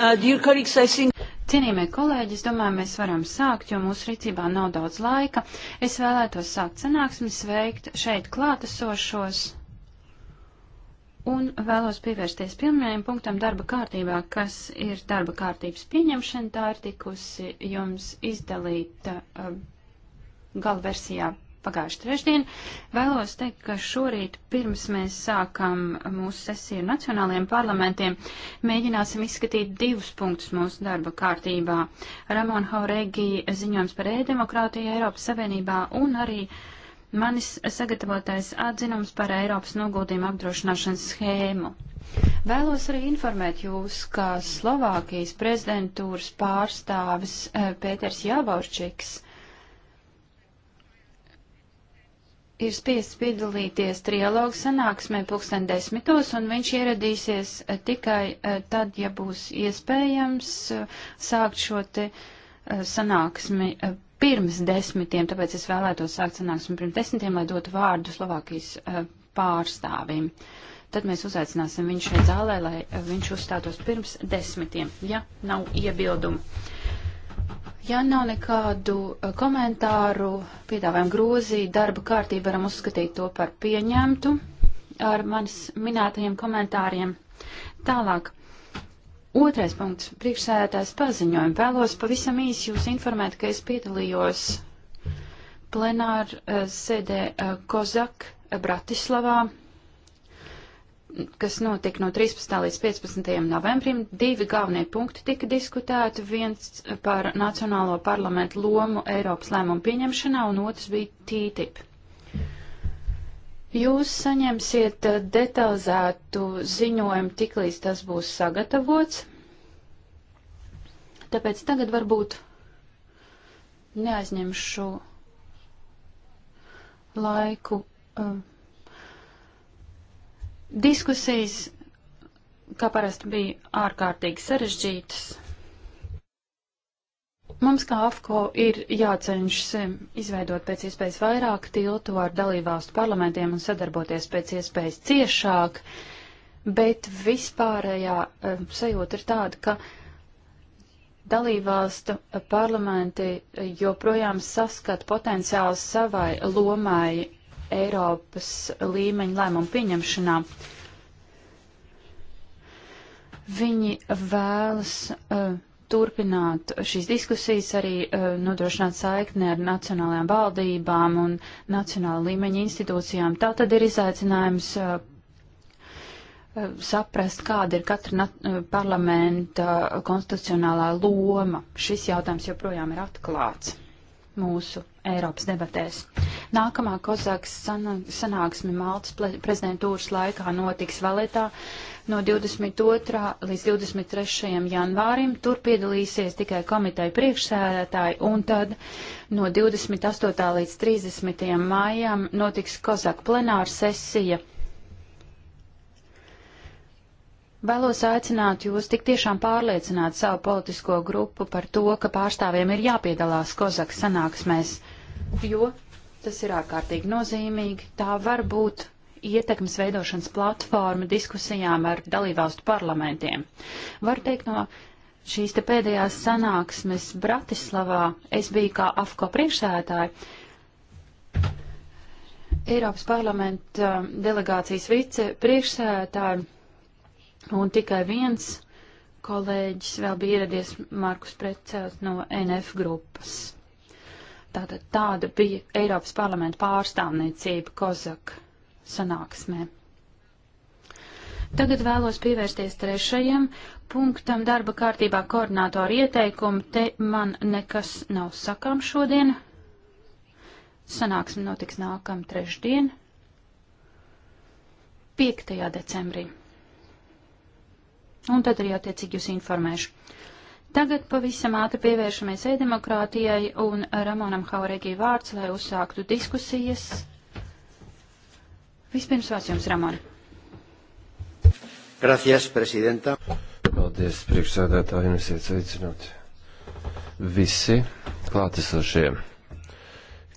Uh, Cienījamie kolēģi, es domāju, mēs varam sākt, jo mūsu rīcībā nav daudz laika. Es vēlētos sākt sanāksmi, sveikt šeit klātesošos un vēlos pievērsties pirmajam punktam darba kārtībā, kas ir darba kārtības pieņemšana. Tā ir tikusi jums izdalīta uh, galversijā pagājuši trešdien. Vēlos teikt, ka šorīt, pirms mēs sākam mūsu sesiju nacionālajiem parlamentiem, mēģināsim izskatīt divus punktus mūsu darba kārtībā. Ramona Hauregi ziņojums par e-demokrātiju Eiropas Savienībā un arī manis sagatavotais atzinums par Eiropas noguldījumu apdrošināšanas schēmu. Vēlos arī informēt jūs, ka Slovākijas prezidentūras pārstāvis eh, Pēters Jāvorčiks ir spiests piedalīties trialogu sanāksmē pulksten desmitos, un viņš ieradīsies eh, tikai eh, tad, ja būs iespējams eh, sākt šo te sanāksmi pirms desmitiem, tāpēc es vēlētos sākt sanāksmi pirms desmitiem, lai dotu vārdu Slovākijas pārstāvim. Tad mēs uzaicināsim viņu šeit zālē, lai viņš uzstātos pirms desmitiem, ja nav iebildumu. Ja nav nekādu uh, komentāru, piedāvājam grozīt darba kārtību, varam uzskatīt to par pieņemtu ar manis minētajiem komentāriem. Tālāk. Otrais punkts. Priekšsēdētājs paziņojumi. Vēlos pavisam īsi jūs informēt, ka es piedalījos plenāru uh, sēdē uh, Kozak Bratislavā kas notika no 13. līdz 15. novembrim, divi galvenie punkti tika diskutēti. Viens par Nacionālo parlamentu lomu Eiropas lēmumu pieņemšanā, un otrs bija TTIP. Jūs saņemsiet eh, detalizētu ziņojumu tiklīdz tas būs sagatavots. Tāpēc tagad varbūt neaizņemšu laiku. Uh, Diskusijas, kā parasti, bija ārkārtīgi sarežģītas. Mums kā AFCO ir jācenšas izveidot pēc iespējas vairāk tiltu ar dalībvalstu parlamentiem un sadarboties pēc iespējas ciešāk, bet vispārējā sajūta ir tāda, ka dalībvalstu parlamenti joprojām saskat potenciāls savai lomai Eiropas līmeņa lēmumu pieņemšanā. Viņi vēlas uh, turpināt šīs diskusijas, arī uh, nodrošināt saikni ar nacionālajām valdībām un nacionāla līmeņa institūcijām. Tā tad ir izaicinājums uh, saprast, kāda ir katra parlamenta konstitucionālā loma. Šis jautājums joprojām ir atklāts mūsu Eiropas debatēs. Nākamā Kozāks sanāksme Maltas prezidentūras laikā notiks Valetā no 22. līdz 23. janvārim. Tur piedalīsies tikai komiteja priekšsēdētāji un tad no 28. līdz 30. maijam notiks Kozāk plenāra sesija Vēlos aicināt jūs tik tiešām pārliecināt savu politisko grupu par to, ka pārstāvjiem ir jāpiedalās Kozak sanāksmēs, jo tas ir ārkārtīgi nozīmīgi. Tā var būt ietekmes veidošanas platforma diskusijām ar dalībvalstu parlamentiem. Var teikt no šīs te pēdējās sanāksmes Bratislavā, es biju kā AFKO priekšsētāja. Eiropas parlamenta um, delegācijas vice priekšsētāja Un tikai viens kolēģis vēl bija ieradies Markus Precels no NF grupas. Tātad tāda bija Eiropas parlamenta pārstāvniecība Kozak sanāksmē. Tagad vēlos pievērsties trešajam punktam darba kārtībā koordinātoru ieteikumu. Te man nekas nav sakām šodien. Sanāksme notiks nākam trešdien, 5. decembrī un tad arī attiecīgi jūs informēšu. Tagad pavisam ātri pievēršamies e-demokrātijai un Ramonam Hauregī vārds, lai uzsāktu diskusijas. Vispirms vārds jums, Ramon. Gracias, prezidenta. Paldies, priekšsēdētāji, un esiet sveicināti. Visi klātesošie.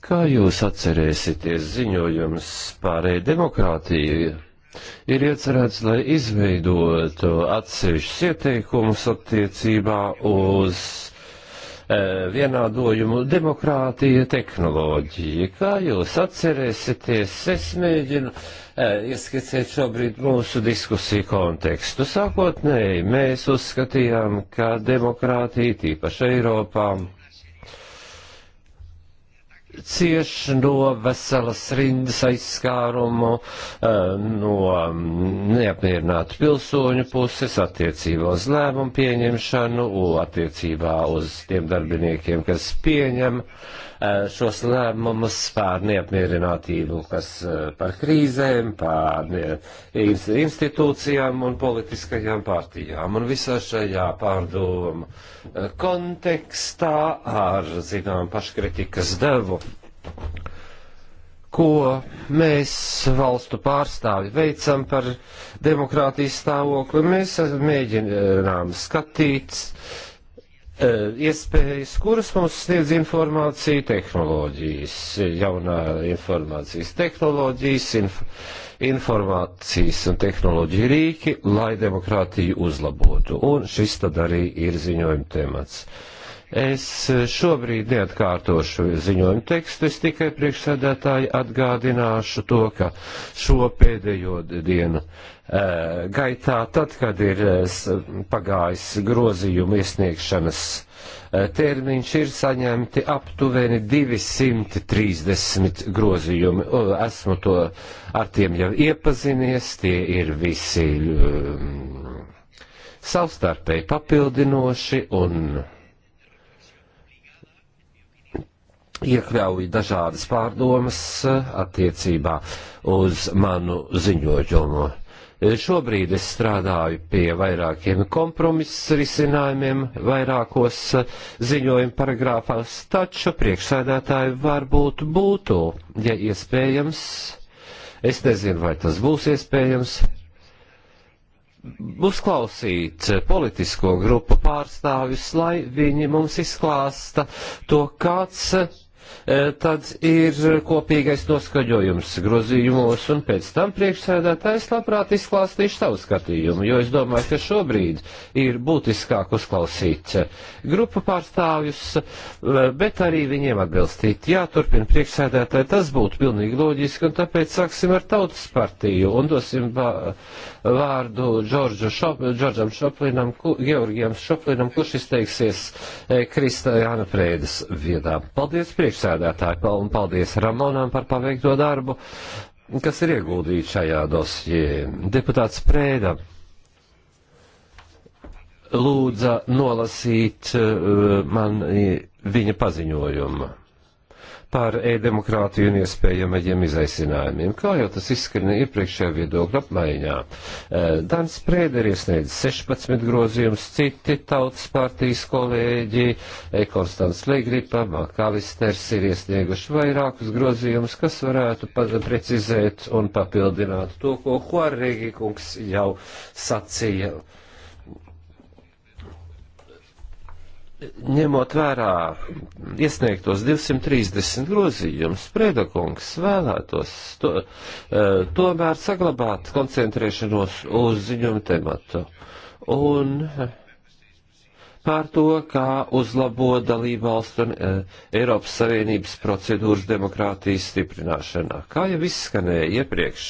Kā jūs atcerēsieties ziņojums pārēj demokrātiju? ir iecerēts, lai izveidotu atsevišķus ieteikumus attiecībā uz e, vienādojumu demokrātija tehnoloģija. Kā jūs atcerēsieties, es mēģinu e, ieskicēt šobrīd mūsu diskusiju kontekstu. Sākotnēji mēs uzskatījām, ka demokrātija, tīpaši Eiropā, cieš no veselas rindas aizskārumu, eh, no mm, neapmierinātu pilsoņu puses attiecībā uz lēmumu pieņemšanu, attiecībā uz tiem darbiniekiem, kas pieņem Eh, šos lēmumus pār neapmierinātību, kas eh, par krīzēm, pār institūcijām un politiskajām partijām. Un visā šajā pārdomu eh, kontekstā ar, zinām, paškritikas devu, ko mēs valstu pārstāvi veicam par demokrātijas stāvokli, mēs mēģinām skatīt iespējas, kuras mums sniedz informācija tehnoloģijas, jaunā informācijas tehnoloģijas, inf informācijas un tehnoloģija rīki, lai demokrātiju uzlabotu. Un šis tad arī ir ziņojuma temats. Uh, Es šobrīd neatkārtošu ziņojumu tekstu, es tikai priekšsēdētāji atgādināšu to, ka šo pēdējo dienu eh, gaitā, tad, kad ir eh, pagājis grozījuma iesniegšanas eh, termiņš ir saņemti aptuveni 230 grozījumi. Esmu to ar tiem jau iepazinies, tie ir visi um, savstarpēji papildinoši un iekļauj dažādas pārdomas eh, attiecībā uz manu ziņojumu. Eh, šobrīd es strādāju pie vairākiem kompromisu risinājumiem, vairākos eh, ziņojuma paragrāfās, taču priekšsēdētāji varbūt būtu, ja iespējams, es nezinu, vai tas būs iespējams, uzklausīt politisko grupu pārstāvis, lai viņi mums izklāsta to, kāds E, tad ir kopīgais noskaņojums grozījumos, un pēc tam priekšsēdētājs labprāt izklāstīšu savu skatījumu, jo es domāju, ka šobrīd ir būtiskāk uzklausīt grupu pārstāvjus, e, bet arī viņiem atbilstīt. Jā, turpina priekšsēdētāji, tas būtu pilnīgi loģiski, un tāpēc sāksim ar tautas partiju un dosim vārdu Šop, Džordžam Šoplinam, ku, Georgijam Šoplinam, kurš izteiksies e, Kristā Jāna Prēdes viedā. Paldies priekšsēdētājiem! priekšsēdētāji. Paldies Ramonam par paveikto darbu, kas ir ieguldīts šajā dosjē. Deputāts Prēda lūdza nolasīt eh, man viņa paziņojumu par e-demokrātiju un iespējamajiem izaicinājumiem. Kā jau tas izskanē iepriekšējā viedokļa apmaiņā, e, Dans Prēder iesniedz 16 grozījumus, citi tautas partijas kolēģi, e, Konstants Legripa, Makalisters ir iesnieguši vairākus grozījumus, kas varētu precizēt un papildināt to, ko Huarregi kungs jau sacīja ņemot vērā iesniegtos 230 grozījumus, Prēdakungs vēlētos to, e, tomēr saglabāt koncentrēšanos uz ziņojumu tematu un pār to, kā uzlabo dalību valstu un e, Eiropas Savienības procedūras demokrātijas stiprināšanā. Kā jau izskanēja iepriekš,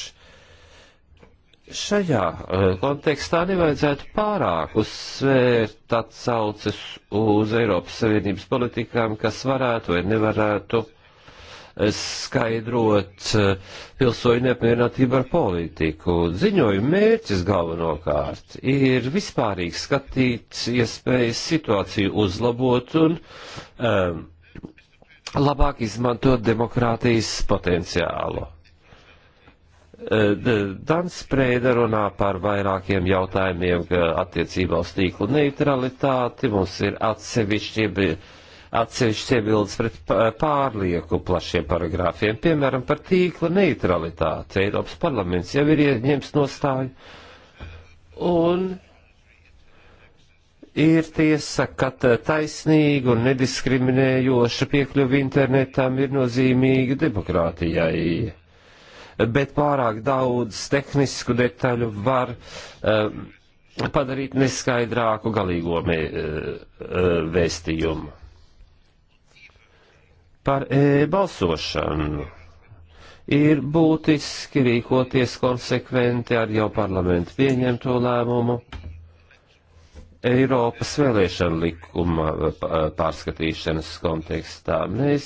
šajā eh, kontekstā nevajadzētu pārāk uzsvērt atsauces uz Eiropas Savienības politikām, kas varētu vai nevarētu eh, skaidrot eh, pilsoņu neapmierinātību ar politiku. Ziņojuma mērķis galvenokārt ir vispārīgi skatīt iespējas situāciju uzlabot un um, labāk izmantot demokrātijas potenciālu. Eh, Dans Prēda runā par vairākiem jautājumiem attiecībā uz tīklu neutralitāti. Mums ir atsevišķi, atsevišķi iebildes pret pārlieku plašiem paragrāfiem, piemēram, par tīkla neutralitāti. Eiropas parlaments jau ir ieņems nostāju. Un ir tiesa, ka taisnīga un nediskriminējoša piekļuva internetam ir nozīmīga demokrātijai bet pārāk daudz tehnisku detaļu var um, padarīt neskaidrāku galīgo mē, eh, eh, vēstījumu. Par e balsošanu ir būtiski rīkoties konsekventi ar jau parlamentu pieņemto lēmumu. Eiropas vēlēšana likuma pārskatīšanas kontekstā mēs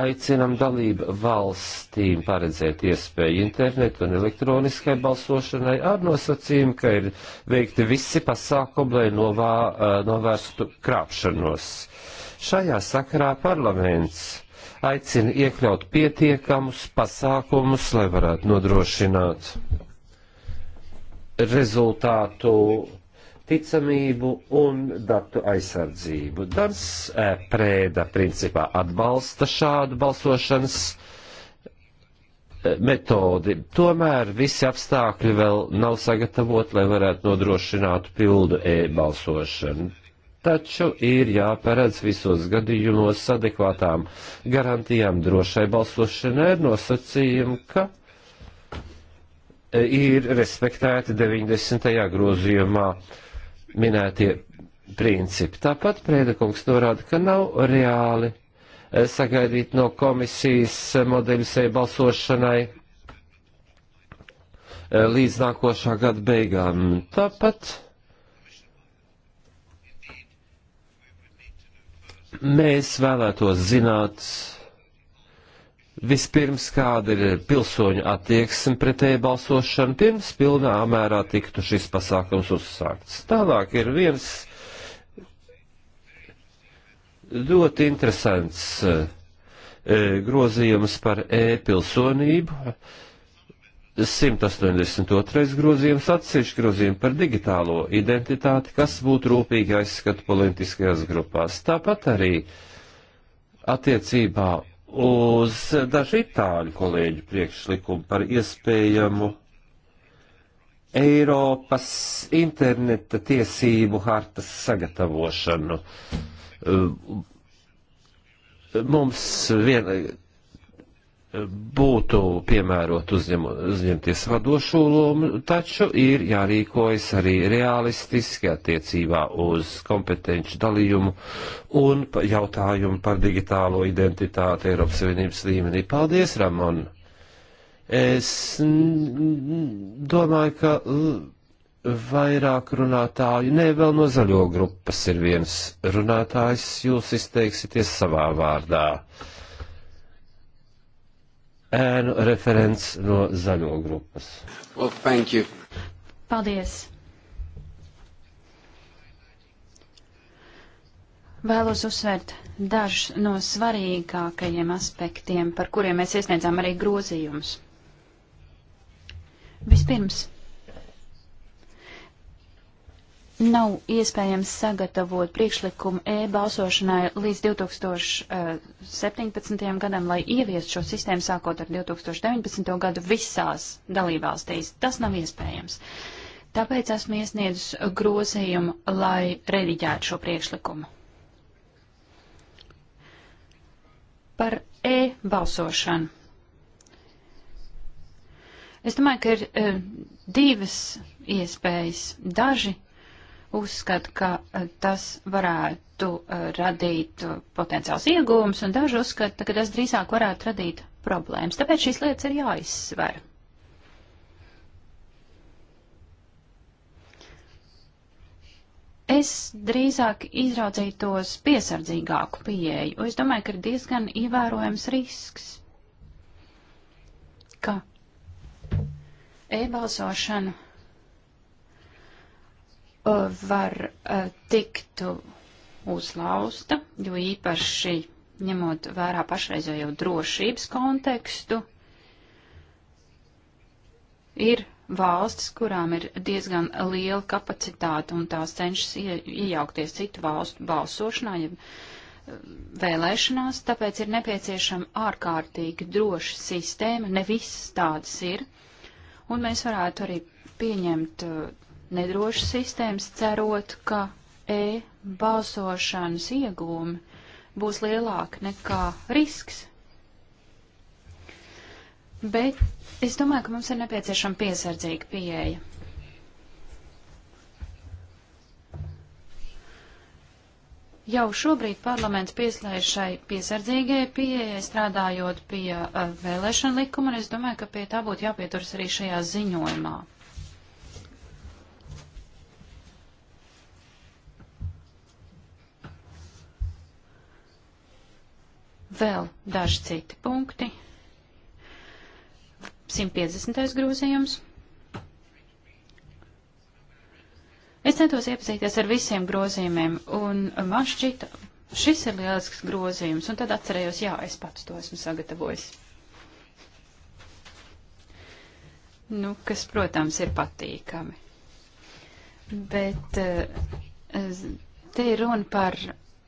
Aicinam dalību valstīm paredzēt iespēju internetu un elektroniskai balsošanai ar nosacījumu, ka ir veikti visi pasākumi, lai novā, novērstu krāpšanos. Šajā sakarā parlaments aicina iekļaut pietiekamus pasākumus, lai varētu nodrošināt rezultātu ticamību un datu aizsardzību. Dans eh, Prēda principā atbalsta šādu balsošanas eh, metodi. Tomēr visi apstākļi vēl nav sagatavoti, lai varētu nodrošināt pildu e-balsošanu. Taču ir jāparedz visos gadījumos adekvātām garantijām drošai balsošanai ar nosacījumu, ka eh, ir respektēti 90. grozījumā uh, minētie principi. Tāpat Prēdekungs norāda, ka nav reāli eh, sagaidīt no komisijas eh, modeļusēju balsošanai eh, līdz nākošā gada beigām. Tāpat mēs vēlētos zināt, Vispirms, kāda ir pilsoņu attieksme pretēji balsošanu, pirms pilnā mērā tiktu šis pasākums uzsākts. Tālāk ir viens ļoti interesants e, grozījums par e-pilsonību. 182. grozījums atsevišķi grozījumi par digitālo identitāti, kas būtu rūpīgi aizskata politiskajās grupās. Tāpat arī attiecībā uz dažu itāļu kolēģu priekšlikumu par iespējamu Eiropas interneta tiesību hartas sagatavošanu. Mums vien, būtu piemērot uzņem, uzņemties vadošo lomu, taču ir jārīkojas arī realistiski attiecībā uz kompetenci dalījumu un jautājumu par digitālo identitāti Eiropas Savienības līmenī. Paldies, Ramon! Es domāju, ka vairāk runātāju, ne vēl no zaļo grupas ir viens runātājs, jūs izteiksieties savā vārdā. Uh, ēnu referents no zaļo grupas. Well, thank you. Paldies. Vēlos uzsvērt dažus no svarīgākajiem aspektiem, par kuriem mēs iesniedzām arī grozījumus. Vispirms, nav iespējams sagatavot priekšlikumu e-balsošanai līdz 2017. Eh, gadam, lai ieviestu šo sistēmu sākot ar 2019. gadu visās dalībvalstīs. Tas nav iespējams. Tāpēc esmu iesniedzis grozījumu, lai rediģētu šo priekšlikumu. Par e-balsošanu. Es domāju, ka ir e, divas iespējas. Daži uzskata, ka eh, tas varētu eh, radīt eh, potenciāls iegūmus, un daži uzskata, ka tas drīzāk varētu radīt problēmas. Tāpēc šīs lietas ir jāizsver. Es drīzāk izraudzītos piesardzīgāku pieeju, un es domāju, ka ir diezgan ievērojams risks, ka e-balsošana var eh, tikt uzlausta, jo īpaši ņemot vērā pašreizējo drošības kontekstu, ir valstis, kurām ir diezgan liela kapacitāte un tās cenšas iejaukties citu valstu balsošanā, ja eh, vēlēšanās, tāpēc ir nepieciešama ārkārtīgi droša sistēma, ne visas tādas ir, un mēs varētu arī pieņemt uh, nedrošas sistēmas, cerot, ka e-balsošanas iegūmi būs lielāki nekā risks. Bet es domāju, ka mums ir nepieciešama piesardzīga pieeja. Jau šobrīd parlaments pieslēdz šai piesardzīgajai pieejai, strādājot pie uh, vēlēšana likuma, un es domāju, ka pie tā būtu jāpieturas arī šajā ziņojumā. vēl daži citi punkti. 150. grozījums. Es centos iepazīties ar visiem grozījumiem, un man šķita, šis ir lielisks grozījums, un tad atcerējos, jā, es pats to esmu sagatavojis. Nu, kas, protams, ir patīkami. Bet eh, te ir runa par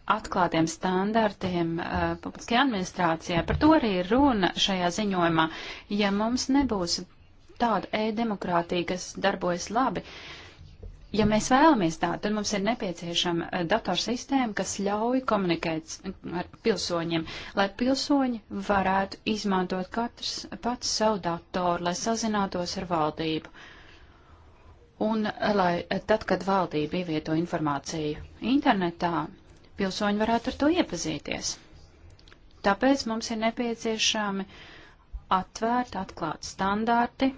atklātiem standartiem uh, eh, publiskajā administrācijā. Par to arī ir runa šajā ziņojumā. Ja mums nebūs tāda e-demokrātija, kas darbojas labi, ja mēs vēlamies tādu, tad mums ir nepieciešama eh, datorsistēma, kas ļauj komunikēt ar pilsoņiem, lai pilsoņi varētu izmantot katrs pats savu datoru, lai sazinātos ar valdību. Un eh, lai tad, kad valdība ievieto informāciju internetā, pilsoņi varētu ar to iepazīties. Tāpēc mums ir nepieciešami atvērti, atklāti standarti.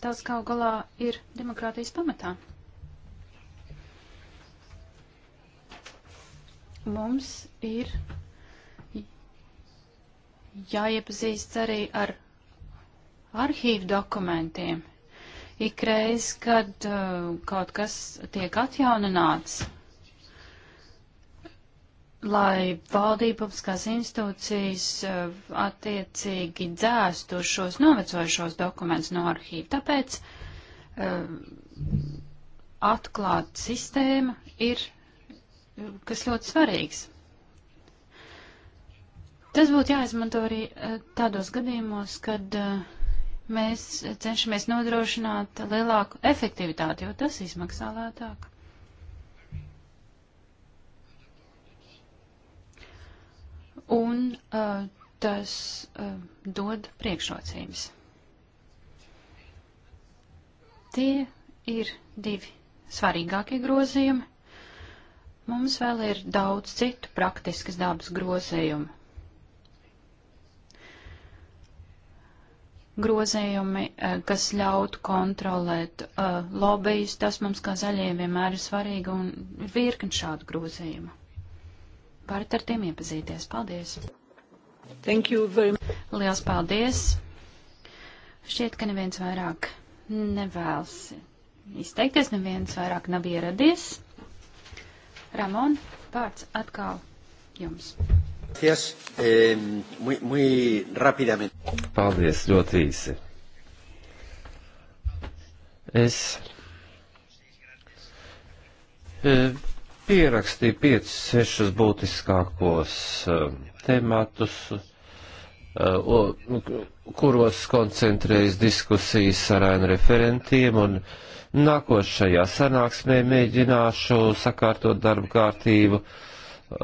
Tas kaut galā ir demokrātijas pamatā. Mums ir jāiepazīst arī ar arhīvu dokumentiem. Ikreiz, kad uh, kaut kas tiek atjaunināts, lai valdība publiskās institūcijas eh, attiecīgi dzēstu šos novecojušos dokumentus no arhīva. Tāpēc eh, atklāta sistēma ir kas ļoti svarīgs. Tas būtu jāizmanto arī eh, tādos gadījumos, kad mēs cenšamies nodrošināt lielāku efektivitāti, jo tas izmaksā lētāk. un uh, tas uh, dod priekšrocības. Tie ir divi svarīgākie grozījumi. Mums vēl ir daudz citu praktiskas dabas grozījumu. Grozījumi, eh, kas ļautu kontrolēt uh, lobbyus, tas mums kā zaļiem vienmēr ir svarīgi un ir virkni šādu grozījumu varat ar tiem iepazīties. Paldies! Thank you very much! Liels paldies! Šķiet, ka neviens vairāk nevēlas izteikties, neviens vairāk nav ieradies. Ramon, vārds atkal jums. Gracias, eh, muy, muy rápidamente. Paldies, ļoti īsi. Es eh, pierakstīju 5-6 būtiskākos um, tematus, uh, kuros koncentrējas diskusijas ar ANR referentiem, un nākošajā sanāksmē mēģināšu sakārtot darba kārtību uh,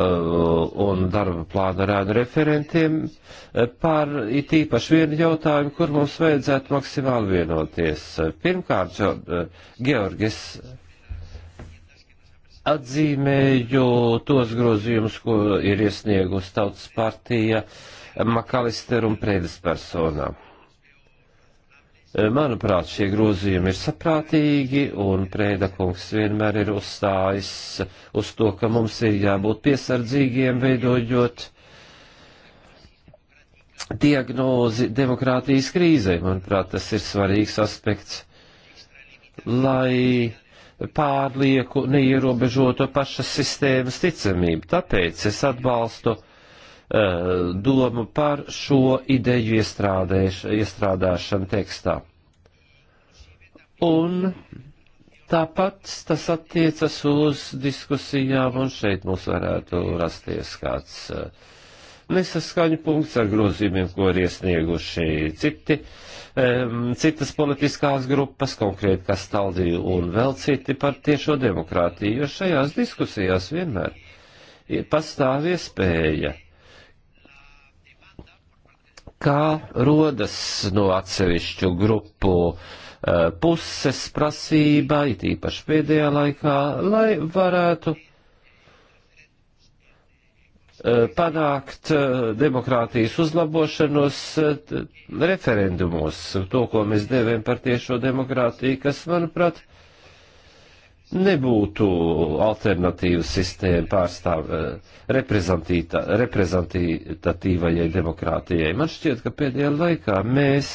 un darba plānu ar ēnu referentiem uh, par it īpaši vienu jautājumu, kur mums vajadzētu maksimāli vienoties. Pirmkārt, Georgis atzīmēju tos grozījumus, ko ir iesniegusi Tautas partija Makalister un Prēdes personā. Manuprāt, šie grozījumi ir saprātīgi, un Prēda kungs vienmēr ir uzstājis uz to, ka mums ir jābūt piesardzīgiem, veidojot diagnozi demokrātijas krīzē. Manuprāt, tas ir svarīgs aspekts, lai pārlieku neierobežoto pašas sistēmas ticamību. Tāpēc es atbalstu uh, domu par šo ideju iestrādāšanu tekstā. Un tāpat tas attiecas uz diskusijām, un šeit mums varētu rasties kāds uh, nesaskaņu punkts ar grozījumiem, ko ir iesnieguši citi, um, citas politiskās grupas, konkrēti Kastaldiju un vēl citi par tiešo demokrātiju, jo šajās diskusijās vienmēr pastāv iespēja kā rodas no atsevišķu grupu uh, puses prasība, it īpaši pēdējā laikā, lai varētu Eh, panākt eh, demokrātijas uzlabošanos eh, referendumos, to, ko mēs devējam par tiešo demokrātiju, kas, manuprāt, nebūtu alternatīva sistēma pārstāv reprezentatīvajai demokrātijai. Man šķiet, ka pēdējā laikā mēs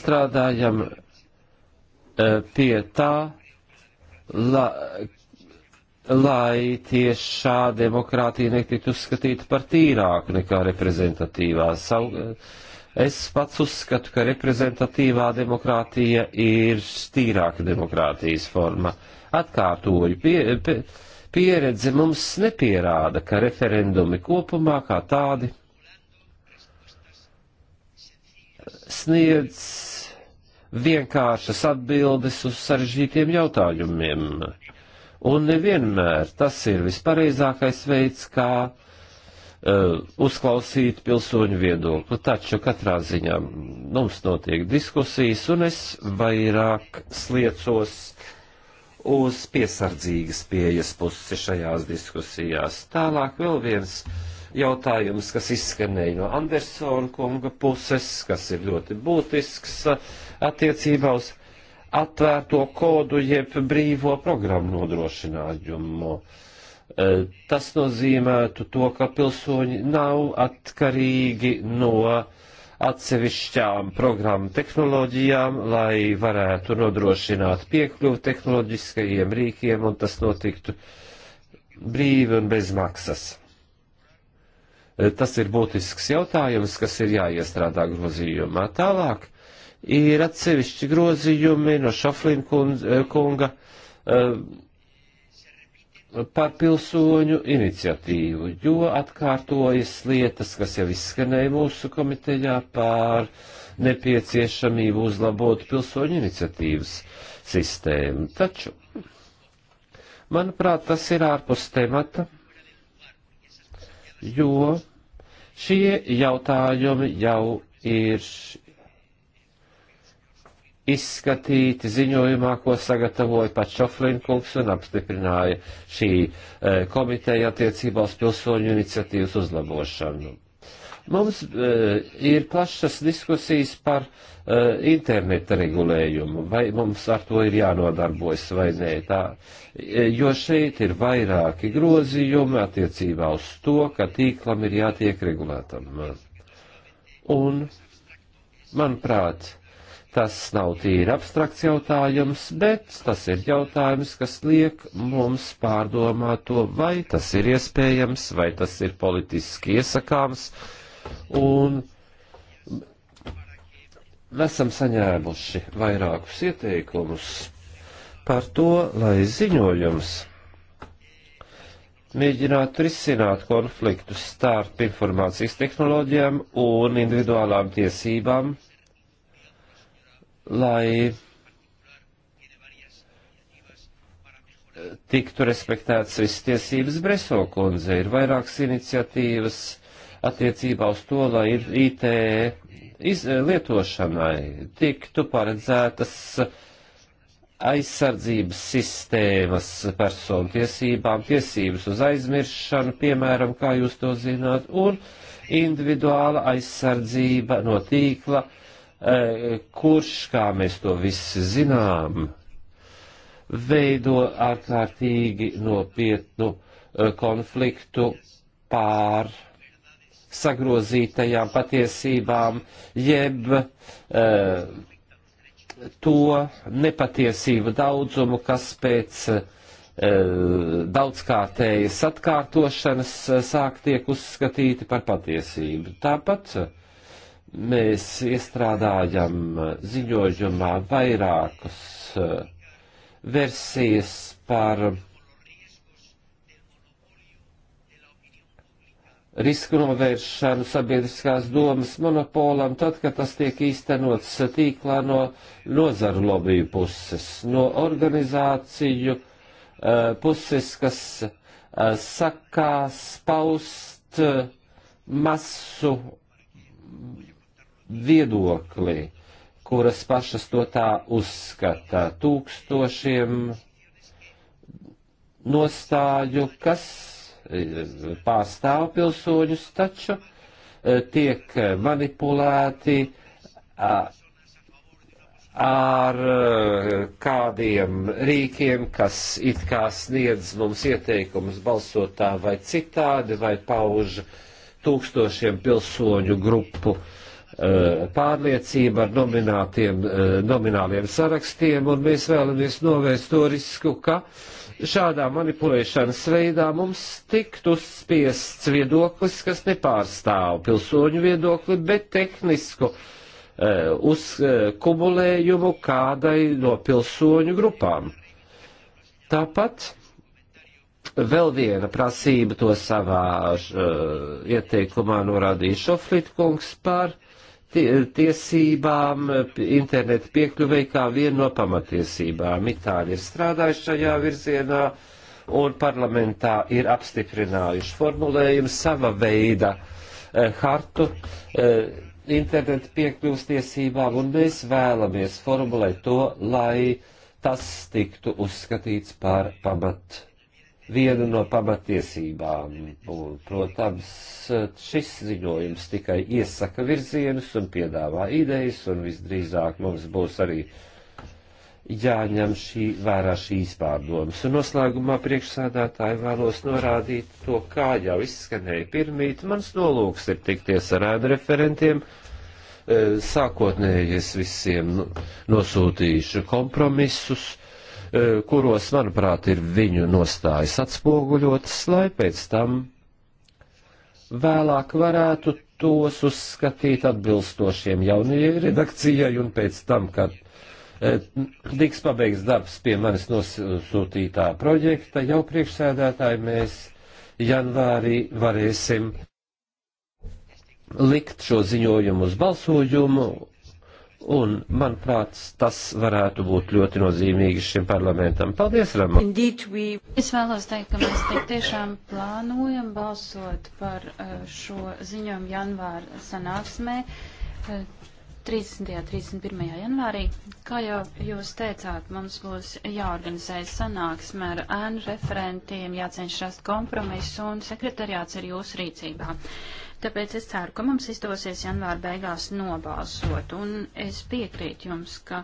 strādājam pie tā, la, lai tieši šā demokrātija netiktu uzskatīta par tīrāku nekā reprezentatīvā. Savu, es pats uzskatu, ka reprezentatīvā demokrātija ir tīrāka demokrātijas forma. Atkārtoju, pie, pie, pieredze mums nepierāda, ka referendumi kopumā kā tādi sniedz vienkāršas atbildes uz sarežģītiem jautājumiem Un nevienmēr tas ir vispareizākais veids, kā uh, uzklausīt pilsoņu viedokli. Taču katrā ziņā mums notiek diskusijas, un es vairāk sliecos uz piesardzīgas pieejas pusi šajās diskusijās. Tālāk vēl viens jautājums, kas izskanēja no Andersona kunga puses, kas ir ļoti būtisks eh, attiecībā uz atvērto kodu jeb brīvo programmu nodrošinājumu. E, tas nozīmētu to, ka pilsoņi nav atkarīgi no atsevišķām programmu tehnoloģijām, lai varētu nodrošināt piekļuvu tehnoloģiskajiem rīkiem un tas notiktu brīvi un bez maksas. E, tas ir būtisks jautājums, kas ir jāiestrādā grozījumā. Tālāk ir atsevišķi grozījumi no Šaflina eh, kunga eh, par pilsoņu iniciatīvu, jo atkārtojas lietas, kas jau izskanēja mūsu komitejā par nepieciešamību uzlabot pilsoņu iniciatīvas sistēmu. Taču, manuprāt, tas ir ārpus temata, jo šie jautājumi jau ir izskatīti ziņojumā, ko sagatavoja pats Šoflinkungs un apstiprināja šī e, komiteja attiecībā uz pilsoņu iniciatīvas uzlabošanu. Mums e, ir plašas diskusijas par e, interneta regulējumu, vai mums ar to ir jānodarbojas vai nē. Tā, e, jo šeit ir vairāki grozījumi attiecībā uz to, ka tīklam ir jātiek regulētam. Un, manuprāt, Tas nav tīri abstrakts jautājums, bet tas ir jautājums, kas liek mums pārdomāt to, vai tas ir iespējams, vai tas ir politiski iesakāms. Un esam saņēmuši vairākus ieteikumus par to, lai ziņojums mēģinātu risināt konfliktus starp informācijas tehnoloģijām un individuālām tiesībām lai eh, tiktu respektēts viss tiesības Breso kundze. Ir vairākas iniciatīvas attiecībā uz to, lai ir IT iz, eh, lietošanai tiktu paredzētas aizsardzības sistēmas personu tiesībām, tiesības uz aizmiršanu, piemēram, kā jūs to zināt, un individuāla aizsardzība no tīkla uh, Eh, kurš, kā mēs to visi zinām, veido ārkārtīgi nopietnu eh, konfliktu pār sagrozītajām patiesībām, jeb eh, to nepatiesību daudzumu, kas pēc eh, daudzkārtējas atkārtošanas eh, sāk tiek uzskatīti par patiesību. Tāpat eh, mēs iestrādājam ziņojumā vairākas eh, versijas par risku novēršanu sabiedriskās domas monopolam, tad, kad tas tiek īstenots tīklā no nozaru lobiju puses, no organizāciju eh, puses, kas eh, sakā spaust masu viedokli, kuras pašas to tā uzskata, tūkstošiem nostāju, kas e, pārstāv pilsoņus, taču e, tiek manipulēti ar e, kādiem rīkiem, kas it kā sniedz mums ieteikumus balsot tā vai citādi, vai pauž tūkstošiem pilsoņu grupu uh, Eh, pārliecība ar eh, nomināliem sarakstiem, un mēs vēlamies novērst to risku, ka šādā manipulēšanas veidā mums tiktu spiests viedoklis, kas nepārstāv pilsoņu viedokli, bet tehnisku uh, uzkumulējumu uh, kādai no pilsoņu grupām. Tāpat vēl viena prasība to savā uh, ieteikumā norādīja Šoflitkungs par tiesībām, internetu piekļuvei kā vienu no pamatiesībām. Itāļi ir strādājuši šajā virzienā un parlamentā ir apstiprinājuši formulējumu sava veida eh, hartu eh, internetu piekļuvas tiesībām, un mēs vēlamies formulēt to, lai tas tiktu uzskatīts par pamatu vienu no pamatiesībām. Un, protams, šis ziņojums tikai iesaka virzienus un piedāvā idejas, un visdrīzāk mums būs arī jāņem šī, vērā šīs pārdomas. Un noslēgumā priekšsādātāji vēlos norādīt to, kā jau izskanēja pirmīt. Mans nolūks ir tikties ar ēdu referentiem. Eh, sākotnēji es visiem nosūtīšu kompromisus Eh, kuros, manuprāt, ir viņu nostājas atspoguļotas, lai pēc tam vēlāk varētu tos uzskatīt atbilstošiem jaunajai redakcijai un pēc tam, kad eh, tiks pabeigts darbs pie manis nosūtītā projekta, jau priekšsēdētāji mēs janvārī varēsim likt šo ziņojumu uz balsojumu Un, manuprāt, tas varētu būt ļoti nozīmīgi šim parlamentam. Paldies, Rama! We... Es vēlos teikt, ka mēs tik tiešām plānojam balsot par uh, šo ziņojumu janvāra sanāksmē 30. un 31. janvārī. Kā jau jūs teicāt, mums būs jāorganizē sanāksme ar ēnu referentiem, jācenšas rast kompromisu, un sekretariāts ir jūsu rīcībā. Tāpēc es ceru, ka mums izdosies janvāra beigās nobalsot, un es piekrītu jums, ka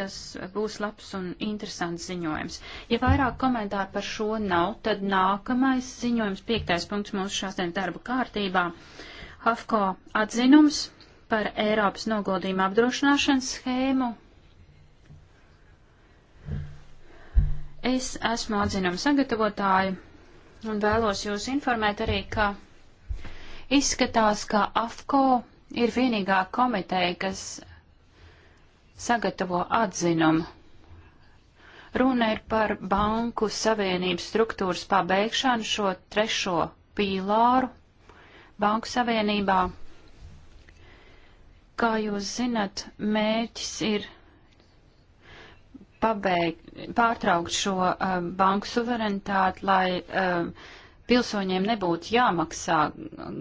tas būs labs un interesants ziņojums. Ja vairāk komentāru par šo nav, tad nākamais ziņojums, piektais punkts mūsu šāsdien darba kārtībā, HAFKO atzinums par Eiropas nogodījuma apdrošināšanas schēmu Es esmu atzinuma sagatavotāja un vēlos jūs informēt arī, ka Izskatās, ka AFCO ir vienīgā komiteja, kas sagatavo atzinumu. Runa ir par banku savienības struktūras pabeigšanu šo trešo pīlāru banku savienībā. Kā jūs zinat, mērķis ir pabeigt, pārtraukt šo uh, banku suverenitāti, lai uh, pilsoņiem nebūtu jāmaksā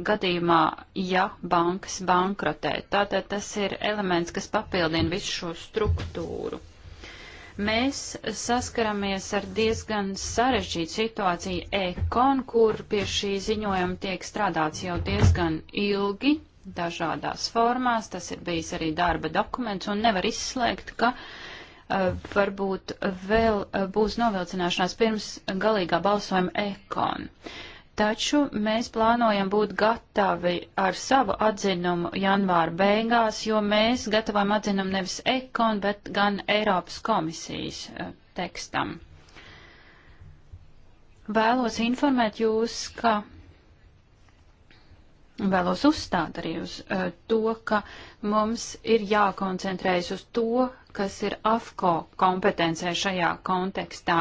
gadījumā, ja bankas bankrotē. Tātad tas ir elements, kas papildina visu šo struktūru. Mēs saskaramies ar diezgan sarežģītu situāciju ekon, kur pie šī ziņojuma tiek strādāts jau diezgan ilgi, dažādās formās. Tas ir bijis arī darba dokuments un nevar izslēgt, ka uh, Eh, varbūt vēl eh, būs novilcināšanās pirms galīgā balsojuma ekon. Taču mēs plānojam būt gatavi ar savu atzinumu janvāra beigās, jo mēs gatavojam atzinumu nevis ekon, bet gan Eiropas komisijas eh, tekstam. Vēlos informēt jūs, ka Vēlos uzstāt arī uz uh, to, ka mums ir jākoncentrējas uz to, kas ir AFCO kompetencē šajā kontekstā,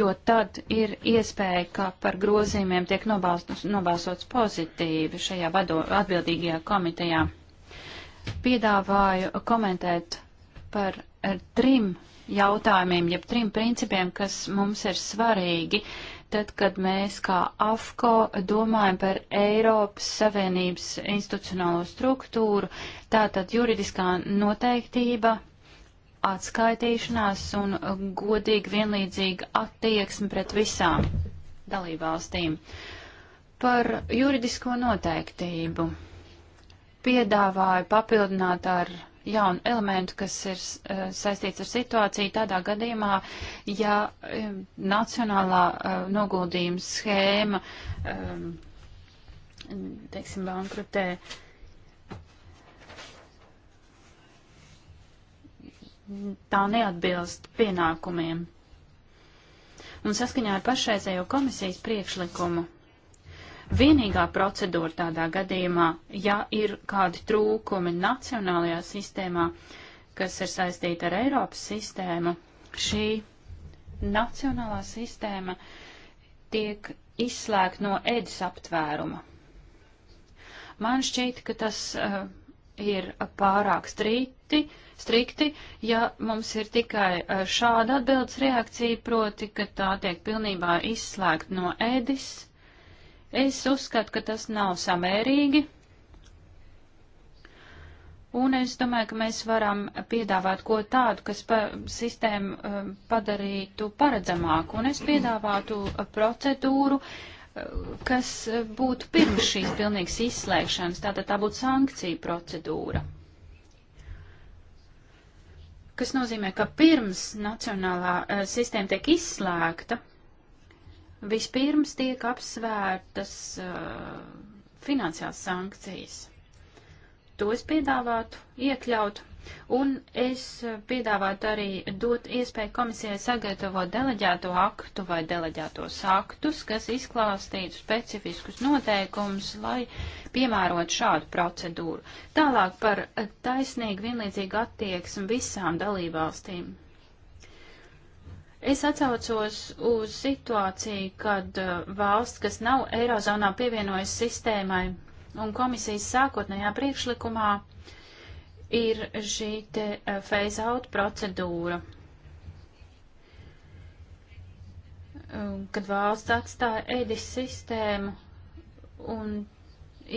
jo tad ir iespēja, ka par grozījumiem tiek nobalstos, nobalsots pozitīvi šajā vado, atbildīgajā komitejā. Piedāvāju komentēt par e, trim jautājumiem, jeb trim principiem, kas mums ir svarīgi. Uh, tad, kad mēs kā AFCO domājam par Eiropas Savienības institucionālo struktūru, tātad juridiskā noteiktība, atskaitīšanās un godīga vienlīdzīga attieksme pret visām dalībvalstīm. Par juridisko noteiktību piedāvāju papildināt ar jaunu elementu, kas ir e, saistīts ar situāciju tādā gadījumā, ja e, nacionālā e, noguldījuma schēma, teiksim, bankrutē. Tā neatbilst pienākumiem. Un saskaņā ar pašreizējo komisijas priekšlikumu Vienīgā procedūra tādā gadījumā, ja ir kādi trūkumi nacionālajā sistēmā, kas ir saistīta ar Eiropas sistēmu, šī nacionālā sistēma tiek izslēgta no ēdis aptvēruma. Man šķiet, ka tas uh, ir pārāk strikti, strikti, ja mums ir tikai eh, šāda atbildes reakcija, proti, ka tā tiek pilnībā izslēgta no ēdis Es uzskatu, ka tas nav samērīgi. Un es domāju, ka mēs varam piedāvāt ko tādu, kas pa, sistēmu eh, padarītu paredzamāku. Un es piedāvātu eh, procedūru, eh, kas būtu pirms šīs pilnīgas izslēgšanas. Tātad tā būtu sankcija procedūra. Kas nozīmē, ka pirms nacionālā sistēma tiek izslēgta, Vispirms tiek apsvērtas uh, finansiāls sankcijas. To es piedāvātu iekļaut, un es piedāvātu arī dot iespēju komisijai sagatavot deleģēto aktu vai deleģētos aktus, kas izklāstītu specifiskus noteikumus, lai piemērot šādu procedūru. Tālāk par taisnīgu vienlīdzīgu attieksmi visām dalībvalstīm Es atcaucos uz situāciju, kad uh, valsts, kas nav Eirozonā pievienojas sistēmai un komisijas sākotnējā priekšlikumā, ir šī te uh, phase-out procedūra, uh, kad valsts atstāja ēdis sistēmu un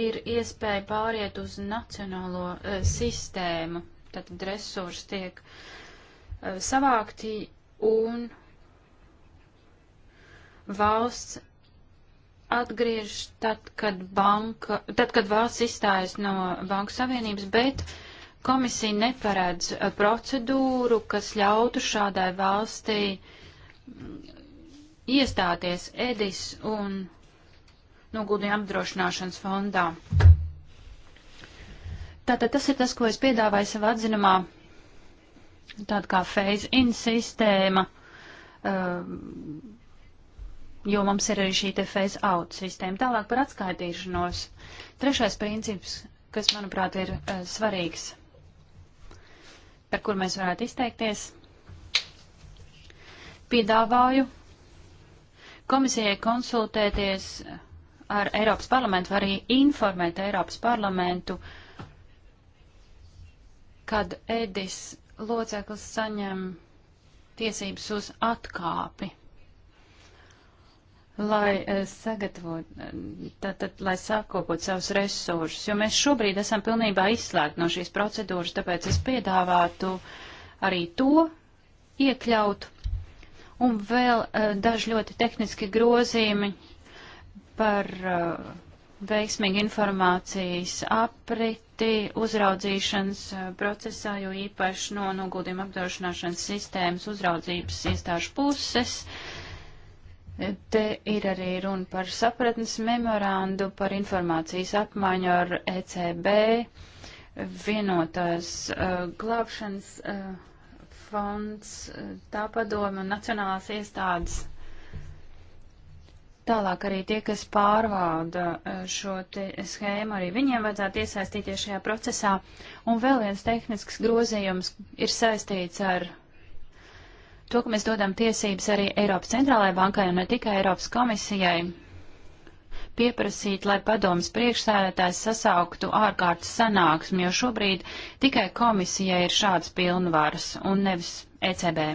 ir iespēja pāriet uz nacionālo uh, sistēmu, tad resursi tiek uh, savākti un valsts atgriež tad, kad, banka, tad, kad valsts izstājas no Banku Savienības, bet komisija neparedz eh, procedūru, kas ļautu šādai valstī iestāties Edis un noguldījuma apdrošināšanas fondā. Tātad tas ir tas, ko es piedāvāju savā atzinumā tāda kā phase-in sistēma, um, jo mums ir arī šī te phase-out sistēma. Tālāk par atskaitīšanos. Trešais princips, kas, manuprāt, ir uh, svarīgs, par kur mēs varētu izteikties, piedāvāju komisijai konsultēties ar Eiropas parlamentu, arī informēt Eiropas parlamentu, kad Edis loceklis saņem tiesības uz atkāpi, lai eh, sagatavot, tātad, eh, lai sakopot savus resursus, jo mēs šobrīd esam pilnībā izslēgti no šīs procedūras, tāpēc es piedāvātu arī to iekļaut. Un vēl eh, daži ļoti tehniski grozījumi par veiksmīgu informācijas aprit ļoti uzraudzīšanas eh, procesā, jo īpaši no noguldījuma apdrošināšanas sistēmas uzraudzības iestāžu puses. Te ir arī runa par sapratnes memorandu, par informācijas apmaiņu ar ECB, vienotās uh, glābšanas uh, fonds, tā padoma un nacionālās iestādes Tālāk arī tie, kas pārvalda e, šo schēmu, arī viņiem vajadzētu iesaistīties šajā procesā. Un vēl viens tehnisks grozījums ir saistīts ar to, ka mēs dodam tiesības arī Eiropas centrālajai bankai un ne tikai Eiropas komisijai pieprasīt, lai padomas priekšsēdētājs sasauktu ārkārtas sanāksmi, jo šobrīd tikai komisijai ir šāds pilnvaras un nevis ECB.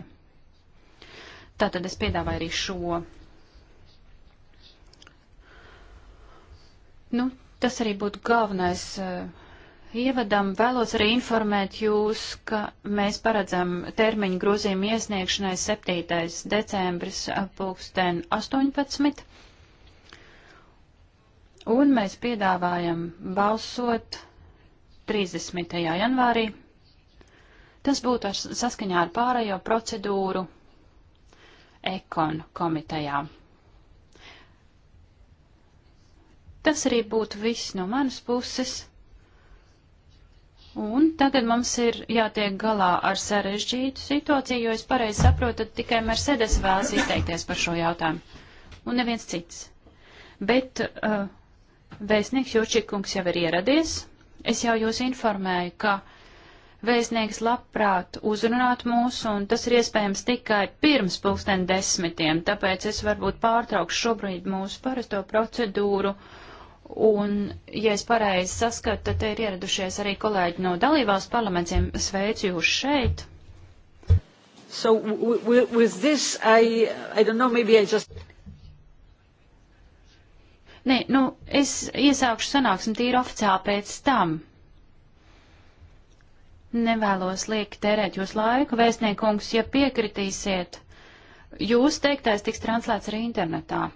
Tātad es piedāvāju arī šo Nu, tas arī būtu galvenais. Eh, ievadam vēlos arī informēt jūs, ka mēs paredzam termiņu grozījumu iesniegšanai 7. decembris eh, pulksten 18. Un mēs piedāvājam balsot 30. janvārī. Tas būtu saskaņā ar pārējo procedūru ekon komitejām. Tas arī būtu viss no manas puses. Un tagad mums ir jātiek galā ar sarežģītu situāciju, jo es pareizi saprotu, tad tikai Mercedes vēlas izteikties par šo jautājumu. Un neviens cits. Bet uh, vēstnieks Jurčikungs jau ir ieradies. Es jau jūs informēju, ka vēstnieks labprāt uzrunāt mūs, un tas ir iespējams tikai pirms pulksten desmitiem, tāpēc es varbūt pārtraukšu šobrīd mūsu parasto procedūru. Uh, Un, ja es pareizi saskatu, tad te ir ieradušies arī kolēģi no dalībvalstu parlamentiem. Sveicu jūs šeit. So, with this, I, I don't know, maybe I just. Nē, nu, es iesākšu sanāksmi tīri oficiāli pēc tam. Nevēlos lieki tērēt jūs laiku, vēstniekungs, ja piekritīsiet, jūs teiktais tiks translēts arī internetā.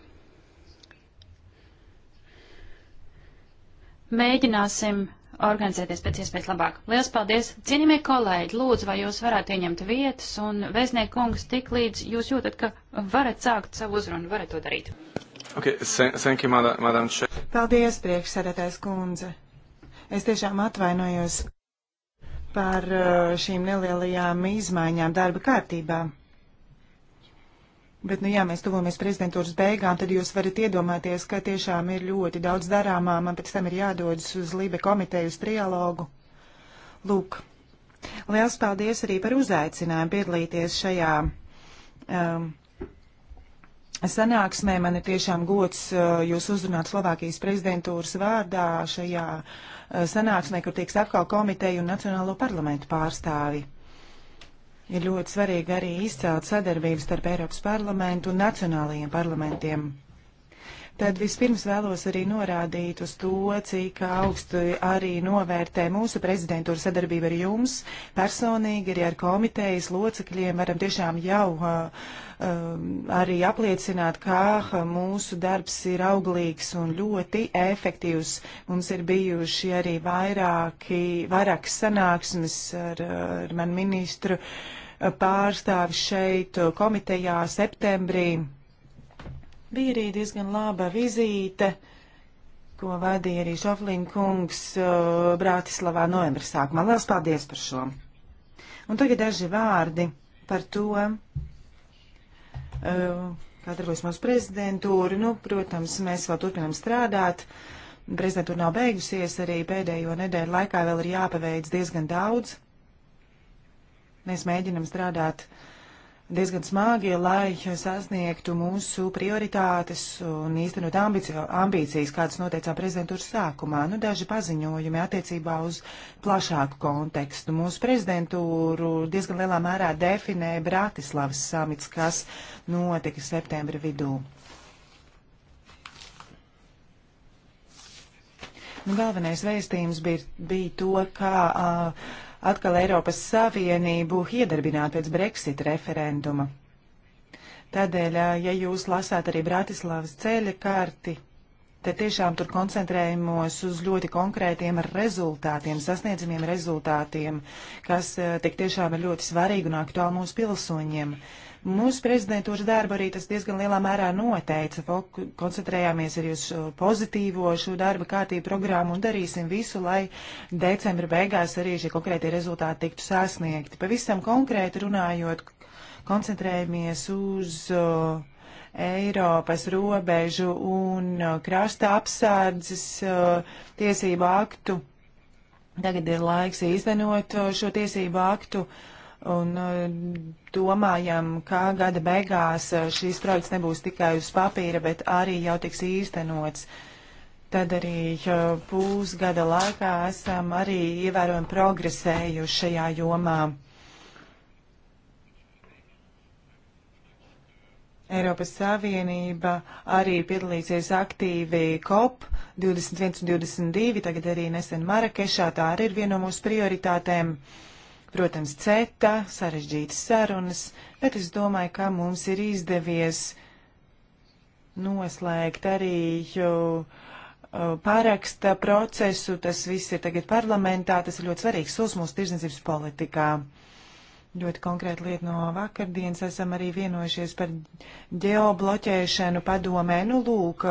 mēģināsim organizēties pēc iespējas labāk. Lielas paldies! Cienījamie kolēģi, lūdzu, vai jūs varētu ieņemt vietas un vēstnieku kungs tik līdz jūs jūtat, ka varat sākt savu uzrunu, varat to darīt. Okay, thank you, madam, madam Paldies, priekšsēdētājs kundze. Es tiešām atvainojos par eh, šīm nelielajām izmaiņām darba kārtībā. Bet, nu jā, mēs tuvojamies prezidentūras beigām, tad jūs varat iedomāties, ka tiešām ir ļoti daudz darāmā. Man pēc tam ir jādodas uz Lībe komiteju uz trialogu. Lūk, liels paldies arī par uzaicinājumu piedalīties šajā um, sanāksmē. Man ir tiešām gods uh, jūs uzrunāt Slovākijas prezidentūras vārdā šajā uh, sanāksmē, kur tieks atkal komiteju un Nacionālo parlamentu pārstāvi. Ir ļoti svarīgi arī izcelt sadarbību starp Eiropas parlamentu un nacionālajiem parlamentiem. Tad vispirms vēlos arī norādīt uz to, cik augstu arī novērtē mūsu prezidentūra sadarbība ar jums personīgi, arī ar komitejas locekļiem. Varam tiešām jau uh, um, arī apliecināt, kā uh, mūsu darbs ir auglīgs un ļoti efektīvs. Mums ir bijuši arī vairāki, vairākas sanāksmes ar, ar manu ministru pārstāvis šeit komitejā septembrī. Bija arī diezgan laba vizīte, ko vadīja arī Šoflīna kungs uh, Brātislavā novembra sākumā. Lielas paldies par šo! Un tagad daži vārdi par to, uh, kā darbojas mūsu prezidentūra. Nu, protams, mēs vēl turpinām strādāt. Prezidentūra nav beigusies, arī pēdējo nedēļu laikā vēl ir jāpaveic diezgan daudz. Mēs mēģinam strādāt diezgan smagi, lai sasniegtu mūsu prioritātes un īstenot ambicio, ambīcijas, kādas noteicām prezidentūras sākumā. Nu, daži paziņojumi attiecībā uz plašāku kontekstu. Mūsu prezidentūru diezgan lielā mērā definē Bratislavas samits, kas notika septembra vidū. Nu, galvenais vēstījums bija, bija to, ka uh, atkal Eiropas Savienību iedarbināt pēc Brexit referenduma. Tādēļ, ja jūs lasāt arī Bratislavas ceļa karti, te tiešām tur koncentrējamos uz ļoti konkrētiem rezultātiem, sasniedzamiem rezultātiem, kas tik tiešām ir ļoti svarīgi un aktuāli mūsu pilsoņiem. Uh, Mūsu prezidentūras darbu arī tas diezgan lielā mērā noteica. Foku, koncentrējāmies arī uz pozitīvo šo darba kārtību programmu un darīsim visu, lai decembra beigās arī šie konkrētie rezultāti tiktu sasniegti. Pavisam konkrēti runājot, koncentrējamies uz. Uh, Eiropas robežu un krasta apsardzes uh, tiesību aktu. Tagad ir laiks īstenot šo tiesību aktu uh, Un eh, domājam, kā gada beigās eh, šīs projekts nebūs tikai uz papīra, bet arī jau tiks īstenots. Tad arī eh, pusgada laikā esam arī ievērojami progresējuši šajā jomā. Eiropas Savienība arī piedalīsies aktīvi COP 21 un 22, tagad arī nesen Marakešā, tā arī ir viena no mūsu prioritātēm. Uh, Protams, CETA, sarežģītas sarunas, bet es domāju, ka mums ir izdevies noslēgt arī jau uh, pāraksta procesu. Tas viss ir tagad parlamentā, tas ir ļoti svarīgs solis mūsu tirdzniecības politikā ļoti konkrēta lieta no vakardienas. Esam arī vienojušies par geobloķēšanu padomē. Nu, lūk,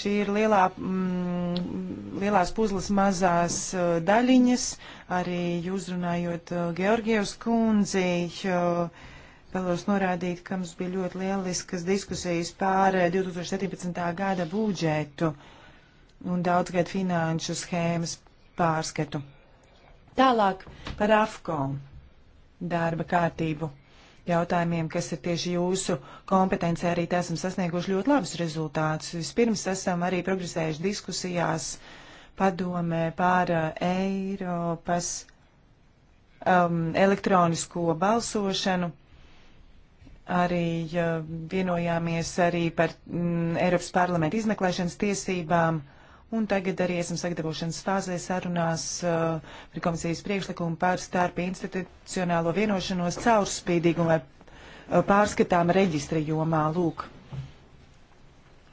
šī ir lielā, mm, lielās puzles mazās eh, daļiņas. Arī jūs runājot eh, Georgievs kundzi. Eh, vēlos norādīt, ka mums bija ļoti lieliskas diskusijas pār 2017. gada budžetu un daudzgad finanšu schēmas pārskatu. Tālāk par AFCOM darba kārtību jautājumiem, kas ir tieši jūsu kompetencija, arī te esam sasnieguši ļoti labus rezultātus. Vispirms esam arī progresējuši diskusijās padomē pār uh, Eiropas um, elektronisko balsošanu. Arī uh, vienojāmies arī par mm, Eiropas parlamenta izmeklēšanas tiesībām. Uh, Un tagad arī esam sagatavošanas fāzē sarunās uh, par komisijas priekšlikumu par starp institucionālo vienošanos caurspīdīgumu vai uh, pārskatām reģistra jomā. Lūk,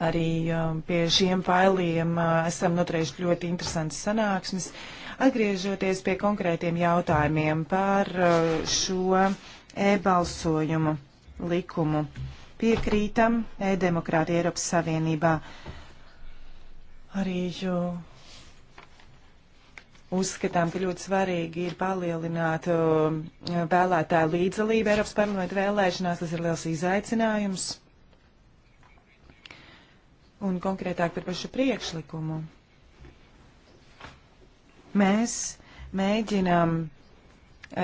arī uh, pie šiem failiem uh, esam noturējuši ļoti interesantas sanāksmes. Atgriežoties pie konkrētiem jautājumiem par uh, šo e-balsojumu likumu, piekrītam e-demokrāti Eiropas Savienībā. Uh, Arī jo uzskatām, ka ļoti svarīgi ir palielināt uh, vēlētāju līdzdalību Eiropas parlamenta vēlēšanās. Tas ir liels izaicinājums. Un konkrētāk par pašu priekšlikumu. Mēs mēģinām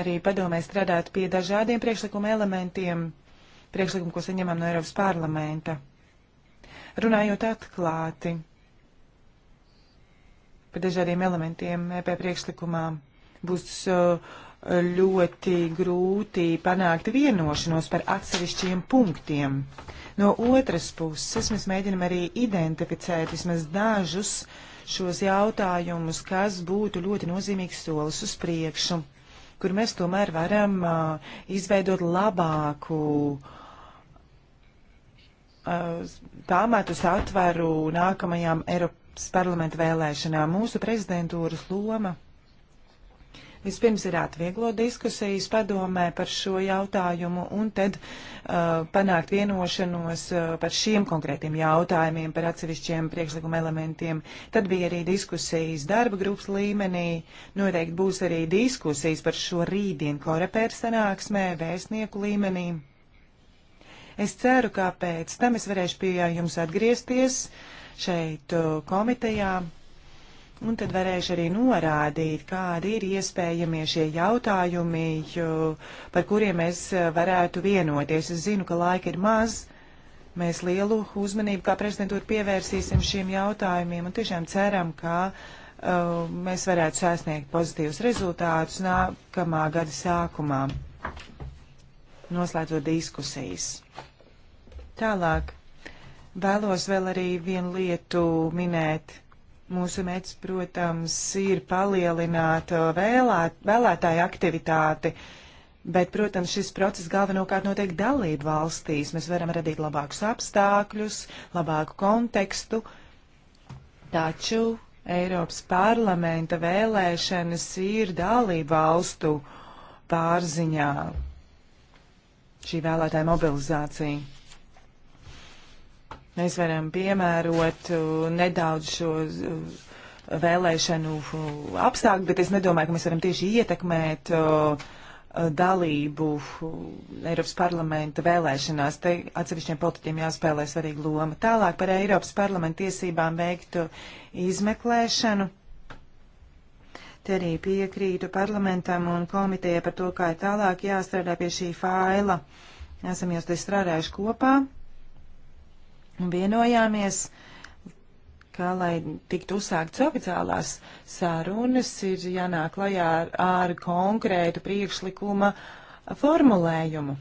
arī padomē strādāt pie dažādiem priekšlikuma elementiem, priekšlikumu, ko saņemam no Eiropas parlamenta. Runājot atklāti par dažādiem elementiem EP priekšlikumā. Būs uh, ļoti grūti panākt vienošanos par atsevišķiem punktiem. No otras puses, mēs mēģinam arī identificēt vismaz dažus šos jautājumus, kas būtu ļoti nozīmīgs solis uz priekšu, kur mēs tomēr varam uh, izveidot labāku uh, pamatus atveru nākamajām Eiropas parlamenta vēlēšanām. Mūsu prezidentūras loma vispirms ir atvieglo diskusijas padomē par šo jautājumu un tad uh, panākt vienošanos uh, par šiem konkrētiem jautājumiem, par atsevišķiem priekšlikuma elementiem. Tad bija arī diskusijas darba grupas līmenī. Noteikti būs arī diskusijas par šo rītdien korepēra sanāksmē, vēstnieku līmenī. Es ceru, ka pēc tam es varēšu pie jums atgriezties. Uh, šeit uh, komitejā. Un tad varēšu arī norādīt, kādi ir iespējamie šie jautājumi, jo, par kuriem mēs uh, varētu vienoties. Es zinu, ka laika ir maz. Mēs lielu uzmanību kā prezidentūra pievērsīsim šiem jautājumiem un tiešām ceram, ka uh, mēs varētu sasniegt pozitīvus rezultātus nākamā gada sākumā, noslēdzot diskusijas. Tālāk Vēlos vēl arī vienu lietu minēt. Mūsu mērķis, protams, ir palielināt uh, vēlēt, vēlētāju aktivitāti, bet, protams, šis process galvenokārt notiek dalību valstīs. Mēs varam radīt labākus apstākļus, labāku kontekstu, taču Eiropas parlamenta vēlēšanas ir dalību valstu pārziņā šī vēlētāja mobilizācija. Mēs varam piemērot uh, nedaudz šo uh, vēlēšanu uh, apstākļu, bet es nedomāju, ka mēs varam tieši ietekmēt dalību Eiropas parlamenta vēlēšanās. Te atsevišķiem politiķiem jāspēlē svarīga loma. Tālāk par Eiropas parlamenta tiesībām veiktu izmeklēšanu. Te arī piekrītu parlamentam un komitejai par to, kā ir tālāk jāstrādā pie šī faila. Esam jau te strādājuši kopā un vienojāmies, ka, lai tiktu uzsākts oficiālās sarunas, ir jānāk lajā ar, ar konkrētu priekšlikuma formulējumu.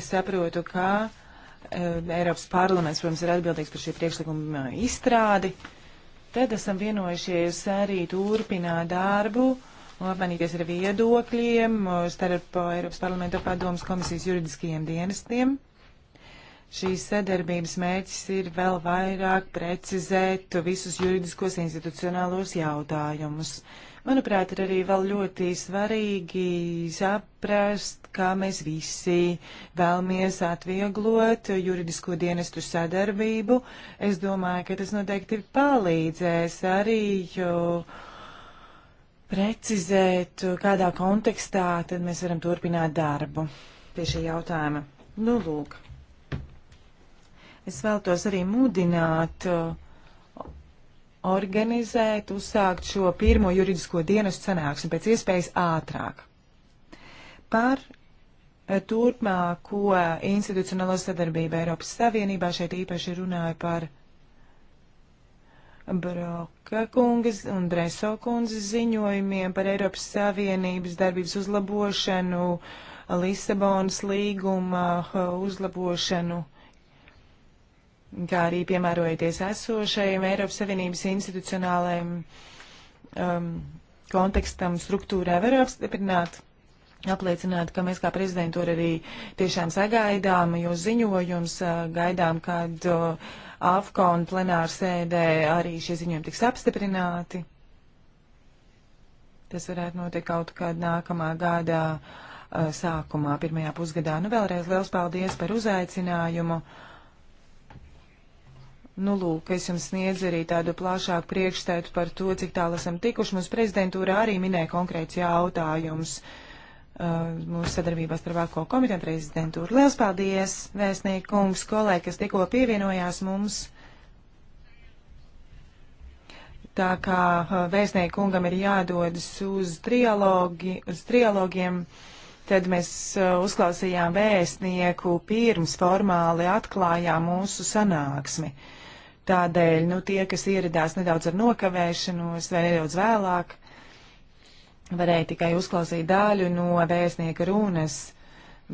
Es saprotu, ka e, Eiropas parlaments, protams, ir atbildīgs par šī priekšlikuma izstrādi. Tad esam vienojušies arī turpināt darbu apmainīties ar viedokļiem starp Eiropas parlamenta padomas komisijas juridiskajiem dienestiem. Šīs sadarbības mērķis ir vēl vairāk precizēt visus juridiskos institucionālos jautājumus. Manuprāt, ir arī vēl ļoti svarīgi saprast, kā mēs visi vēlamies atvieglot juridisko dienestu sadarbību. Es domāju, ka tas noteikti palīdzēs arī. Jo, uh, precizēt, kādā kontekstā tad mēs varam turpināt darbu pie šī jautājuma. Nu, lūk. Es vēltos arī mudināt organizēt, uzsākt šo pirmo juridisko dienas sanāksmi pēc iespējas ātrāk. Par eh, turpmāko institucionālo sadarbību Eiropas Savienībā šeit īpaši runāju par Broka kungas un Dreso kundzes ziņojumiem par Eiropas Savienības darbības uzlabošanu, Lisabonas līguma uzlabošanu, kā arī piemērojoties esošajiem Eiropas Savienības institucionālajiem um, kontekstam, struktūrā var apstiprināt apliecināt, ka mēs kā prezidentūra arī tiešām sagaidām, jo ziņojums uh, gaidām, kad uh, AFCO un plenāru sēdē arī šie ziņojumi tiks apstiprināti. Tas varētu notikt kaut kad nākamā gadā uh, sākumā, pirmajā pusgadā. Nu, vēlreiz liels paldies par uzaicinājumu. Nu, lūk, es jums sniedzu arī tādu plašāku priekšstatu par to, cik tālu esam tikuši. Mums prezidentūra arī minēja konkrēts jautājums. Uh, Uh, mūsu sadarbībās ar Vāko komiteju prezidentūru. Liels paldies, vēstniekums, kolēģi, kas tikko pievienojās mums. Tā kā uh, vēstniekungam ir jādodas uz, trialogi, uz trialogiem, tad mēs uh, uzklausījām vēstnieku pirms formāli atklājām mūsu sanāksmi. Tādēļ, nu, tie, kas ieradās nedaudz ar nokavēšanos vai nedaudz vēlāk, Varēja tikai uzklausīt daļu no vēstnieka runas,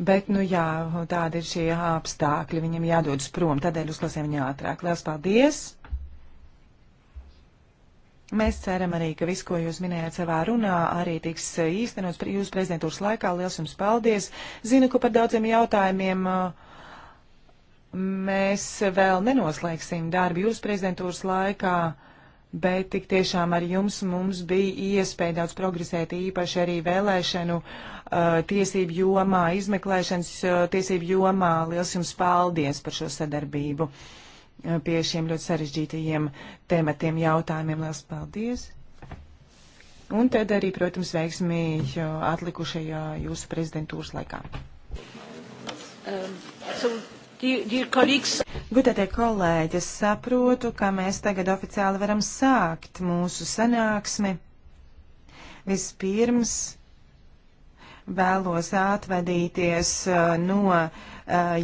bet, nu jā, tādi ir šie apstākļi, viņam jādodas prom, tādēļ uzklausīja viņu ātrāk. Lielas paldies! Mēs ceram arī, ka viss, ko jūs minējāt savā runā, arī tiks īstenots jūsu prezidentūras laikā. Liels jums paldies! Zinu, ka par daudziem jautājumiem uh, mēs vēl nenoslēgsim darbu jūsu prezidentūras laikā bet tik tiešām ar jums mums bija iespēja daudz progresēt, īpaši arī vēlēšanu uh, tiesību jomā, izmeklēšanas uh, tiesību jomā. Liels jums paldies par šo sadarbību uh, pie šiem ļoti sarežģītajiem tematiem, jautājumiem. Liels paldies! Un tad arī, protams, veiksmi uh, atlikušajā jūsu prezidentūras laikā. Um, so Gudētie kolēģi, es saprotu, ka mēs tagad oficiāli varam sākt mūsu sanāksmi. Vispirms vēlos atvadīties uh, no uh,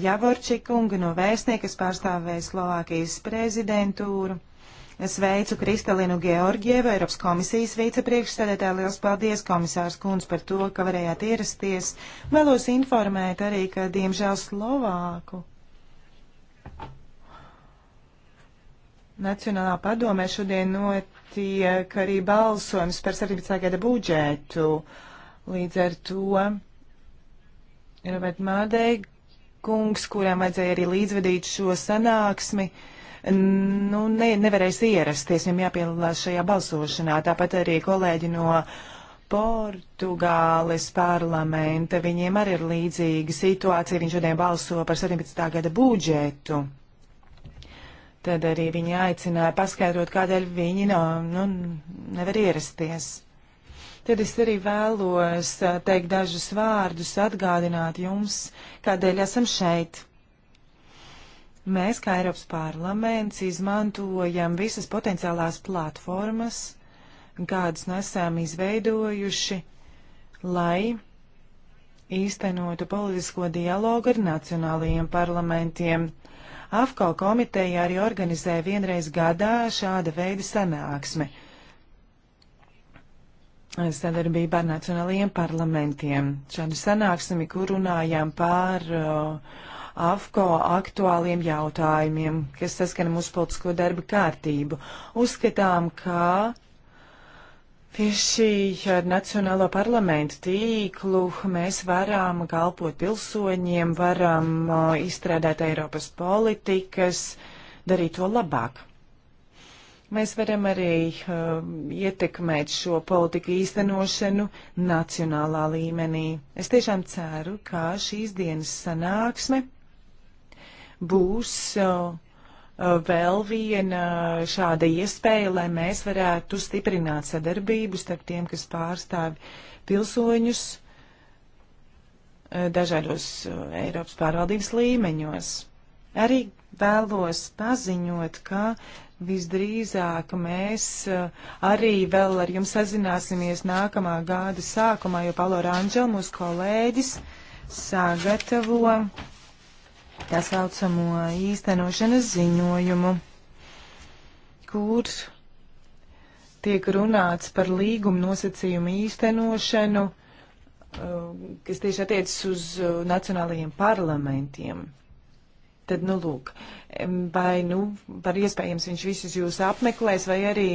Javorčikunga, no vēstnieka, kas pārstāvēja Slovākijas prezidentūru. Sveicu Kristalinu Georgievu, Eiropas komisijas vicepriekšsēdētāju. Liels paldies, komisārs Kunz, par to, ka varējāt ierasties. Vēlos informēt arī, ka, diemžēl, Slovāku Nacionālā padomē šodien notiek arī balsojums par 17. gada budžetu. Līdz ar to Robert Mādei kungs, kurām vajadzēja arī līdzvedīt šo sanāksmi, nu, ne, nevarēs ierasties, viņam jāpiedalās šajā balsošanā. Tāpat arī kolēģi no Portugāles parlamenta, viņiem arī ir līdzīga situācija, viņi šodien balso par 17. gada budžetu. Tad arī viņi aicināja paskaidrot, kādēļ viņi no, nu, nevar ierasties. Tad es arī vēlos teikt dažus vārdus, atgādināt jums, kādēļ esam šeit. Mēs, kā Eiropas parlaments, izmantojam visas potenciālās platformas, kādas nesam nu izveidojuši, lai īstenotu politisko dialogu ar nacionālajiem parlamentiem AFKO komiteja arī organizē vienreiz gadā šāda veida sanāksme sadarbībā ar nacionālajiem parlamentiem. Šādu sanāksmi, kur runājām par uh, AFCO aktuāliem jautājumiem, kas saskana mūsu politisko darba kārtību. Uzskatām, ka Tieši ar Nacionālo parlamentu tīklu mēs varam kalpot pilsoņiem, varam izstrādāt Eiropas politikas, darīt to labāk. Mēs varam arī uh, ietekmēt šo politiku īstenošanu nacionālā līmenī. Es tiešām ceru, ka šīs dienas sanāksme būs uh, Uh, vēl viena šāda iespēja, lai mēs varētu stiprināt sadarbību starp tiem, kas pārstāv pilsoņus uh, dažādos uh, Eiropas pārvaldības līmeņos. Arī vēlos paziņot, ka visdrīzāk mēs arī vēl ar jums sazināsimies nākamā gada sākumā, jo Palo Rāņģel, mūsu kolēģis, sagatavo tā saucamo īstenošanas ziņojumu, kur tiek runāts par līguma nosacījumu īstenošanu, uh, kas tieši attiecas uz uh, nacionālajiem parlamentiem. Tad, nu, lūk, vai nu, par iespējams viņš visus jūs apmeklēs, vai arī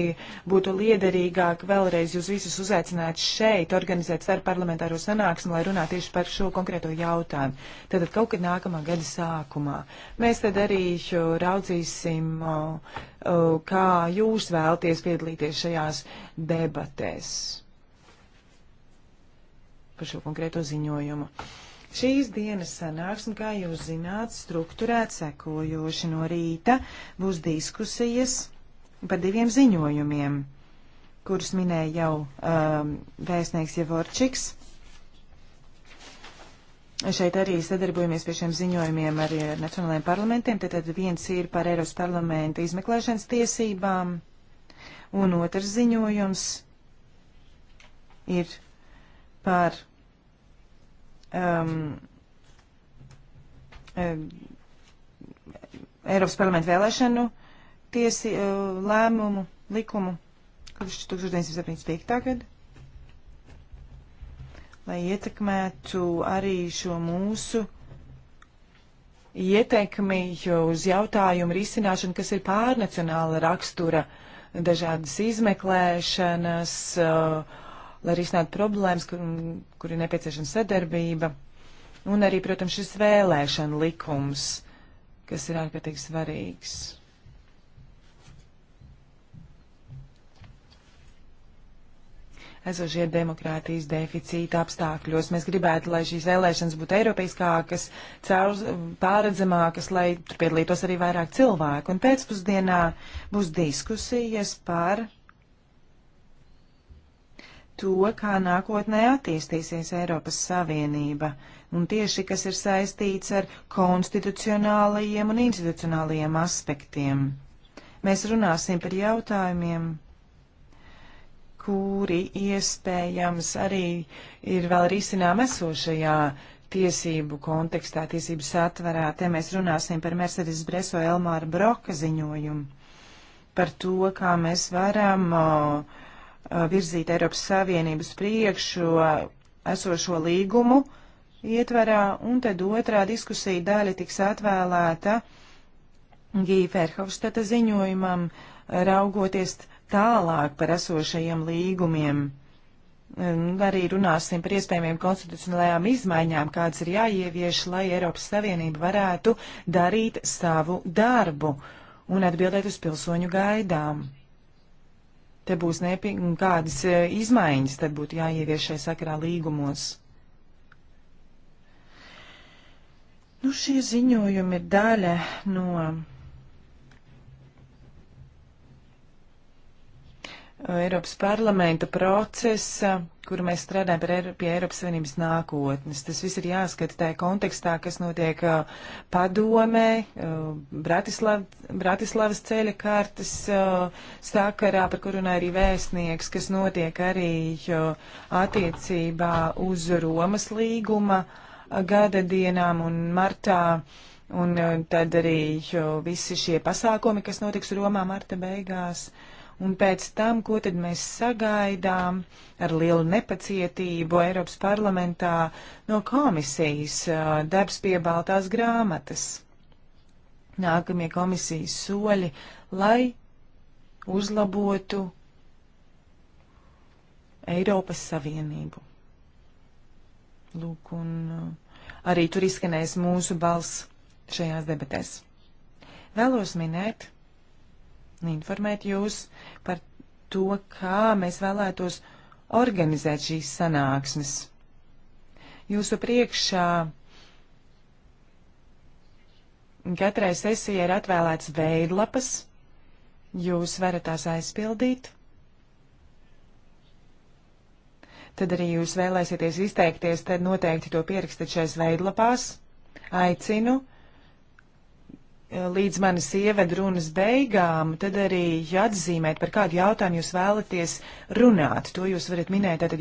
būtu liederīgāk vēlreiz jūs visus uzaicināt šeit, organizēt starp parlamentāro sanāksmi, lai runātu tieši par šo konkrēto jautājumu. Tātad kaut kad nākamā gada sākumā. Mēs tad arī raudzīsim, kā jūs vēlties piedalīties šajās debatēs par šo konkrēto ziņojumu. Šīs dienas sanāksme, kā jūs zināt, struktūrēt sekojoši no rīta būs diskusijas par diviem ziņojumiem, kurus minēja jau um, vēstnieks Jevorčiks. Šeit arī sadarbojamies pie šiem ziņojumiem ar nacionālajiem parlamentiem. Tad viens ir par Eiropas parlamenta izmeklēšanas tiesībām, un otrs ziņojums ir par um, um, Eiropas parlamenta vēlēšanu tiesi uh, lēmumu, likumu, kurš 1975. gada, lai ietekmētu arī šo mūsu ietekmi uz jautājumu risināšanu, kas ir pārnacionāla rakstura, dažādas izmeklēšanas, uh, lai risinātu problēmas, kur, kur ir nepieciešama sadarbība. Un arī, protams, šis vēlēšana likums, kas ir ārkārtīgi svarīgs. esošie demokrātijas deficīta apstākļos. Mēs gribētu, lai šīs vēlēšanas būtu eiropeiskākas, caur, pāredzamākas, lai tur piedalītos arī vairāk cilvēku. Un pēcpusdienā būs diskusijas par to, kā nākotnē attīstīsies Eiropas Savienība, un tieši kas ir saistīts ar konstitucionālajiem un institucionālajiem aspektiem. Mēs runāsim par jautājumiem, kuri iespējams arī ir vēl risinām esošajā tiesību kontekstā, tiesību satvarā. Te mēs runāsim par Mercedes Breso Elmāra Broka ziņojumu, par to, kā mēs varam uh, Uh, virzīt Eiropas Savienības priekšu uh, esošo līgumu ietvarā, un tad otrā diskusija daļa tiks atvēlēta Gīja Ferhofstata ziņojumam, uh, raugoties tālāk par esošajiem līgumiem. Arī runāsim par iespējamiem konstitucionālajām izmaiņām, kādas ir jāievieš, lai Eiropas Savienība varētu darīt savu darbu un atbildēt uz pilsoņu gaidām te būs kādas e, izmaiņas, te būtu jāievieš šai sakarā līgumos. Nu, šie ziņojumi ir daļa no e, Eiropas parlamenta procesa kuru mēs strādājam Eiro, pie Eiropas Savienības nākotnes. Tas viss ir jāskata tajā kontekstā, kas notiek uh, padomē, uh, Bratislav, Bratislavas ceļa kārtas uh, sakarā, par kuru runā arī vēstnieks, kas notiek arī uh, attiecībā uz Romas līguma uh, gada dienām un martā. Un uh, tad arī visi šie pasākumi, kas notiks Romā marta beigās. Uh, un pēc tam, ko tad mēs sagaidām ar lielu nepacietību Eiropas parlamentā no komisijas darbs pie Baltās grāmatas. Nākamie komisijas soļi, lai uzlabotu Eiropas Savienību. Lūk, un arī tur izskanēs mūsu balss šajās debatēs. Vēlos minēt, informēt jūs par to, kā mēs vēlētos organizēt šīs sanāksmes. Jūsu priekšā katrai sesijai ir atvēlēts veidlapas, jūs varat tās aizpildīt. Tad arī jūs vēlēsieties izteikties, tad noteikti to pierakstat šais veidlapās. Aicinu Eh, līdz manas ievadrunas beigām, tad arī atzīmēt, par kādu jautājumu jūs vēlaties runāt. To jūs varat minēt tātad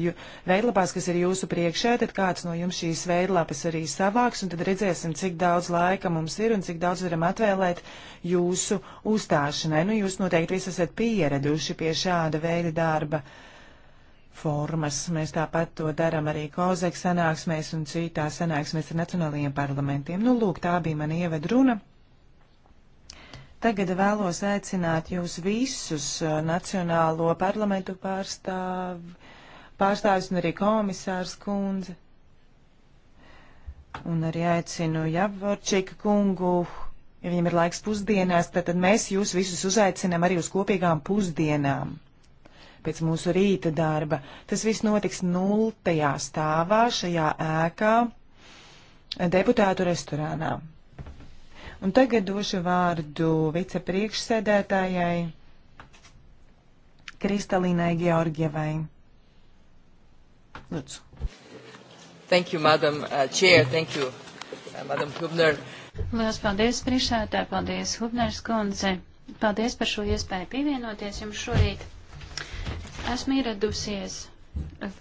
veidlapās, kas ir jūsu priekšē, tad kāds no jums šīs veidlapas arī savāks, un tad redzēsim, cik daudz laika mums ir un cik daudz varam atvēlēt jūsu uzstāšanai. Nu, jūs noteikti visi esat pieraduši pie šāda veida darba. Formas. Mēs tāpat to darām arī Kozek sanāksmēs un citā sanāksmēs ar nacionālajiem parlamentiem. Nu, lūk, tā bija mana ievadruna. Tagad vēlos aicināt jūs visus Nacionālo parlamentu pārstāv, pārstāvis un arī komisārs kundze. Un arī aicinu Javorčika kungu, ja viņam ir laiks pusdienās, tad, tad mēs jūs visus uzaicinām arī uz kopīgām pusdienām pēc mūsu rīta darba. Tas viss notiks nultajā stāvā šajā ēkā deputātu restorānā. Un tagad došu vārdu vicepriekšsēdētājai Kristalīnai Georgievai. Lūdzu. Thank you, Madam uh, Chair. Thank you, uh, Madam Hubner. Lielas paldies, priekšsēdētāji. Paldies, Hubners kundze. Paldies par šo iespēju pievienoties jums šorīt. Esmu ieradusies uh,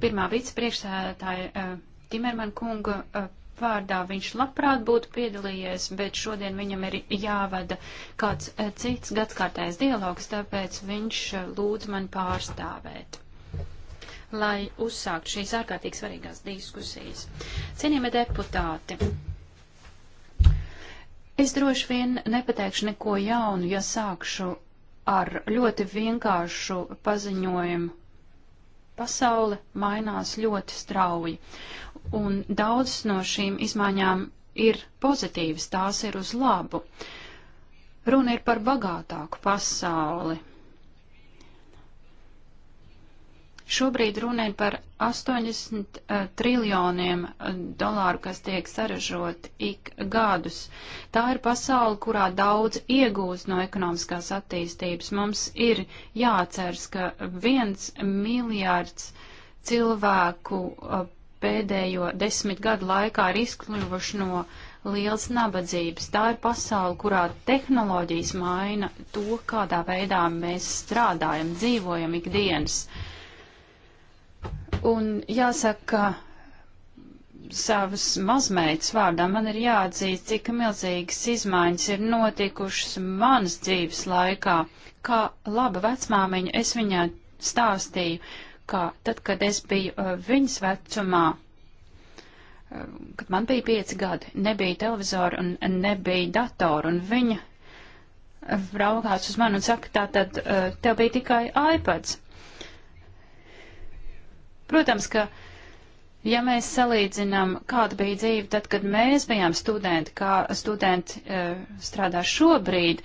pirmā vicepriekšsēdētāja uh, Timerman kunga uh, vārdā viņš labprāt būtu piedalījies, bet šodien viņam ir jāvada kāds eh, cits gadskārtais dialogs, tāpēc viņš eh, lūdz man pārstāvēt lai uzsākt šīs ārkārtīgi svarīgās diskusijas. Cienījamie deputāti, es droši vien nepateikšu neko jaunu, ja sākšu ar ļoti vienkāršu paziņojumu. Pasaule mainās ļoti strauji, un daudz no šīm izmaiņām ir pozitīvas, tās ir uz labu. Runa ir par bagātāku pasauli. Šobrīd runa ir par 80 uh, eh, triljoniem eh, dolāru, kas tiek saražot ik gadus. Tā ir pasaule, kurā daudz iegūst no ekonomiskās attīstības. Mums ir jāatceras, ka viens miljārds cilvēku uh, pēdējo desmit gadu laikā ir izkļuvuši no liels nabadzības. Tā ir pasaule, kurā tehnoloģijas maina to, kādā veidā mēs strādājam, dzīvojam ikdienas. Un jāsaka, savas mazmeitas vārdā man ir jāatzīst, cik milzīgas izmaiņas ir notikušas manas dzīves laikā. Kā laba vecmāmiņa es viņā stāstīju, kā tad, kad es biju uh, viņas vecumā, uh, kad man bija pieci gadi, nebija televizora un nebija datora, un viņa raugās uz mani un saka, tā tad uh, tev bija tikai iPads. Protams, ka, ja mēs salīdzinām, kāda bija dzīve tad, kad mēs bijām studenti, kā studenti uh, strādā šobrīd,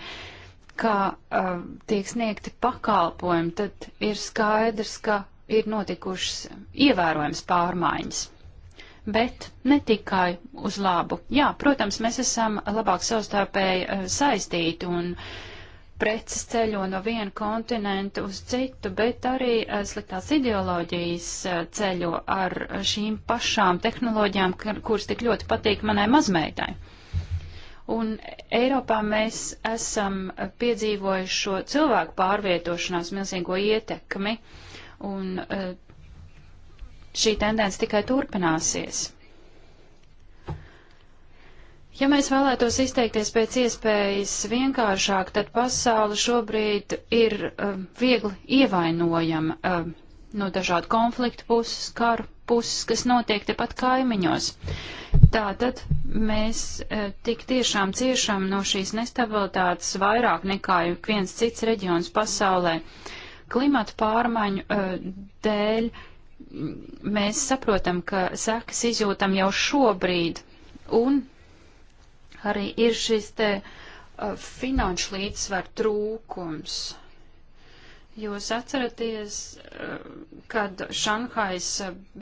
kā uh, tiek sniegti pakalpojumi, tad ir skaidrs, ka ir notikušas ievērojams pārmaiņas. Bet ne tikai uz labu. Jā, protams, mēs esam labāk savstarpēji eh, saistīti un preces ceļo no viena kontinenta uz citu, bet arī eh, sliktās ideoloģijas eh, ceļo ar šīm pašām tehnoloģijām, kuras tik ļoti patīk manai mazmeitai. Un Eiropā mēs esam piedzīvojuši šo cilvēku pārvietošanās milzīgo ietekmi. Uh, un e, šī tendence tikai turpināsies. Ja mēs vēlētos izteikties pēc iespējas vienkāršāk, tad pasaule šobrīd ir uh, viegli ievainojama uh, no dažādu konfliktu puses, karu puses, kas notiek tepat kaimiņos. Tātad mēs uh, tik tiešām ciešam no šīs nestabilitātes vairāk nekā viens cits reģions pasaulē. Uh, klimata pārmaiņu eh, dēļ mēs saprotam, ka sekas izjūtam jau šobrīd. Un arī ir šis te eh, finanšu līdzsvar trūkums. Jūs atceraties, eh, kad Šanhais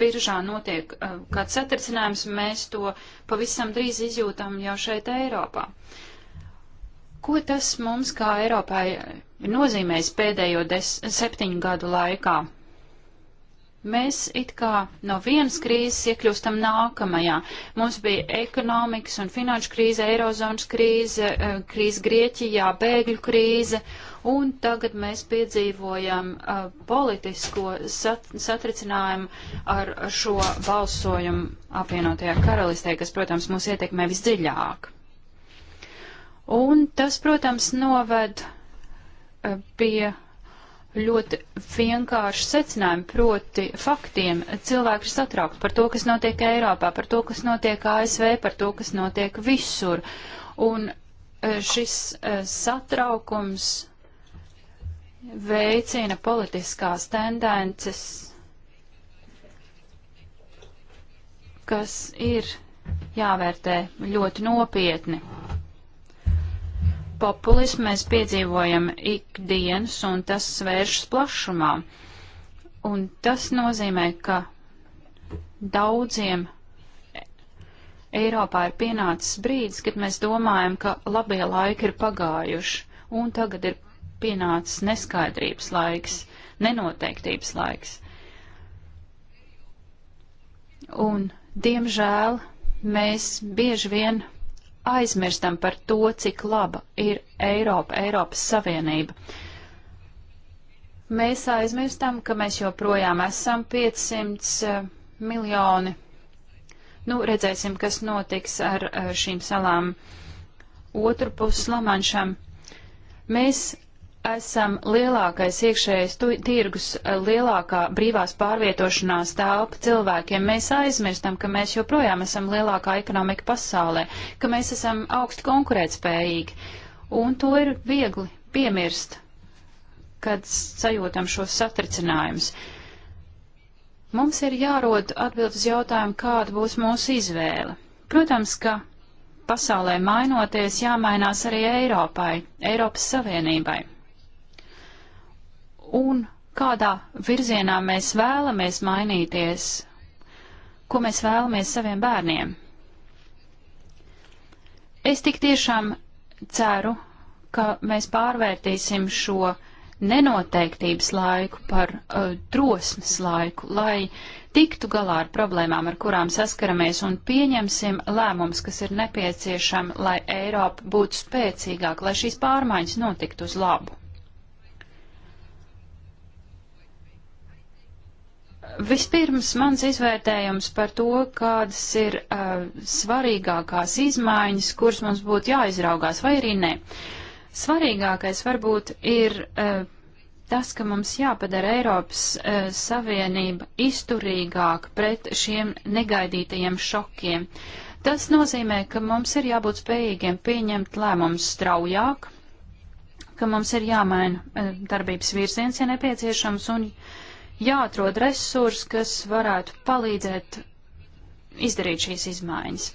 biržā notiek kāds satricinājums, mēs to pavisam drīz izjūtam jau šeit Eiropā. Ko tas mums kā Eiropai nozīmējis pēdējo des, septiņu gadu laikā. Mēs it kā no vienas krīzes iekļūstam nākamajā. Mums bija ekonomikas un finanšu krīze, eirozonas krīze, eh, krīze Grieķijā, bēgļu krīze, un tagad mēs piedzīvojam uh, politisko sat satricinājumu ar šo balsojumu apvienotajā karalistē, kas, protams, mūs ietekmē visdziļāk. Un tas, protams, noved pie ļoti vienkārši secinājumi, proti faktiem. Cilvēki ir satraukti par to, kas notiek Eiropā, par to, kas notiek ASV, par to, kas notiek visur. Un e, šis e, satraukums veicina politiskās tendences, kas ir jāvērtē ļoti nopietni populismu mēs piedzīvojam ikdienas, un tas svēršas plašumā. Un tas nozīmē, ka daudziem Eiropā ir pienācis brīdis, kad mēs domājam, ka labie laiki ir pagājuši, un tagad ir pienācis neskaidrības laiks, nenoteiktības laiks. Un, diemžēl, mēs bieži vien aizmirstam par to, cik laba ir Eiropa, Eiropas Savienība. Mēs aizmirstam, ka mēs joprojām esam 500 eh, miljoni. Nu, redzēsim, kas notiks ar eh, šīm salām otru pusi Lamanšam. Mēs esam lielākais iekšējais tirgus, eh, lielākā brīvās pārvietošanās telpa cilvēkiem. Mēs aizmirstam, ka mēs joprojām esam lielākā ekonomika pasaulē, ka mēs esam augsti konkurētspējīgi. Un to ir viegli piemirst, kad sajūtam šos satricinājumus. Mums ir jārod atbild uz jautājumu, kāda būs mūsu izvēle. Protams, ka pasaulē mainoties, jāmainās arī Eiropai, Eiropas Savienībai un kādā virzienā mēs vēlamies mainīties, ko mēs vēlamies saviem bērniem. Es tik tiešām ceru, ka mēs pārvērtīsim šo nenoteiktības laiku par uh, drosmes laiku, lai tiktu galā ar problēmām, ar kurām saskaramies, un pieņemsim lēmums, kas ir nepieciešami, lai Eiropa būtu spēcīgāka, lai šīs pārmaiņas notiktu uz labu. Vispirms mans izvērtējums par to, kādas ir uh, svarīgākās izmaiņas, kuras mums būtu jāizraugās vai arī nē. Svarīgākais varbūt ir uh, tas, ka mums jāpadara Eiropas uh, Savienība izturīgāk pret šiem negaidītajiem šokiem. Tas nozīmē, ka mums ir jābūt spējīgiem pieņemt lēmumus straujāk, ka mums ir jāmaina uh, darbības virziens, ja nepieciešams, un uh, jāatrod resursi, kas varētu palīdzēt izdarīt šīs izmaiņas.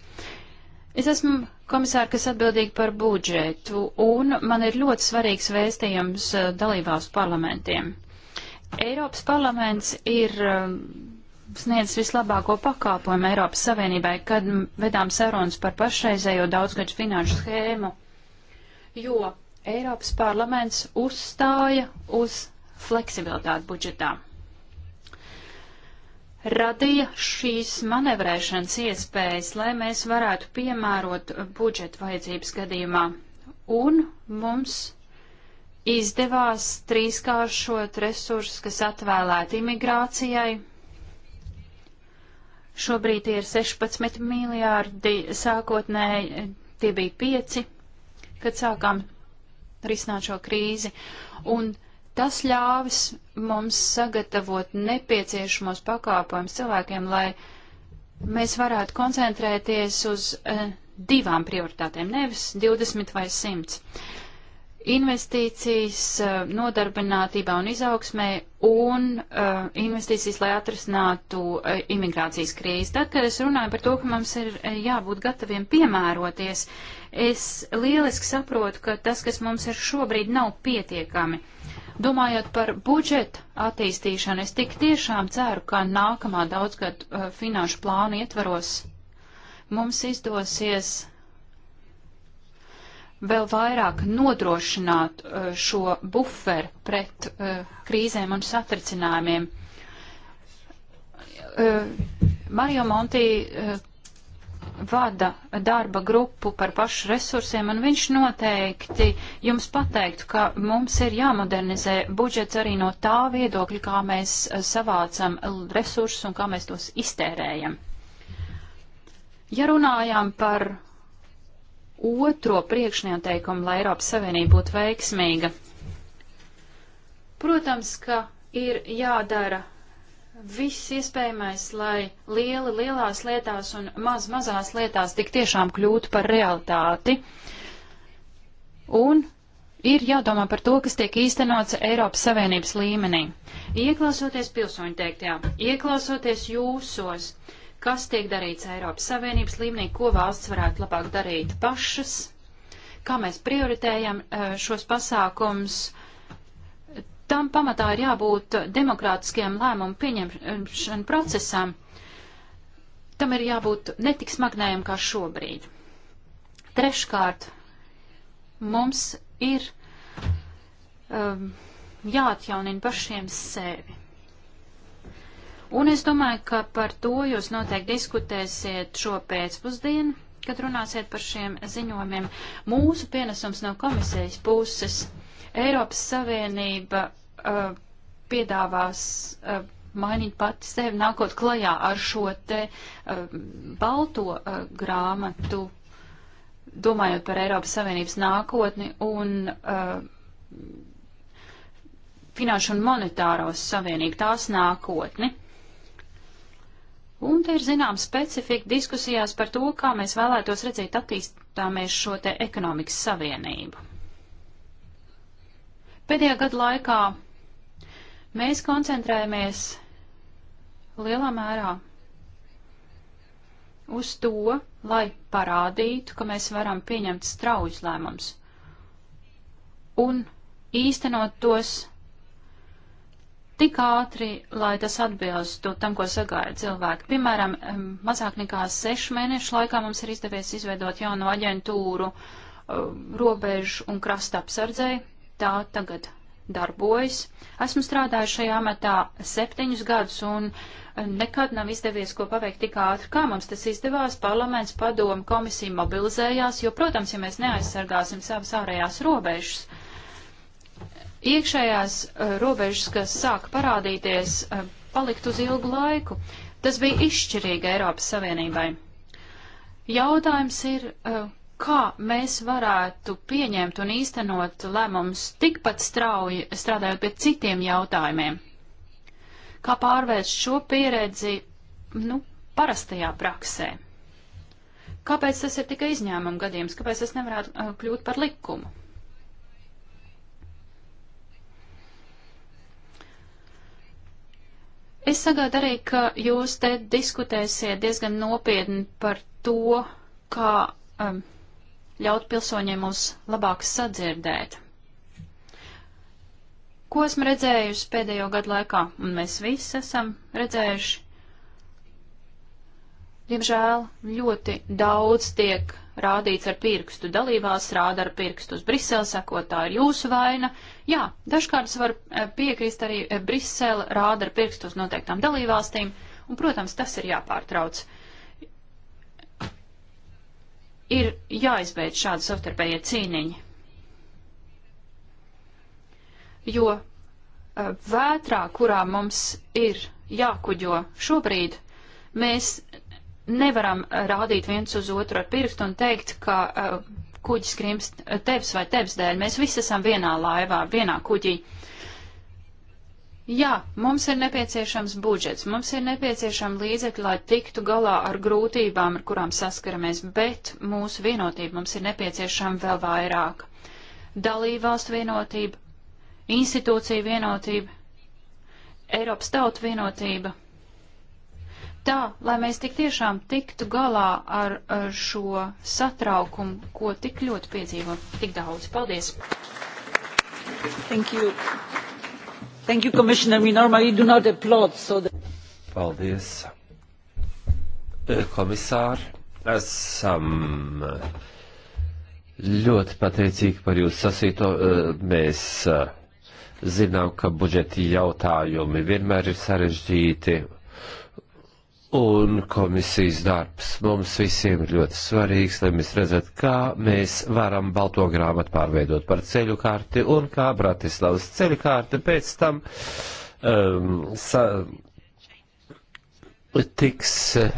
Es esmu komisāri, kas atbildīgi par budžetu, un man ir ļoti svarīgs vēstījums eh, dalībvalstu parlamentiem. Eiropas parlaments ir eh, sniedz vislabāko pakāpojumu Eiropas Savienībai, kad vedām sarunas par pašreizējo daudzgaļu finanšu schēmu, jo Eiropas parlaments uzstāja uz fleksibilitāti budžetā radīja šīs manevrēšanas iespējas, lai mēs varētu piemērot budžetu vajadzības gadījumā. Un mums izdevās trīskāršot resursus, kas atvēlēti imigrācijai. Šobrīd ir 16 miljārdi, sākotnēji tie bija 5, kad sākām risināt šo krīzi. Un Tas ļāvis mums sagatavot nepieciešamos pakāpojumus cilvēkiem, lai mēs varētu koncentrēties uz uh, divām prioritātēm, nevis 20 vai 100 investīcijas eh, nodarbinātībā un izaugsmē un uh, investīcijas, lai atrisinātu uh, imigrācijas krīzi. Tad, kad es runāju par to, ka mums ir jābūt gataviem piemēroties, es lieliski saprotu, ka tas, kas mums ir šobrīd, nav pietiekami. Uh, Domājot par budžetu attīstīšanu, es tik tiešām ceru, ka nākamā daudzgad uh, finanšu plāna ietvaros mums izdosies vēl vairāk nodrošināt uh, šo buferu pret uh, krīzēm un satricinājumiem. Uh, Mario Monti uh, vada darba grupu par pašu resursiem, un viņš noteikti jums pateiktu, ka mums ir jāmodernizē budžets arī no tā viedokļa, kā mēs eh, savācam resursus un kā mēs tos iztērējam. Ja runājām par otro priekšnieteikumu, lai Eiropas Savienība būtu veiksmīga, protams, ka ir jādara viss iespējamais, lai lieli lielās lietās un maz mazās lietās tik tiešām kļūtu par realitāti. Un ir jādomā par to, kas tiek īstenots Eiropas Savienības līmenī. Ieklausoties pilsoņu teiktajā, ieklausoties jūsos, kas tiek darīts Eiropas Savienības līmenī, ko valsts varētu labāk darīt pašas, kā mēs prioritējam eh, šos pasākums, tam pamatā ir jābūt demokrātiskiem lēmumu pieņemšanu procesam. Tam ir jābūt netik smagnējam kā šobrīd. Treškārt, mums ir um, jāatjaunina pašiem sevi. Un es domāju, ka par to jūs noteikti diskutēsiet šo pēcpusdienu, kad runāsiet par šiem ziņojumiem. Mūsu pienesums no komisijas puses Eiropas Savienība uh, piedāvās uh, mainīt pati sevi, nākot klajā ar šo te uh, balto uh, grāmatu, domājot par Eiropas Savienības nākotni un uh, finanšu un monetāros savienību tās nākotni. Un te ir zinām specifika diskusijās par to, kā mēs vēlētos redzēt attīstāmies šo te ekonomikas savienību. Pēdējā gada laikā Mēs koncentrējamies lielā mērā uz to, lai parādītu, ka mēs varam pieņemt straujus lēmumus un īstenot tos tik ātri, lai tas atbilstu tam, ko sagaida cilvēki. Piemēram, mazāk nekā sešu mēnešu laikā mums ir izdevies izveidot jaunu aģentūru robežu un krasta apsardzei. Tā tagad darbojas. Esmu strādājusi šajā amatā septiņus gadus un eh, nekad nav izdevies ko paveikt tik ātri, kā mums tas izdevās. Parlaments, padomu, komisija mobilizējās, jo, protams, ja mēs neaizsargāsim savas ārējās robežas, iekšējās eh, robežas, kas sāk parādīties, eh, palikt uz ilgu laiku. Tas bija izšķirīgi Eiropas Savienībai. Jautājums ir, kā mēs varētu pieņemt un īstenot lēmumus tikpat strauji strādājot pie citiem jautājumiem. Kā pārvērst šo pieredzi, nu, parastajā praksē. Kāpēc tas ir tikai izņēmuma gadījums? Kāpēc tas nevarētu uh, kļūt par likumu? Es sagādu arī, ka jūs te diskutēsiet diezgan nopietni par to, kā um, ļaut pilsoņiem mūs labāk sadzirdēt. Ko esmu redzējusi pēdējo gadu laikā, un mēs visi esam redzējuši, diemžēl ļoti daudz tiek rādīts ar pirkstu. Dalībās rāda ar pirkstu uz Briseli, sakot, tā ir jūsu vaina. Jā, dažkārt var eh, piekrist arī eh, Brisele rāda ar pirkstu uz noteiktām dalībvalstīm, un, protams, tas ir jāpārtrauc ir jāizbeidz šādi savtarpējie cīniņi. Jo uh, vētrā, kurā mums ir jākuģo šobrīd, mēs nevaram rādīt viens uz otru ar pirkstu un teikt, ka uh, kuģis krimst tevs vai tevs dēļ. Mēs visi esam vienā laivā, vienā kuģī. Uh, Jā, mums ir nepieciešams budžets, mums ir nepieciešama līdzekļa, lai tiktu galā ar grūtībām, ar kurām saskaramies, bet mūsu vienotība mums ir nepieciešama vēl vairāk. Dalībvalstu vienotība, institūcija vienotība, Eiropas tautu vienotība. Tā, lai mēs tik tiešām tiktu galā ar, ar šo satraukumu, ko tik ļoti piedzīvo tik daudz. Paldies! Thank you. Thank you, Commissioner. We normally do not applaud, so that... Paldies. Eh, komisār, esam eh, ļoti pateicīgi par jūsu sasīto. Eh, mēs zinām, ka budžeti jautājumi vienmēr ir sarežģīti un komisijas darbs mums visiem ir ļoti svarīgs, lai mēs redzētu, kā mēs varam balto grāmatu pārveidot par ceļu karti un kā Bratislavas ceļu karti pēc tam um, sa, tiks eh,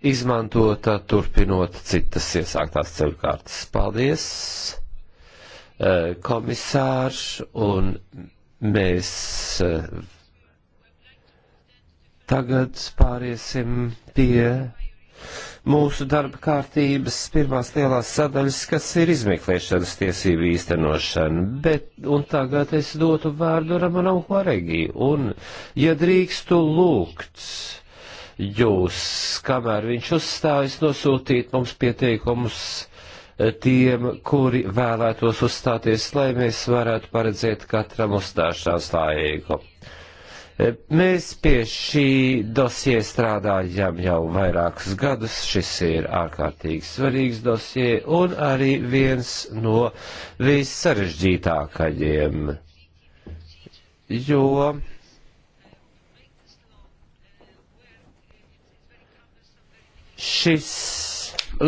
izmantota turpinot citas iesāktās ceļu kārtas. Paldies, eh, komisārs, un mēs eh, Tagad pāriesim pie mūsu darba kārtības pirmās lielās sadaļas, kas ir izmeklēšanas tiesību īstenošana, bet, un tagad es dotu vārdu Ramanam Horegi, un, ja drīkstu lūgt jūs, kamēr viņš uzstājas, nosūtīt mums pieteikumus eh, tiem, kuri vēlētos uzstāties, lai mēs varētu paredzēt katram uzstāšanās laigu. Mēs pie šī dosie strādājam jau vairākus gadus, šis ir ārkārtīgi svarīgs dosie un arī viens no vissarežģītākajiem, jo šis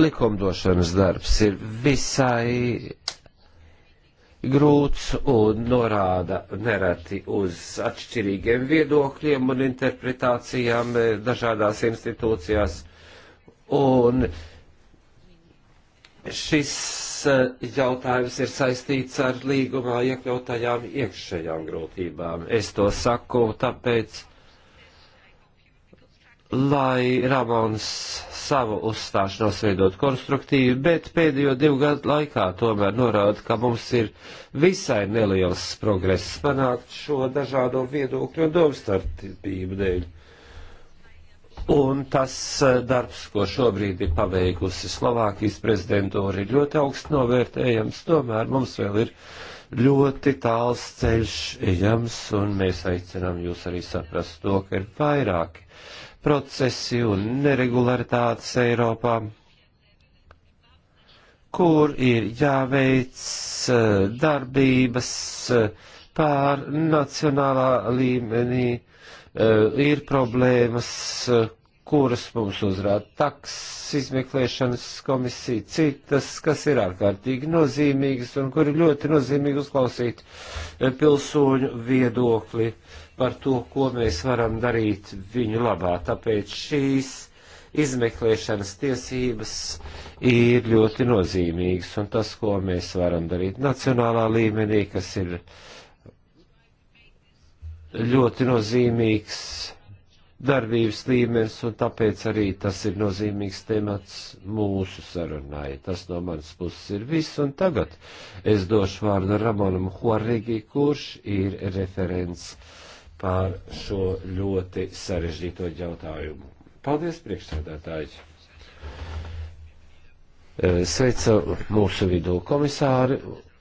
likumdošanas darbs ir visai grūts un norāda nereti uz atšķirīgiem viedokļiem un interpretācijām eh, dažādās institūcijās. Un šis eh, jautājums ir saistīts ar līgumā iekļautajām iekšējām grūtībām. Es to saku tāpēc, ka lai Ramons savu uzstāšanos veidot konstruktīvi, bet pēdējo divu gadu laikā tomēr norāda, ka mums ir visai neliels progress panākt šo dažādo viedokļu un domstarpību dēļ. Un tas eh, darbs, ko šobrīd ir paveikusi Slovākijas prezidentūra, ir ļoti augsts novērtējams. Tomēr mums vēl ir ļoti tāls ceļš ejams, un mēs aicinām jūs arī saprast to, ka ir vairāki procesi un neregularitātes Eiropā, kur ir jāveic eh, darbības eh, pār nacionālā līmenī, eh, ir problēmas, kuras mums uzrāda taks izmeklēšanas komisija, citas, kas ir ārkārtīgi nozīmīgas un kur ir ļoti nozīmīgi uzklausīt pilsoņu viedokli par to, ko mēs varam darīt viņu labā. Tāpēc šīs izmeklēšanas tiesības ir ļoti nozīmīgas, un tas, ko mēs varam darīt nacionālā līmenī, kas ir ļoti nozīmīgs darbības līmenis, un tāpēc arī tas ir nozīmīgs temats mūsu sarunai. Tas no manas puses ir viss, un tagad es došu vārdu Ramonam Huarigi, kurš ir referents pār šo ļoti sarežģīto jautājumu. Paldies, priekšsēdētāji! E, sveicu mūsu vidū komisāri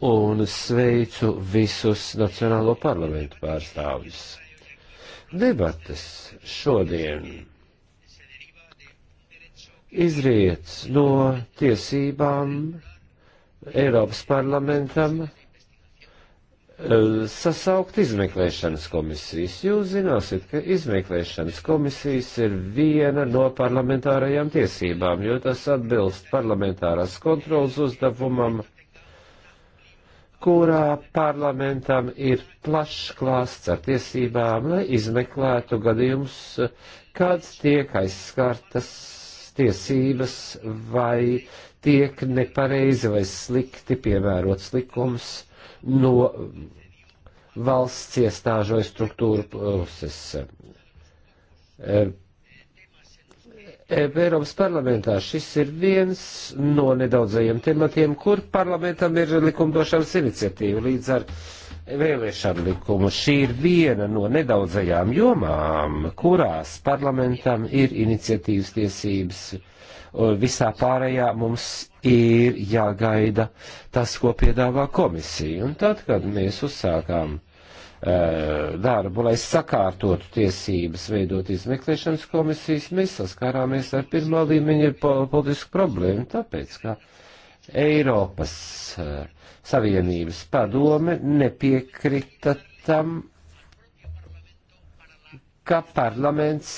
un sveicu visus Nacionālo parlamentu pārstāvjus. Debates šodien izriet no tiesībām Eiropas parlamentam sasaukt izmeklēšanas komisijas. Jūs zināsiet, ka izmeklēšanas komisijas ir viena no parlamentārajām tiesībām, jo tas atbilst parlamentārās kontrolas uzdevumam, kurā parlamentam ir plašs klāsts ar tiesībām, lai izmeklētu gadījumus, kāds tiek aizskartas tiesības vai tiek nepareizi vai slikti piemērots likums no valsts iestāžu vai struktūru puses. E, Eiropas parlamentā šis ir viens no nedaudzajiem tematiem, kur parlamentam ir likumdošanas iniciatīva līdz ar vēlēšanu likumu. Šī ir viena no nedaudzajām jomām, kurās parlamentam ir iniciatīvas tiesības Visā pārējā mums ir jāgaida tas, ko piedāvā komisija. Un tad, kad mēs uzsākām eh, darbu, lai sakārtotu tiesības veidot izmeklēšanas komisijas, mēs saskārāmies ar pirmā līmeņa politisku problēmu, tāpēc, ka Eiropas eh, Savienības padome nepiekrita tam, ka parlaments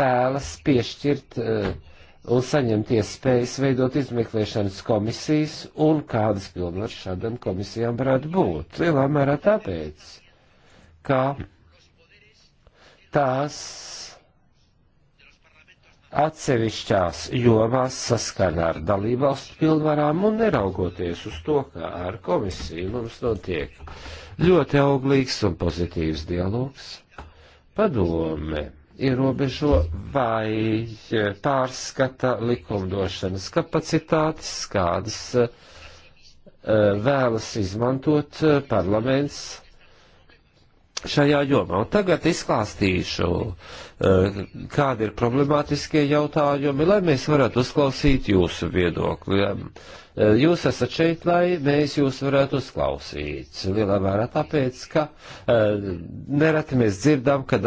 vēlas piešķirt uh, un saņemt iespējas veidot izmeklēšanas komisijas un kādas pilnvaras šādām komisijām varētu būt. Lielā mērā tāpēc, ka tās atsevišķās jomās saskana ar dalībvalstu pilnvarām un neraugoties uz to, ka ar komisiju mums notiek ļoti auglīgs un pozitīvs dialogs. Padome ierobežo vai pārskata likumdošanas kapacitātes, kādas eh, vēlas izmantot eh, parlaments šajā jomā. Un tagad izklāstīšu, eh, kādi ir problemātiskie jautājumi, lai mēs varētu uzklausīt jūsu viedokli. Jūs esat šeit, lai mēs jūs varētu uzklausīt. Lielā mērā tāpēc, ka nereti mēs dzirdam, ka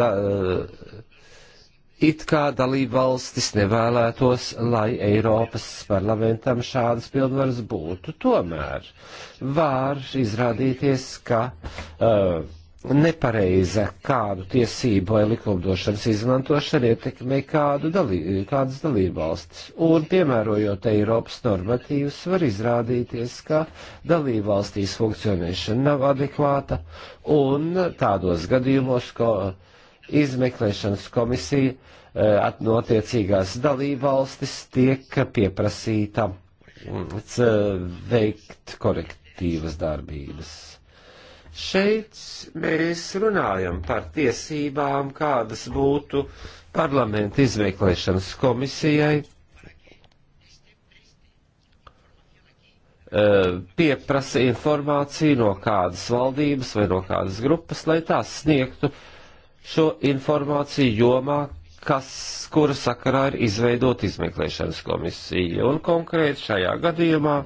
it kā dalībvalstis nevēlētos, lai Eiropas parlamentam šādas pilnvaras būtu. Tomēr var izrādīties, ka uh, nepareiza kādu tiesību vai likumdošanas izmantošana ietekmē kādu dalī, kādas dalībvalstis. Un piemērojot Eiropas normatīvas, var izrādīties, ka dalībvalstīs funkcionēšana nav adekvāta un tādos gadījumos, ka uh, izmeklēšanas komisija eh, no attiecīgās dalībvalstis tiek pieprasīta mm, veikt korektīvas darbības. Šeit mēs runājam par tiesībām, kādas būtu parlamenta izmeklēšanas komisijai eh, pieprasa informāciju no kādas valdības vai no kādas grupas, lai tās sniegtu uh, šo informāciju jomā, kas, kura sakarā ir izveidot izmeklēšanas komisija. Un konkrēti šajā gadījumā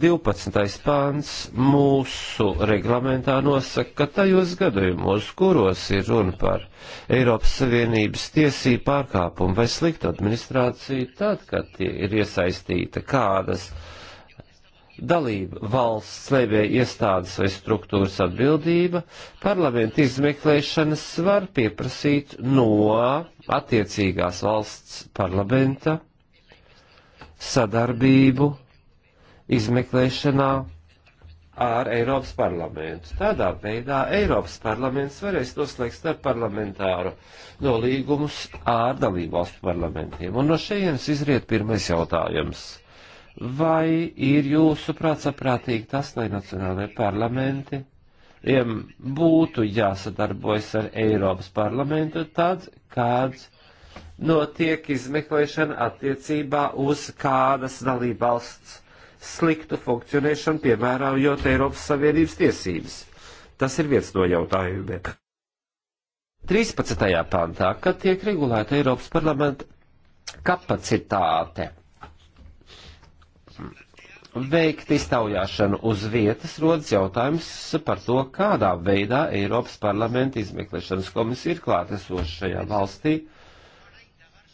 12. Eh, pāns mūsu reglamentā nosaka, ka tajos gadījumos, kuros ir runa par Eiropas Savienības tiesību pārkāpumu vai sliktu administrāciju, tad, kad ir iesaistīta kādas uh, dalība valsts slēpēja iestādes vai struktūras atbildība, parlamenta izmeklēšanas var pieprasīt no attiecīgās valsts parlamenta sadarbību izmeklēšanā ar Eiropas parlamentu. Tādā veidā Eiropas parlaments varēs noslēgt starp parlamentāru nolīgumus ar dalībvalstu parlamentiem. Un no šejienes izriet pirmais jautājums vai ir jūsuprāt saprātīgi tas, lai nacionālajie parlamenti jiem būtu jāsadarbojas ar Eiropas parlamentu tad, kad notiek izmeklēšana attiecībā uz kādas dalībvalsts sliktu funkcionēšanu, piemērojot Eiropas Savienības tiesības. Tas ir viens no jautājumiem. 13. pantā, kad tiek regulēta Eiropas parlamenta kapacitāte veikt iztaujāšanu uz vietas, rodas jautājums par to, kādā veidā Eiropas parlamenta izmeklēšanas komisija ir klātesoša šajā valstī,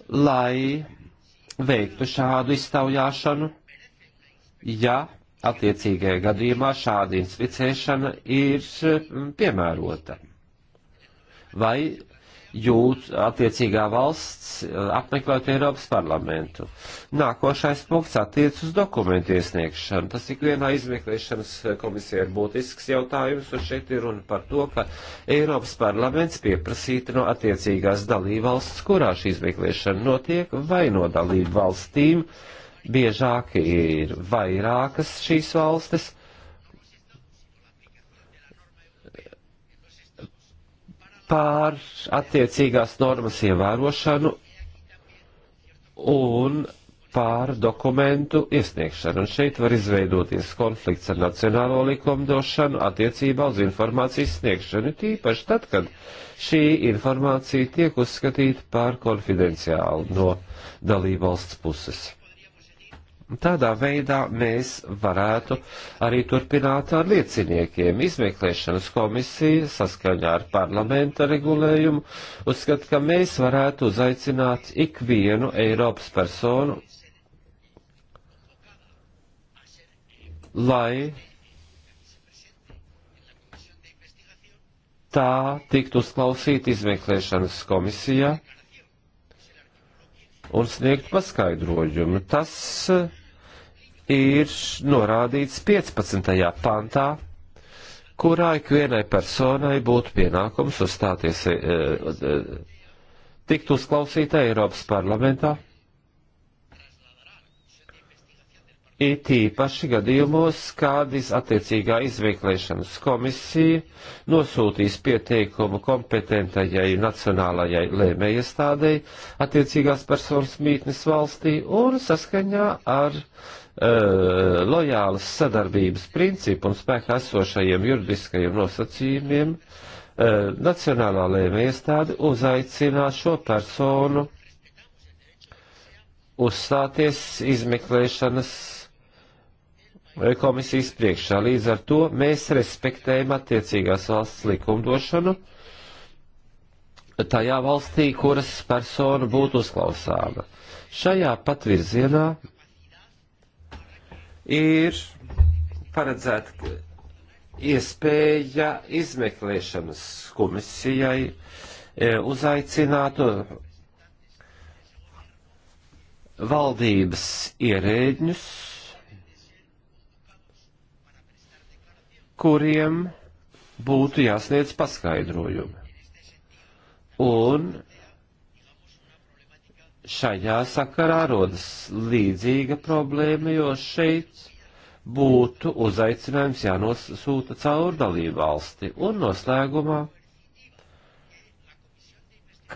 lai veiktu šādu iztaujāšanu, ja attiecīgajā gadījumā šāda inspicēšana ir mm, piemērota. Vai jūt attiecīgā valsts eh, apmeklēt Eiropas parlamentu. Nākošais punkts attiec uz dokumentu iesniegšanu. Tas ik vienā izmeklēšanas komisijā ir būtisks jautājums, un šeit ir runa par to, ka Eiropas parlaments pieprasīta no attiecīgās dalībvalsts, kurā šī izmeklēšana notiek, vai no dalību valstīm. Biežāk ir vairākas šīs valstis pār attiecīgās normas ievērošanu un pār dokumentu iesniegšanu. Un šeit var izveidoties konflikts ar nacionālo likumdošanu attiecībā uz informācijas sniegšanu, tīpaši tad, kad šī informācija tiek uzskatīta par konfidenciālu no dalībvalsts puses. Tādā veidā mēs varētu arī turpināt ar lieciniekiem. Izmeklēšanas komisija saskaņā ar parlamenta regulējumu uzskata, ka mēs varētu uzaicināt ikvienu Eiropas personu, lai tā tiktu uzklausīta izmeklēšanas komisijā un sniegt paskaidrojumu. Tas ir norādīts 15. pantā, kurā ikvienai personai būtu pienākums uzstāties, e, e, tikt uzklausīta Eiropas parlamentā. It īpaši gadījumos, kādis attiecīgā izveiklēšanas komisija nosūtīs pieteikumu kompetentajai nacionālajai lēmējiestādei attiecīgās personas mītnes valstī un saskaņā ar uh, Eh, lojālas sadarbības principu un spēkā esošajiem juridiskajiem nosacījumiem, eh, Nacionālā lēma iestāde uzaicinās šo personu uzstāties izmeklēšanas eh, komisijas priekšā. Līdz ar to mēs respektējam attiecīgās valsts likumdošanu tajā valstī, kuras persona būtu uzklausāma. Šajā pat virzienā ir paredzēta iespēja izmeklēšanas komisijai e, uzaicināt valdības ierēģņus, kuriem būtu jāsniedz paskaidrojumi. Un šajā sakarā rodas līdzīga problēma, jo šeit būtu uzaicinājums jānosūta caur dalību valsti. Un noslēgumā,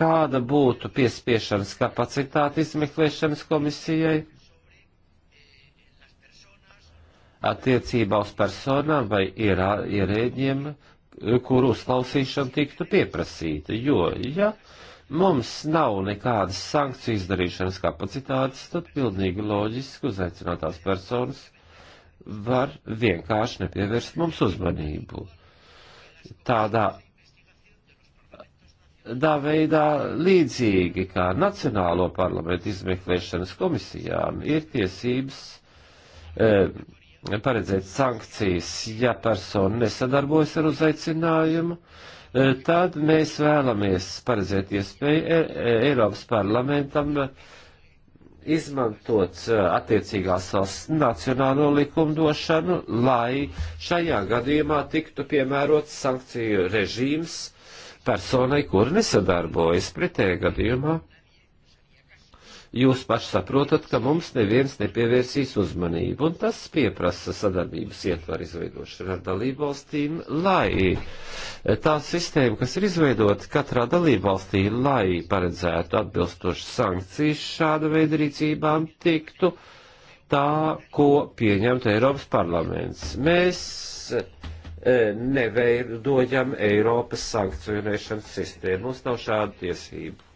kāda būtu piespiešanas kapacitāte izmeklēšanas komisijai attiecībā uz personām vai ierēģiem, kuru uzklausīšana tiktu pieprasīta? Jo, ja mums nav nekādas sankciju izdarīšanas kapacitātes, tad pilnīgi loģiski uzaicinātās personas var vienkārši nepievērst mums uzmanību. Tādā tā veidā līdzīgi kā Nacionālo parlamentu izmeklēšanas komisijām ir tiesības e, paredzēt sankcijas, ja persona nesadarbojas ar uzaicinājumu, e, Eh, tad mēs vēlamies paredzēt iespēju eh, eh, Eiropas parlamentam izmantot attiecīgās valsts nacionālo likumdošanu, lai šajā gadījumā tiktu piemērots sankciju režīms personai, kur nesadarbojas pretējā gadījumā jūs paši saprotat, ka mums neviens nepievērsīs uzmanību, un tas pieprasa sadarbības ietvaru izveidošanu ar dalību valstīm, lai eh, tā sistēma, kas ir izveidota katrā dalību valstī, lai paredzētu atbilstošas sankcijas šāda veida rīcībām, tiktu tā, ko pieņemtu Eiropas parlaments. Mēs eh, neveidojam Eiropas sankcionēšanas sistēmu. Mums nav šādu tiesību.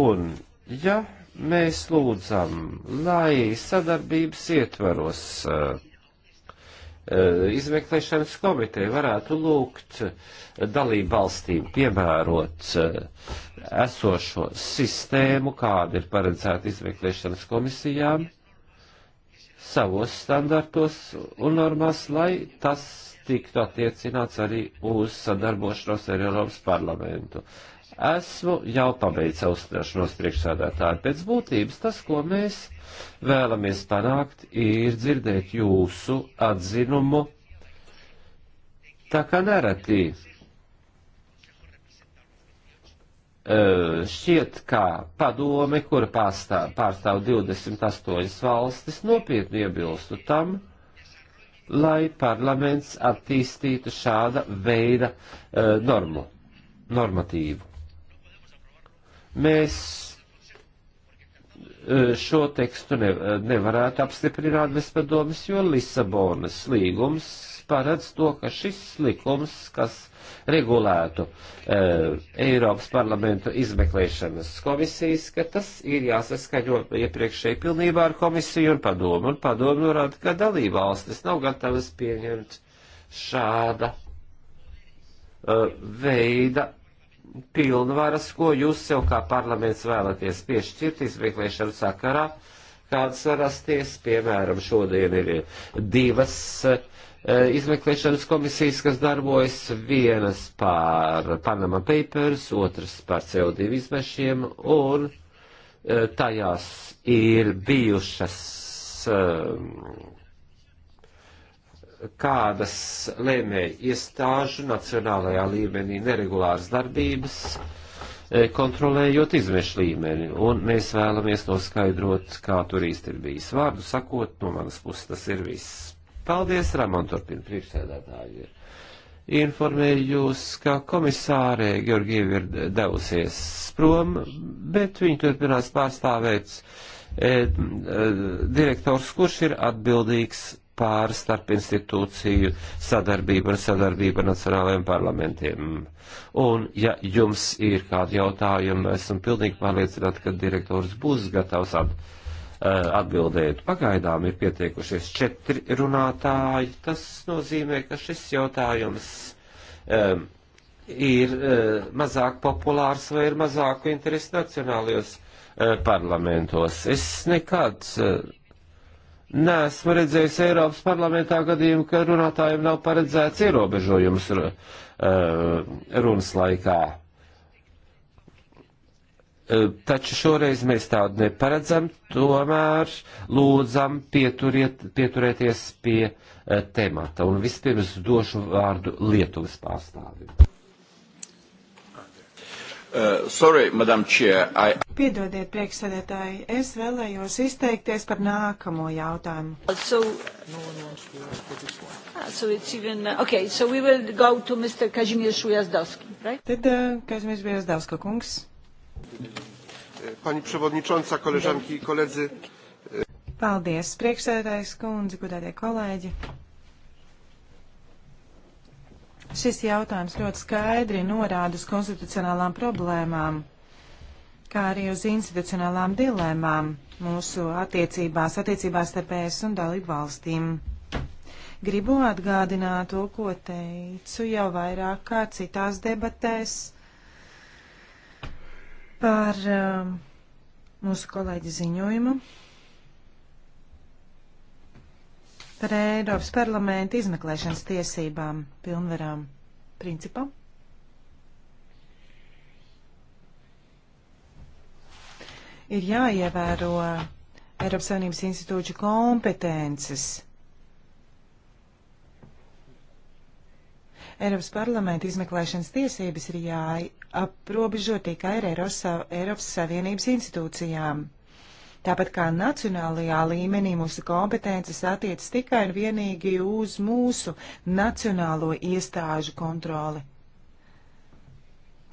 Un, ja mēs lūdzam, lai sadarbības ietvaros uh, izmeklēšanas komiteja varētu lūgt eh, dalību valstīm piemērot esošo sistēmu, kāda ir paredzēta izmeklēšanas komisijām, savos standartos un normās, lai tas tiktu attiecināts arī uz sadarbošanos ar Eiropas parlamentu, Esmu jau pabeidz savu uzstāšanos priekšsādātāju. Pēc būtības tas, ko mēs vēlamies panākt, ir dzirdēt jūsu atzinumu. Tā kā nereti e, šķiet, ka padome, kura pārstāv, pārstāv 28 valstis, nopietni iebilstu tam, lai parlaments attīstītu šāda veida uh, normu, normatīvu. Mēs e, šo tekstu ne, nevarētu apstiprināt bez padomis, jo Lisabonas līgums paredz to, ka šis likums, kas regulētu e, Eiropas parlamentu izmeklēšanas komisijas, ka tas ir jāsaskaņo iepriekšēji pilnībā ar komisiju un padomu, un padomu norāda, ka dalībvalstis nav gatavas pieņemt šāda e, veida pilnvaras, ko jūs sev kā parlaments vēlaties piešķirt izmeklēšanu sakarā, kādas var rasties, piemēram, šodien ir divas e, izmeklēšanas komisijas, kas darbojas vienas pār Panama Papers, otras pār CO2 izmešiem, un e, tajās ir bijušas e, kādas lēmēja iestāžu nacionālajā līmenī neregulāras darbības, e, kontrolējot izmešu līmeni, un mēs vēlamies noskaidrot, kā tur īsti ir bijis. Vārdu sakot, no manas puses tas ir viss. Paldies, Ramon, turpina priekšsēdētāji. Informēju jūs, ka komisārē Georgievi ir devusies prom, bet viņi turpinās pārstāvēt e, e, direktors, kurš ir atbildīgs pār starp institūciju sadarbību un sadarbību ar nacionālajiem parlamentiem. Un, ja jums ir kādi jautājumi, esam pilnīgi pārliecināti, ka direktors būs gatavs atbildēt eh, atbildēt. Pagaidām ir pietiekušies četri runātāji. Tas nozīmē, ka šis jautājums um, ir uh, mazāk populārs vai ir mazāku interesi nacionālajos uh, parlamentos. Es nekad. Uh, Nesmu redzējis Eiropas parlamentā gadījumu, ka runātājiem nav paredzēts ierobežojums eh, runas laikā. Eh, taču šoreiz mēs tādu neparedzam, tomēr lūdzam pieturiet, pieturēties pie eh, temata. Un vispirms došu vārdu Lietuvas pārstāvim. Uh, sorry, Madam Chair, I... Piedodiet, priekšsēdētāji, es vēlējos izteikties par nākamo jautājumu. Uh, so, ah, so it's even, uh, okay, so we will go to Mr. Kazimierz Ujazdowski, right? Tad uh, Kazimierz Ujazdowski, kungs. Pani przewodnicząca, koleżanki i koledzy. Paldies, priekšsēdētājs, kundze, godātie kolēģi. Šis jautājums ļoti skaidri norāda uz konstitucionālām problēmām, kā arī uz institucionālām dilemām mūsu attiecībās, attiecībās starp ES un dalību valstīm. Gribu atgādināt to, ko teicu jau vairāk kā citās debatēs par uh, mūsu kolēģi ziņojumu. par Eiropas parlamenta izmeklēšanas tiesībām, pilnvarām, principam. Ir jāievēro Eiropas Savienības institūču kompetences. Eiropas parlamenta izmeklēšanas tiesības ir jāaprobežo tikai ar Eiropas Savienības institūcijām. Tāpat kā nacionālajā līmenī mūsu kompetences attiecas tikai un vienīgi uz mūsu nacionālo iestāžu kontroli.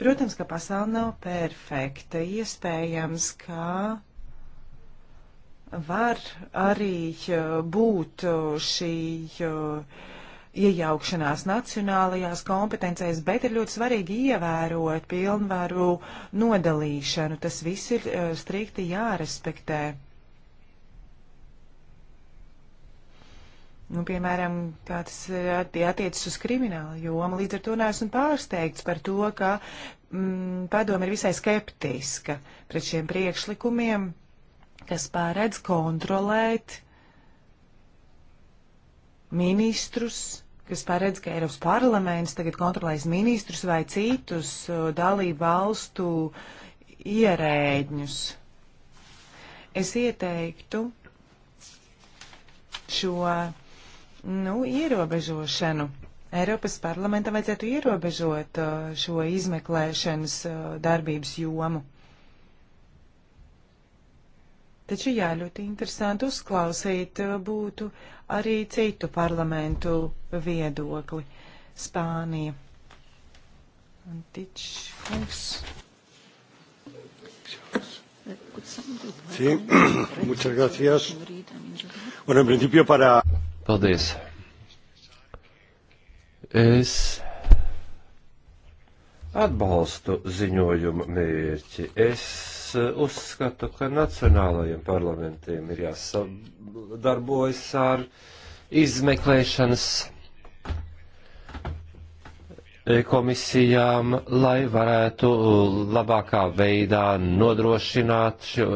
Protams, ka pasaule nav perfekta. Iespējams, ka var arī uh, būt uh, šī uh, iejaukšanās nacionālajās kompetencēs, bet ir ļoti svarīgi ievērot pilnvaru nodalīšanu. Tas viss ir uh, strikti jārespektē. Nu, piemēram, kā tas attiecas uz kriminālu jomu, līdz ar to neesmu pārsteigts par to, ka mm, padoma ir visai skeptiska pret šiem priekšlikumiem, kas pārēdz kontrolēt ministrus kas paredz, ka Eiropas parlaments tagad kontrolēs ministrus vai citus dalību valstu ierēģņus. Es ieteiktu šo nu, ierobežošanu. Eiropas parlamentam vajadzētu ierobežot šo izmeklēšanas darbības jomu. Taču jā, ļoti interesanti uzklausīt eh, būtu arī citu parlamentu viedokli. Spānija. Antičkungs. Sí, muchas gracias. Bueno, en principio para. Paldies. Es atbalstu ziņojumu mērķi. Es Eh, uzskatu, ka nacionālajiem parlamentiem ir jāsadarbojas ar izmeklēšanas eh, komisijām, lai varētu labākā veidā nodrošināt šo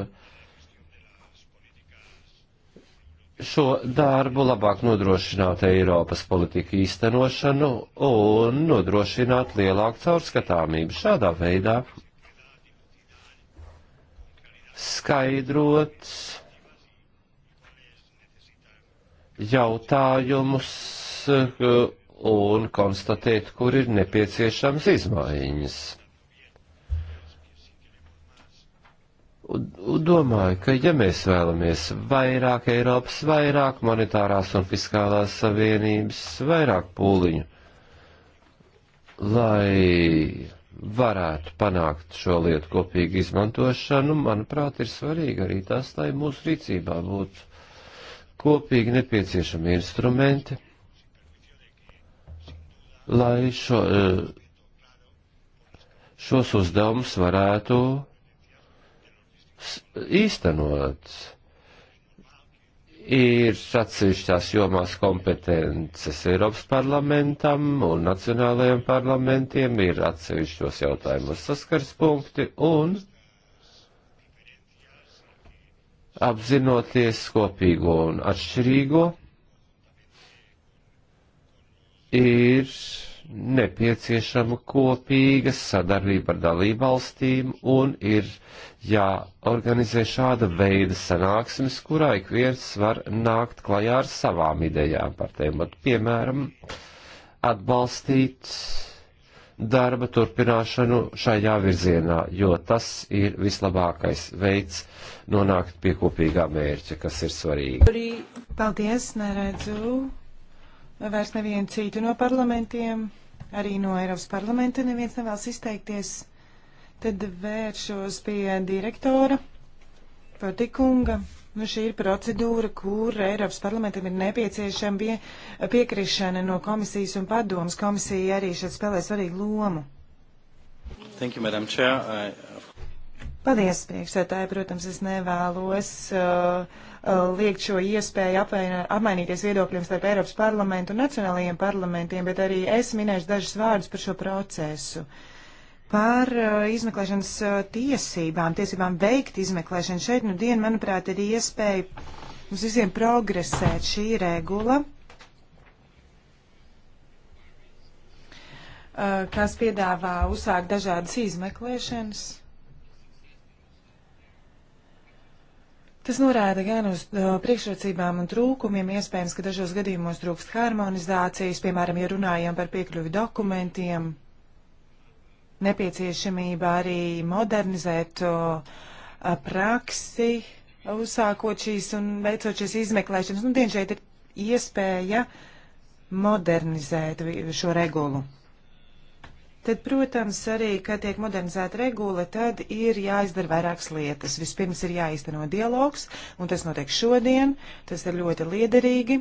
šo darbu labāk nodrošināt Eiropas politiku īstenošanu un nodrošināt lielāku caurskatāmību. Šādā veidā skaidrot jautājumus eh, un konstatēt, kur ir nepieciešams izmaiņas. Un domāju, ka ja mēs vēlamies vairāk Eiropas, vairāk monetārās un fiskālās savienības, vairāk pūliņu, lai varētu panākt šo lietu kopīgu izmantošanu, manuprāt, ir svarīgi arī tas, lai mūsu rīcībā būtu kopīgi nepieciešami instrumenti, lai šo, eh, šos uzdevumus varētu īstenot ir atsevišķās jomās kompetences Eiropas parlamentam un nacionālajiem parlamentiem, ir atsevišķos jautājumos saskars punkti un apzinoties kopīgo un atšķirīgo, ir nepieciešama kopīga sadarbība ar dalībvalstīm un ir jāorganizē šāda veida sanāksmes, kurā ik viens var nākt klajā ar savām idejām par tēmu. Piemēram, atbalstīt darba turpināšanu šajā virzienā, jo tas ir vislabākais veids nonākt pie kopīgā mērķa, kas ir svarīgi. Paldies, neredzu vairs nevienu citu no parlamentiem, arī no Eiropas parlamenta neviens nevēlas izteikties. Tad vēršos pie direktora Patikunga. Nu, šī ir procedūra, kur Eiropas parlamentam ir nepieciešama pie, piekrišana no komisijas un padomas. Komisija arī šeit spēlē svarīgu lomu. Thank you, Madam Chair. I... Paldies, priekšsētāji. Protams, es nevēlos. Uh, Uh, liekt šo iespēju apvainā, apmainīties viedokļiem starp Eiropas parlamentu un nacionālajiem parlamentiem, bet arī es minēšu dažus vārdus par šo procesu. Par uh, izmeklēšanas uh, tiesībām, tiesībām veikt izmeklēšanu. Šeit nu diena, manuprāt, ir iespēja mums visiem progresēt šī regula. Uh, kas piedāvā uzsākt dažādas izmeklēšanas. Tas norāda gan uz uh, priekšrocībām un trūkumiem, iespējams, ka dažos gadījumos trūkst harmonizācijas, piemēram, ja runājam par piekļuvi dokumentiem, nepieciešamība arī modernizēt uh, uh praksi, uzsākot šīs un veicot šīs izmeklēšanas. Nu, dien šeit ir iespēja modernizēt šo regulu. Tad, protams, arī, kad tiek modernizēta regula, tad ir jāizdara vairākas lietas. Vispirms ir jāizteno dialogs, un tas notiek šodien, tas ir ļoti liederīgi.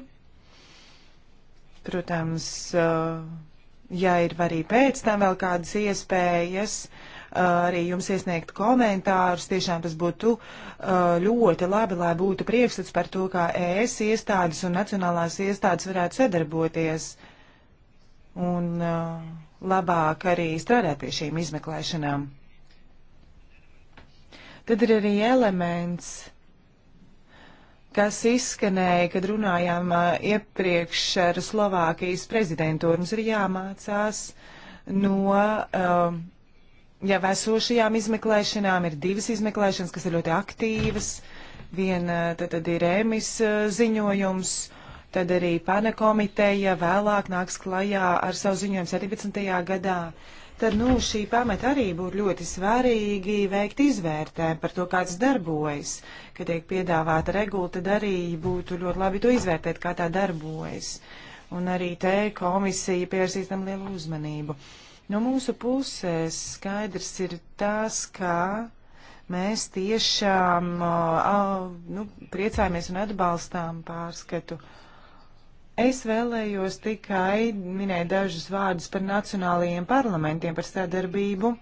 Protams, uh, ja ir arī pēc tam vēl kādas iespējas, uh, arī jums iesniegt komentārus, tiešām tas būtu uh, ļoti labi, lai būtu priekšstats par to, kā ES iestādes un nacionālās iestādes varētu sadarboties. Un, uh, labāk arī strādāt pie šīm izmeklēšanām. Tad ir arī elements, kas izskanēja, kad runājām iepriekš ar Slovākijas prezidentūru. Mums ir jāmācās no um, jau esošajām izmeklēšanām. Ir divas izmeklēšanas, kas ir ļoti aktīvas. Viena tad, tad ir ēmis ziņojums Tad arī pana komiteja vēlāk nāks klajā ar savu ziņojumu 17. gadā. Tad nu, šī pamata arī būtu ļoti svarīgi veikt izvērtējumu par to, kāds darbojas. Kad tiek piedāvāta regula, tad arī būtu ļoti labi to izvērtēt, kā tā darbojas. Un arī te komisija pievērsīs tam lielu uzmanību. No mūsu puses skaidrs ir tas, ka mēs tiešām uh, nu, priecājamies un atbalstām pārskatu. Es vēlējos tikai minēt dažus vārdus par nacionālajiem parlamentiem, par sadarbību,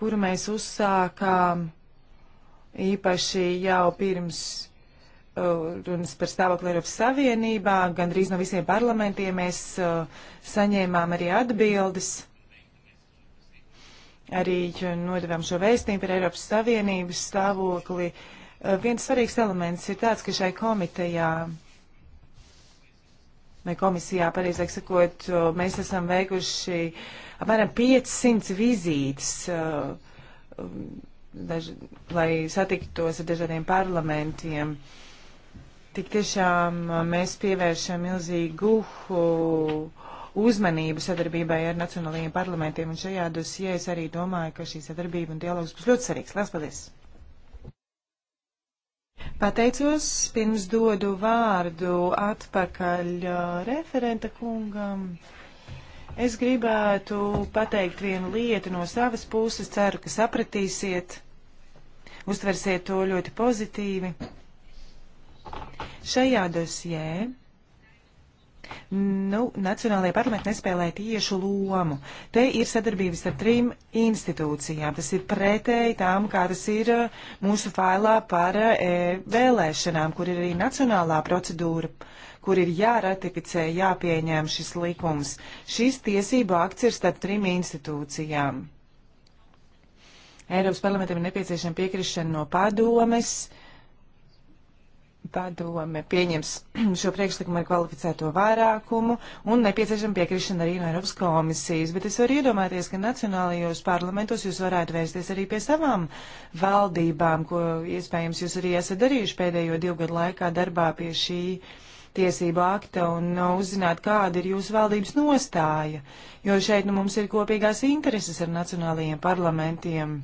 kuru mēs uzsākām īpaši jau pirms uh, runas par stāvokli Eiropas Savienībā, gandrīz no visiem parlamentiem mēs uh, saņēmām arī atbildes, arī uh, nodevām šo vēstījumu par Eiropas Savienības stāvokli. Viens svarīgs elements ir tāds, ka šai komitejā vai komisijā, pareizāk sakot, mēs esam veikuši apmēram 500 vizītes, um, daž, lai satiktos ar dažādiem parlamentiem. Tik tiešām mēs pievēršam milzīgu uzmanību sadarbībai ar nacionālajiem parlamentiem, un šajā dosijā es arī domāju, ka šī sadarbība un dialogs būs ļoti svarīgs. Lielas paldies! Pateicos, pirms dodu vārdu atpakaļ referenta kungam. Es gribētu pateikt vienu lietu no savas puses, ceru, ka sapratīsiet, uztversiet to ļoti pozitīvi. Šajā dosjē nu, Nacionālajie parlamenti nespēlē tiešu lomu. Te ir sadarbības ar trim institūcijām. Tas ir pretēji tām, kā tas ir uh, mūsu failā par uh, e, vēlēšanām, kur ir arī nacionālā procedūra kur ir jāratificē, jāpieņem šis likums. Šis tiesību akts ir starp trim institūcijām. Eiropas parlamentam ir nepieciešama piekrišana no padomes, uh, padome pieņems šo priekšlikumu ar kvalificēto vairākumu un nepieciešama piekrišana arī no Eiropas komisijas. Bet es varu iedomāties, ka nacionālajos parlamentos jūs varētu vērsties arī pie savām valdībām, ko iespējams jūs arī esat darījuši pēdējo divu gadu laikā darbā pie šī tiesību akta un uzzināt, kāda ir jūsu valdības nostāja, jo šeit nu, mums ir kopīgās intereses ar nacionālajiem parlamentiem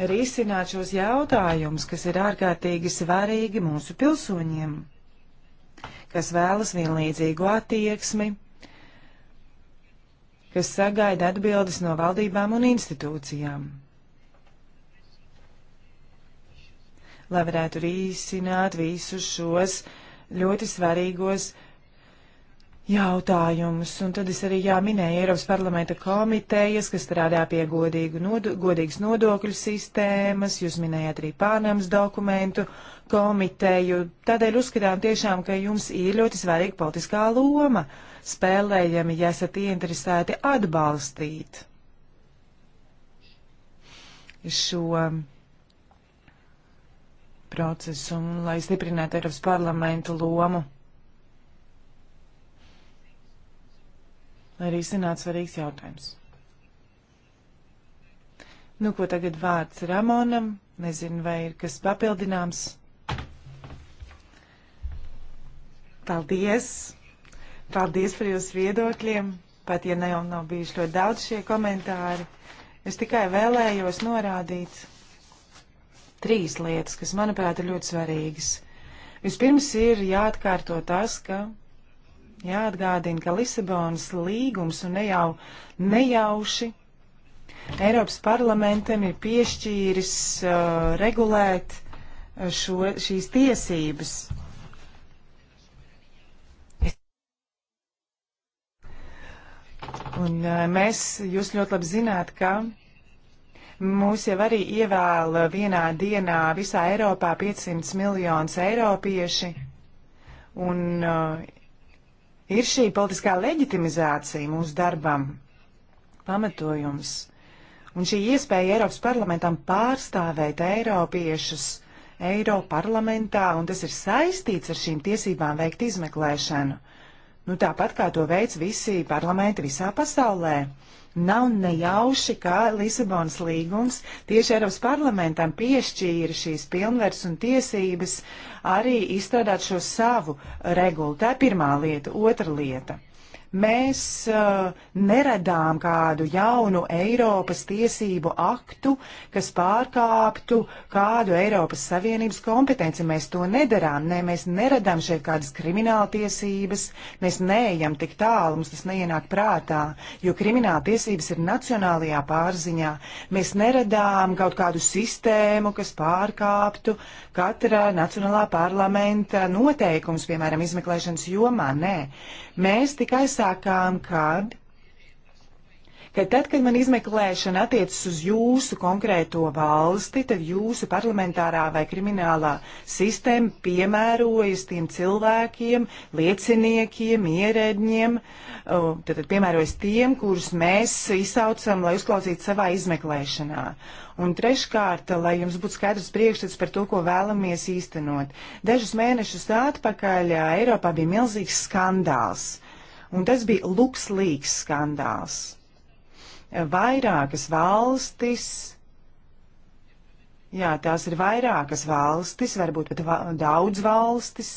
risināt šos jautājumus, kas ir ārkārtīgi svarīgi mūsu pilsoņiem, kas vēlas vienlīdzīgu attieksmi, kas sagaida atbildes no valdībām un institūcijām. Lai varētu risināt visus šos ļoti svarīgos jautājumus jautājumus. Un tad es arī jāminēju Eiropas parlamenta komitejas, kas strādā pie godīgu nodo, godīgas nodokļu sistēmas. Jūs minējāt arī Pānams dokumentu komiteju. Tādēļ uzskatām tiešām, ka jums ir ļoti svarīga politiskā loma. Spēlējami, ja esat ieinteresēti atbalstīt šo procesu un lai stiprinātu Eiropas parlamentu lomu. arī sināt svarīgs jautājums. Nu, ko tagad vārds Ramonam? Nezinu, vai ir kas papildināms. Paldies! Paldies par jūsu viedokļiem! Pat ja ne jau nav bijuši ļoti daudz šie komentāri, es tikai vēlējos norādīt trīs lietas, kas, manuprāt, ir ļoti svarīgas. Vispirms ir jāatkārto tas, ka Jāatgādina, ka Lisabonas līgums un ne jau nejauši Eiropas parlamentam ir piešķīris uh, regulēt uh, šo, šīs tiesības. Un uh, mēs, jūs ļoti labi zināt, ka mūs jau arī ievēl uh, vienā dienā visā Eiropā 500 miljonus eiropieši. Un uh, ir šī politiskā leģitimizācija mūsu darbam, pamatojums un šī iespēja Eiropas parlamentam pārstāvēt Eiropiešus Eiropa parlamentā, un tas ir saistīts ar šīm tiesībām veikt izmeklēšanu. Nu, tāpat kā to veids visi parlamenti visā pasaulē. Nav nejauši, kā Lisabonas līgums tieši Eiropas parlamentam piešķīra šīs pilnvers un tiesības arī izstrādāt šo savu regulu. Tā ir pirmā lieta. Otra lieta mēs uh, neredām kādu jaunu Eiropas tiesību aktu, kas pārkāptu kādu Eiropas Savienības kompetenci. Mēs to nedarām. Nē, mēs neredām šeit kādas krimināla tiesības. Mēs neejam tik tālu, mums tas neienāk prātā, jo krimināla tiesības ir nacionālajā pārziņā. Mēs neredām kaut kādu sistēmu, kas pārkāptu katra nacionālā parlamenta noteikums, piemēram, izmeklēšanas jomā. Nē, mēs tikai uzsākām, kad, ka tad, kad man izmeklēšana attiecas uz jūsu konkrēto valsti, tad jūsu parlamentārā vai kriminālā sistēma piemērojas tiem cilvēkiem, lieciniekiem, ierēdņiem, tad, tad piemērojas tiem, kurus mēs izsaucam, lai uzklausītu savā izmeklēšanā. Un treškārt, lai jums būtu skaidrs priekšstats par to, ko vēlamies īstenot. Dažus mēnešus atpakaļ Eiropā bija milzīgs skandāls un tas bija lukslīgs skandāls. Vairākas valstis, jā, tās ir vairākas valstis, varbūt pat va daudz valstis,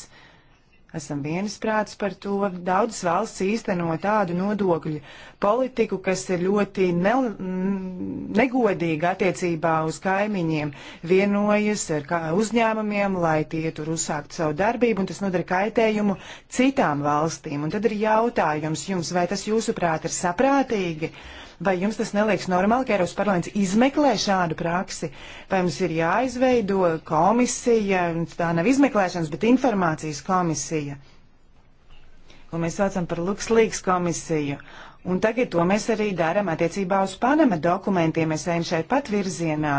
esam vienisprāts par to. Daudzas valsts īsteno tādu nodokļu politiku, kas ir ļoti ne, negodīga attiecībā uz kaimiņiem, vienojas ar kā uzņēmumiem, lai tie tur uzsāktu savu darbību, un tas nodara kaitējumu citām valstīm. Un tad ir jautājums jums, vai tas jūsuprāt ir saprātīgi? Uh, Vai jums tas neliekas normāli, ka Eiropas parlaments izmeklē šādu praksi? Vai mums ir jāizveido komisija, tā nav izmeklēšanas, bet informācijas komisija, ko mēs saucam par Luxlīgas komisiju? Un tagad to mēs arī darām attiecībā uz Panama dokumentiem. Mēs ejam šeit pat virzienā.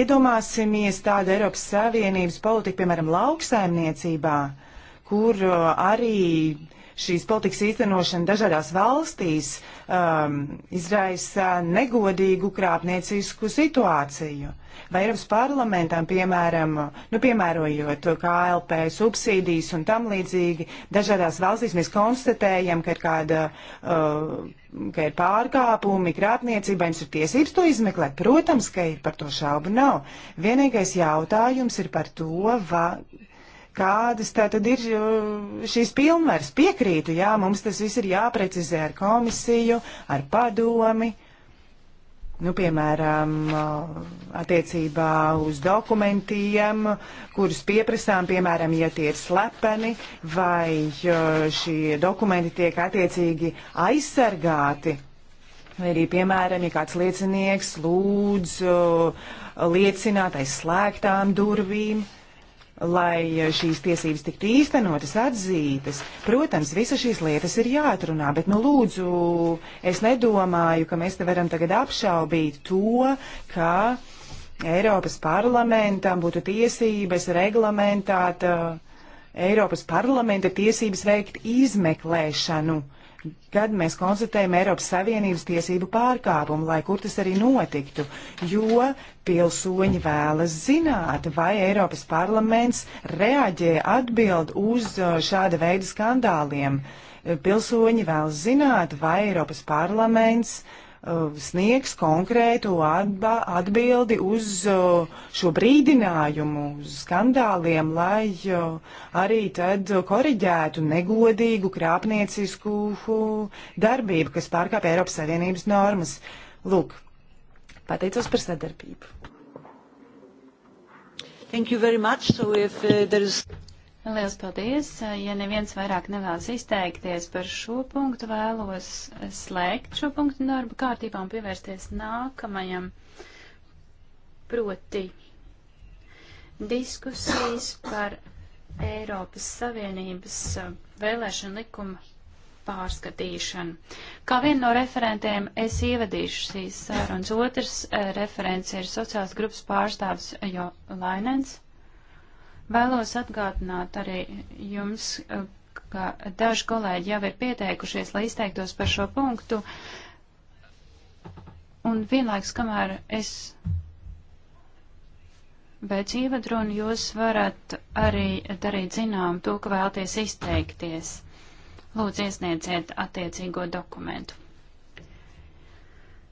Iedomāsimies tādu Eiropas Savienības politiku, piemēram, lauksaimniecībā, kur uh, arī uh, šīs politikas īstenošana dažādās valstīs um, izraisa negodīgu krāpniecisku situāciju. Vai Eiropas parlamentam, piemēram, nu, piemērojot KLP subsīdijas un tam līdzīgi, dažādās valstīs mēs konstatējam, ka ir kāda, uh, ka ir pārkāpumi, krāpniecība, jums ir tiesības to izmeklēt. Protams, ka ir par to šaubu nav. Vienīgais jautājums ir par to, va, Kādas tā tad ir šīs pilnvaras? Piekrītu, jā, mums tas viss ir jāprecizē ar komisiju, ar padomi. Nu, piemēram, attiecībā uz dokumentiem, kurus pieprasām, piemēram, ja tie ir slepeni, vai šie dokumenti tiek attiecīgi aizsargāti. Vai arī, piemēram, ja kāds liecinieks lūdz liecināt aiz slēgtām durvīm. Uh, lai šīs tiesības tiktu īstenotas, atzītas. Protams, visas šīs lietas ir jāatrunā, bet, nu, lūdzu, es nedomāju, ka mēs te varam tagad apšaubīt to, ka Eiropas parlamentam būtu tiesības reglamentāt uh, Eiropas parlamenta tiesības veikt izmeklēšanu. Uh, kad mēs konstatējam Eiropas Savienības tiesību pārkāpumu, lai kur tas arī notiktu, jo pilsoņi vēlas zināt, vai Eiropas parlaments reaģē atbild uz uh, šāda veida skandāliem. Pilsoņi vēlas zināt, vai Eiropas parlaments uh, Uh, sniegs konkrētu atba, atbildi uz uh, šo brīdinājumu, uz skandāliem, lai uh, arī tad koriģētu negodīgu krāpniecisku darbību, kas pārkāpja Eiropas Savienības normas. Lūk, pateicos par sadarbību. Thank you very much. So if uh, there is... Liels paldies! Ja neviens vairāk nevēlas izteikties par šo punktu, vēlos slēgt šo punktu darba kārtībā un pievērsties nākamajam. Proti diskusijas par Eiropas Savienības vēlēšanu likumu pārskatīšanu. Kā viena no referentiem es ievadīšu šīs sarunas. Otrs eh, referents ir sociāls grupas pārstāvs Jo Lainens. Vēlos atgādināt arī jums, ka daži kolēģi jau ir pieteikušies, lai izteiktos par šo punktu. Un vienlaiks, kamēr es Pēc ievadruna jūs varat arī darīt zinām to, ka vēlties izteikties. Lūdzu, iesniedziet attiecīgo dokumentu.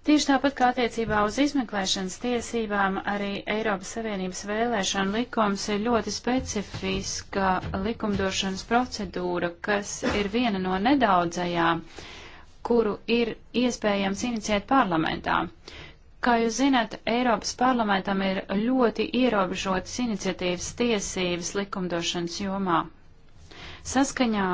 Tieši tāpat kā attiecībā uz izmeklēšanas tiesībām, arī Eiropas Savienības vēlēšana likums ir ļoti specifiska likumdošanas procedūra, kas ir viena no nedaudzajām, kuru ir iespējams inicijēt parlamentā. Kā jūs zināt, Eiropas parlamentam ir ļoti ierobežotas iniciatīvas tiesības likumdošanas jomā. Saskaņā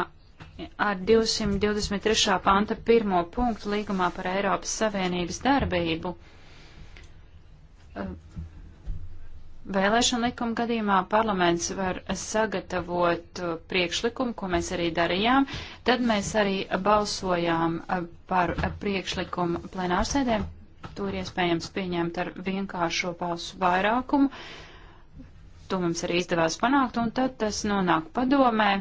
ar 223. panta pirmo punktu līgumā par Eiropas Savienības darbību. Eh, vēlēšana likuma gadījumā parlaments var sagatavot eh, priekšlikumu, ko mēs arī darījām. Tad mēs arī balsojām eh, par priekšlikumu plenārsēdē. To ir iespējams pieņemt ar vienkāršo balsu vairākumu. To mums arī izdevās panākt, un tad tas nonāk padomē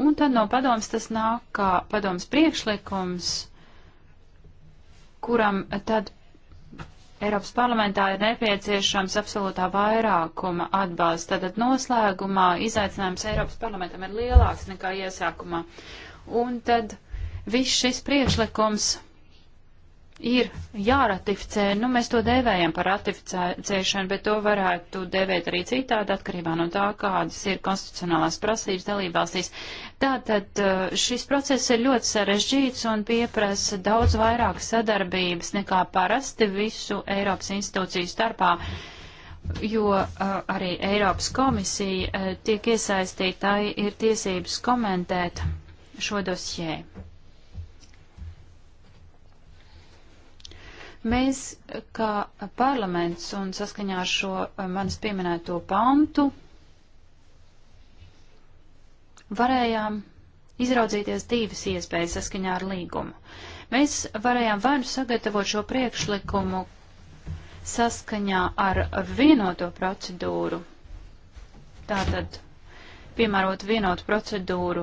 Un tad no padomas tas nāk kā padomas priekšlikums, kuram tad Eiropas parlamentā ir nepieciešams absolūtā vairākuma atbalsts. Tātad noslēgumā izaicinājums Eiropas parlamentam ir lielāks nekā iesākumā. Un tad viss šis priekšlikums ir jāratificē, nu mēs to dēvējam par ratificēšanu, bet to varētu dēvēt arī citādi atkarībā no tā, kādas ir konstitucionālās prasības dalībvalstīs. Tātad eh, šis process ir ļoti sarežģīts un pieprasa daudz vairāk sadarbības nekā parasti visu Eiropas institūciju starpā jo uh, arī Eiropas komisija uh, tiek iesaistīta, tai ir tiesības komentēt šo dosjē. Mēs, kā parlaments un saskaņā ar šo eh, manis pieminēto pantu, varējām izraudzīties divas iespējas saskaņā ar līgumu. Mēs varējām vai nu sagatavot šo priekšlikumu saskaņā ar vienoto procedūru, tātad piemērot vienotu procedūru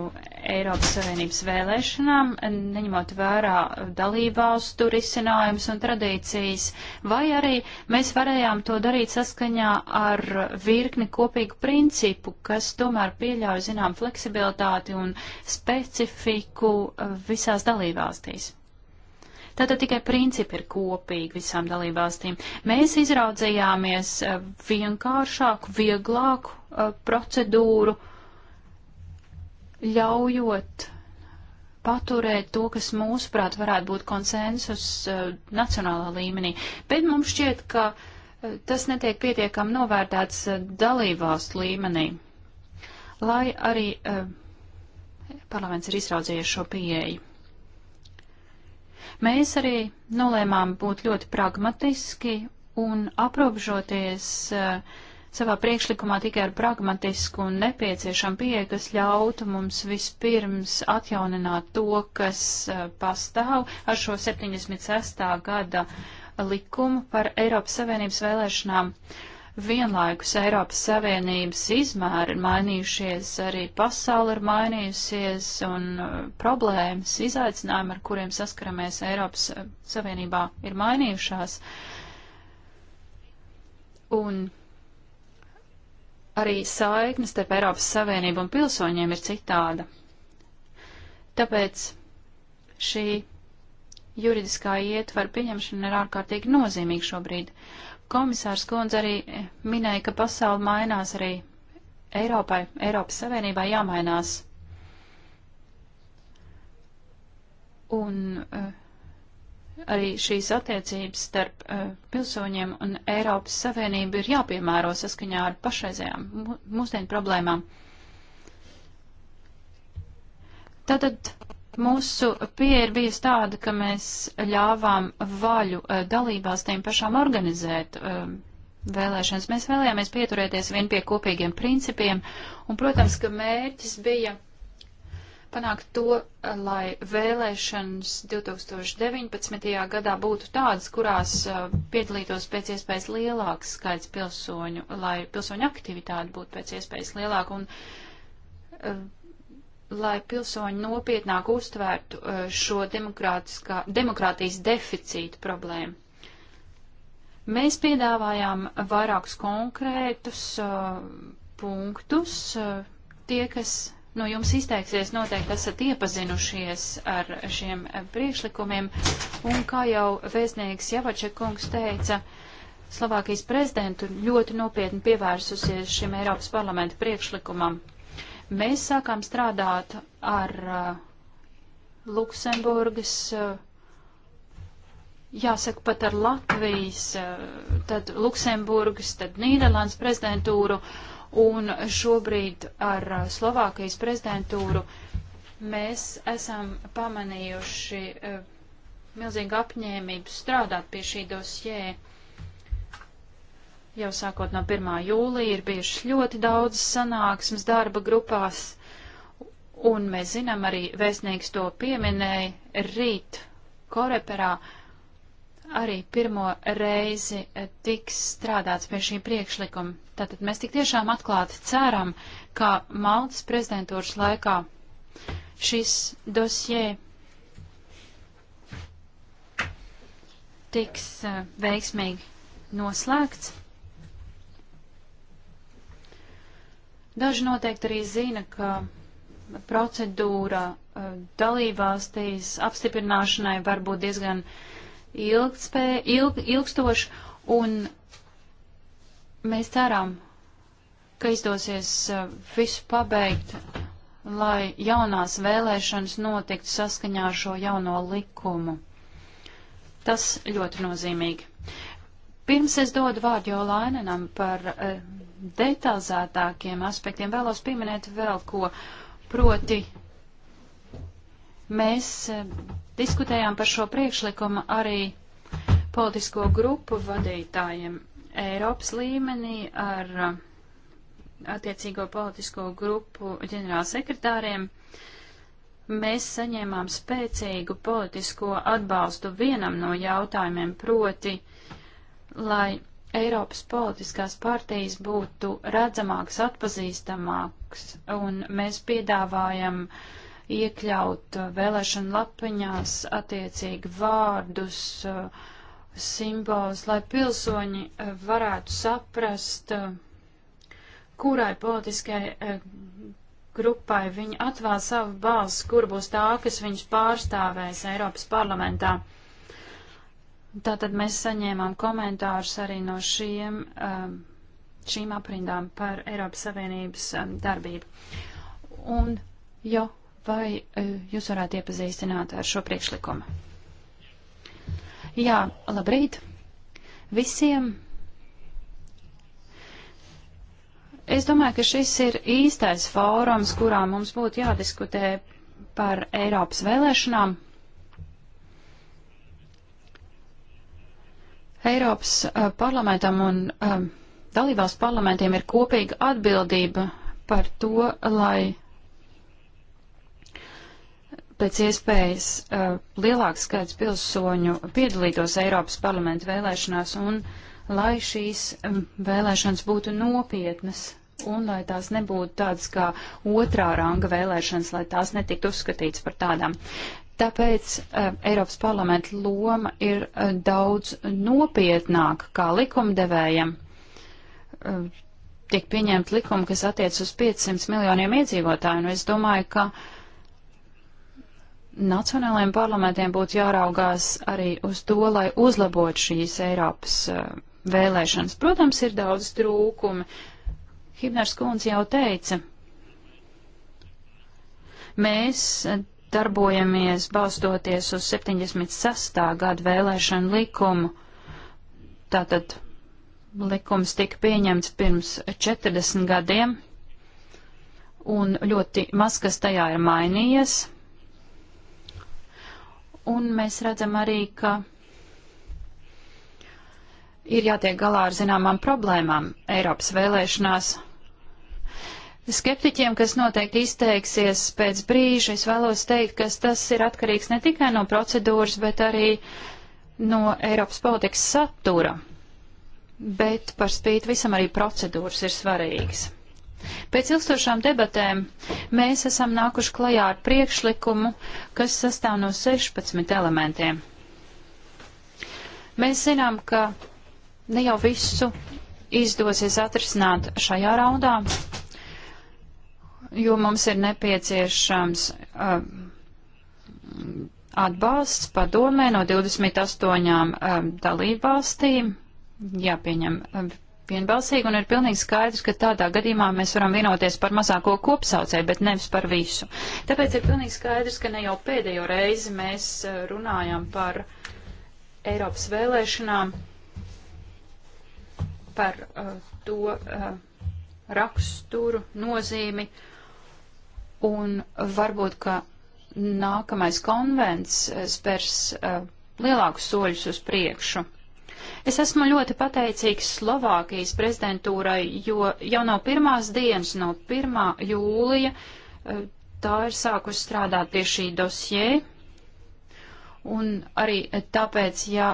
Eiropas Savienības vēlēšanām, neņemot vērā dalībvalstu risinājumus un tradīcijas, vai arī mēs varējām to darīt saskaņā ar virkni kopīgu principu, kas tomēr pieļauj zinām fleksibilitāti un specifiku visās dalībvalstīs. Tātad tikai principi ir kopīgi visām dalībvalstīm. Mēs izraudzījāmies eh, vienkāršāku, vieglāku eh, procedūru, uh, ļaujot paturēt to, kas mūsuprāt varētu būt konsensus uh, nacionālā līmenī. Bet mums šķiet, ka uh, tas netiek pietiekami novērtēts uh, dalībvalstu līmenī. Lai arī parlaments ir izraudzījies šo pieeju. Mēs arī nolēmām būt ļoti pragmatiski un aprobežoties uh, savā priekšlikumā tikai ar pragmatisku un nepieciešamu pieeju, kas ļautu mums vispirms atjaunināt to, kas eh, pastāv ar šo 76. gada likumu par Eiropas Savienības vēlēšanām. Vienlaikus Eiropas Savienības izmēri ir mainījušies, arī pasauli ir mainījusies un eh, problēmas, izaicinājumi, ar kuriem saskaramies Eiropas eh, Savienībā, ir mainījušās. Un arī saiknes starp Eiropas Savienību un pilsoņiem ir citāda. Tāpēc šī juridiskā ietvara pieņemšana ir ārkārtīgi nozīmīga šobrīd. Komisārs Kundze arī minēja, ka pasauli mainās arī Eiropai, Eiropas Savienībai jāmainās. Un uh, arī šīs attiecības starp uh, pilsoņiem un Eiropas Savienību ir jāpiemēro saskaņā ar pašreizējām mūsdienu problēmām. Tātad mūsu pieeja ir bijusi tāda, ka mēs ļāvām vaļu uh, dalībvalstīm pašām organizēt uh, vēlēšanas. Mēs vēlējāmies pieturēties vien pie kopīgiem principiem, un, protams, ka mērķis bija panākt to, eh, lai vēlēšanas 2019. gadā būtu tādas, kurās eh, piedalītos pēc iespējas lielāks skaits pilsoņu, lai pilsoņu aktivitāte būtu pēc iespējas lielāka un eh, lai pilsoņi nopietnāk uztvērtu šo demokrātijas deficītu problēmu. Mēs piedāvājām vairākus konkrētus uh, punktus, uh, tie, kas no nu, jums izteiksies, noteikti esat iepazinušies ar šiem priekšlikumiem. Un kā jau vēstnieks Javačekungs teica, Slovākijas prezidentu ļoti nopietni pievērsusies šim Eiropas parlamenta priekšlikumam. Mēs sākām strādāt ar uh, Luksemburgas uh, jāsaka pat ar Latvijas, uh, tad Luksemburgas, tad Nīderlandes prezidentūru, Un šobrīd ar uh, Slovākijas prezidentūru mēs esam pamanījuši uh, milzīgu apņēmību strādāt pie šī dosjē. Jau sākot no 1. jūlija ir bijušas ļoti daudz sanāksmes darba grupās, un mēs zinām arī vēstnieks to pieminēja rīt Koreperā arī pirmo reizi eh, tiks strādāts pie šī priekšlikuma. Tātad mēs tik tiešām atklāti ceram, ka Maltas prezidentūras laikā šis dosie tiks eh, veiksmīgi noslēgts. Daži noteikti arī zina, ka procedūra eh, dalībvalstīs apstiprināšanai var būt diezgan uh, ilgspē, ilg, ilgstoši, un mēs ceram, ka izdosies uh, visu pabeigt, lai jaunās vēlēšanas notiktu saskaņā ar šo jauno likumu. Tas ļoti nozīmīgi. Pirms es dodu vārdu jau Lainenam par eh, detalizētākiem aspektiem, vēlos pieminēt vēl ko, proti mēs eh, Diskutējām par šo priekšlikumu arī politisko grupu vadītājiem Eiropas līmenī ar uh, attiecīgo politisko grupu ģenerālsekretāriem. Mēs saņēmām spēcīgu politisko atbalstu vienam no jautājumiem, proti, lai Eiropas politiskās partijas būtu redzamāks, atpazīstamāks, un mēs piedāvājam uh, iekļaut uh, vēlēšanu lapiņās attiecīgi vārdus, uh, simbolus, lai pilsoņi uh, varētu saprast, kurai politiskai grupai viņi atvēl savu balsi, kur būs tā, kas viņus pārstāvēs Eiropas parlamentā. Tātad mēs saņēmām komentārus arī no šiem, um, šīm aprindām par Eiropas Savienības um, darbību. Un jo Vai e, jūs varētu iepazīstināt ar šo priekšlikumu? Jā, labrīt visiem. Es domāju, ka šis ir īstais fórums, kurā mums būtu jādiskutē par Eiropas vēlēšanām. Eiropas uh, parlamentam un uh, dalībvalstu parlamentiem ir kopīga atbildība par to, lai pēc iespējas uh, lielāks skaits pilsoņu piedalītos Eiropas parlamenta vēlēšanās un lai šīs um, vēlēšanas būtu nopietnas un lai tās nebūtu tādas kā otrā ranga vēlēšanas, lai tās netiktu uzskatīts par tādām. Tāpēc uh, Eiropas parlamenta loma ir uh, daudz nopietnāka kā likumdevējam. Uh, tiek pieņemt likumi, kas attiec uz 500 miljoniem iedzīvotāju, un es domāju, ka uh, Nacionālajiem parlamentiem būtu jāraugās arī uz to, lai uzlabotu šīs Eiropas eh, vēlēšanas. Protams, ir daudz trūkumi. Hibners Kunz jau teica, mēs darbojamies balstoties uz 76. gadu vēlēšanu likumu. Tātad likums tika pieņemts pirms 40 gadiem, un ļoti maz kas tajā ir mainījies. Un mēs redzam arī, ka ir jātiek galā ar zināmām problēmām Eiropas vēlēšanās. Skeptiķiem, kas noteikti izteiksies pēc brīža, es vēlos teikt, ka tas ir atkarīgs ne tikai no procedūras, bet arī no Eiropas politikas satura. Bet par spīti visam arī procedūras ir svarīgas. Pēc ilgstošām debatēm mēs esam nākuši klajā ar priekšlikumu, kas sastāv no 16 elementiem. Mēs zinām, ka ne jau visu izdosies atrisināt šajā raundā, jo mums ir nepieciešams uh, atbalsts padomē no 28 um, dalībvalstīm, jāpieņem um, vienbalsīgi un ir pilnīgi skaidrs, ka tādā gadījumā mēs varam vienoties par mazāko kopsaucēju, bet nevis par visu. Tāpēc ir pilnīgi skaidrs, ka ne jau pēdējo reizi mēs eh, runājam par Eiropas vēlēšanām, par uh, to uh, raksturu nozīmi un varbūt, ka nākamais konvents spērs uh, lielākus soļus uz priekšu. Es esmu ļoti pateicīgs Slovākijas prezidentūrai, jo jau no pirmās dienas, no 1. jūlija, eh, tā ir sākusi strādāt pie šī dosjē. Un arī tāpēc, ja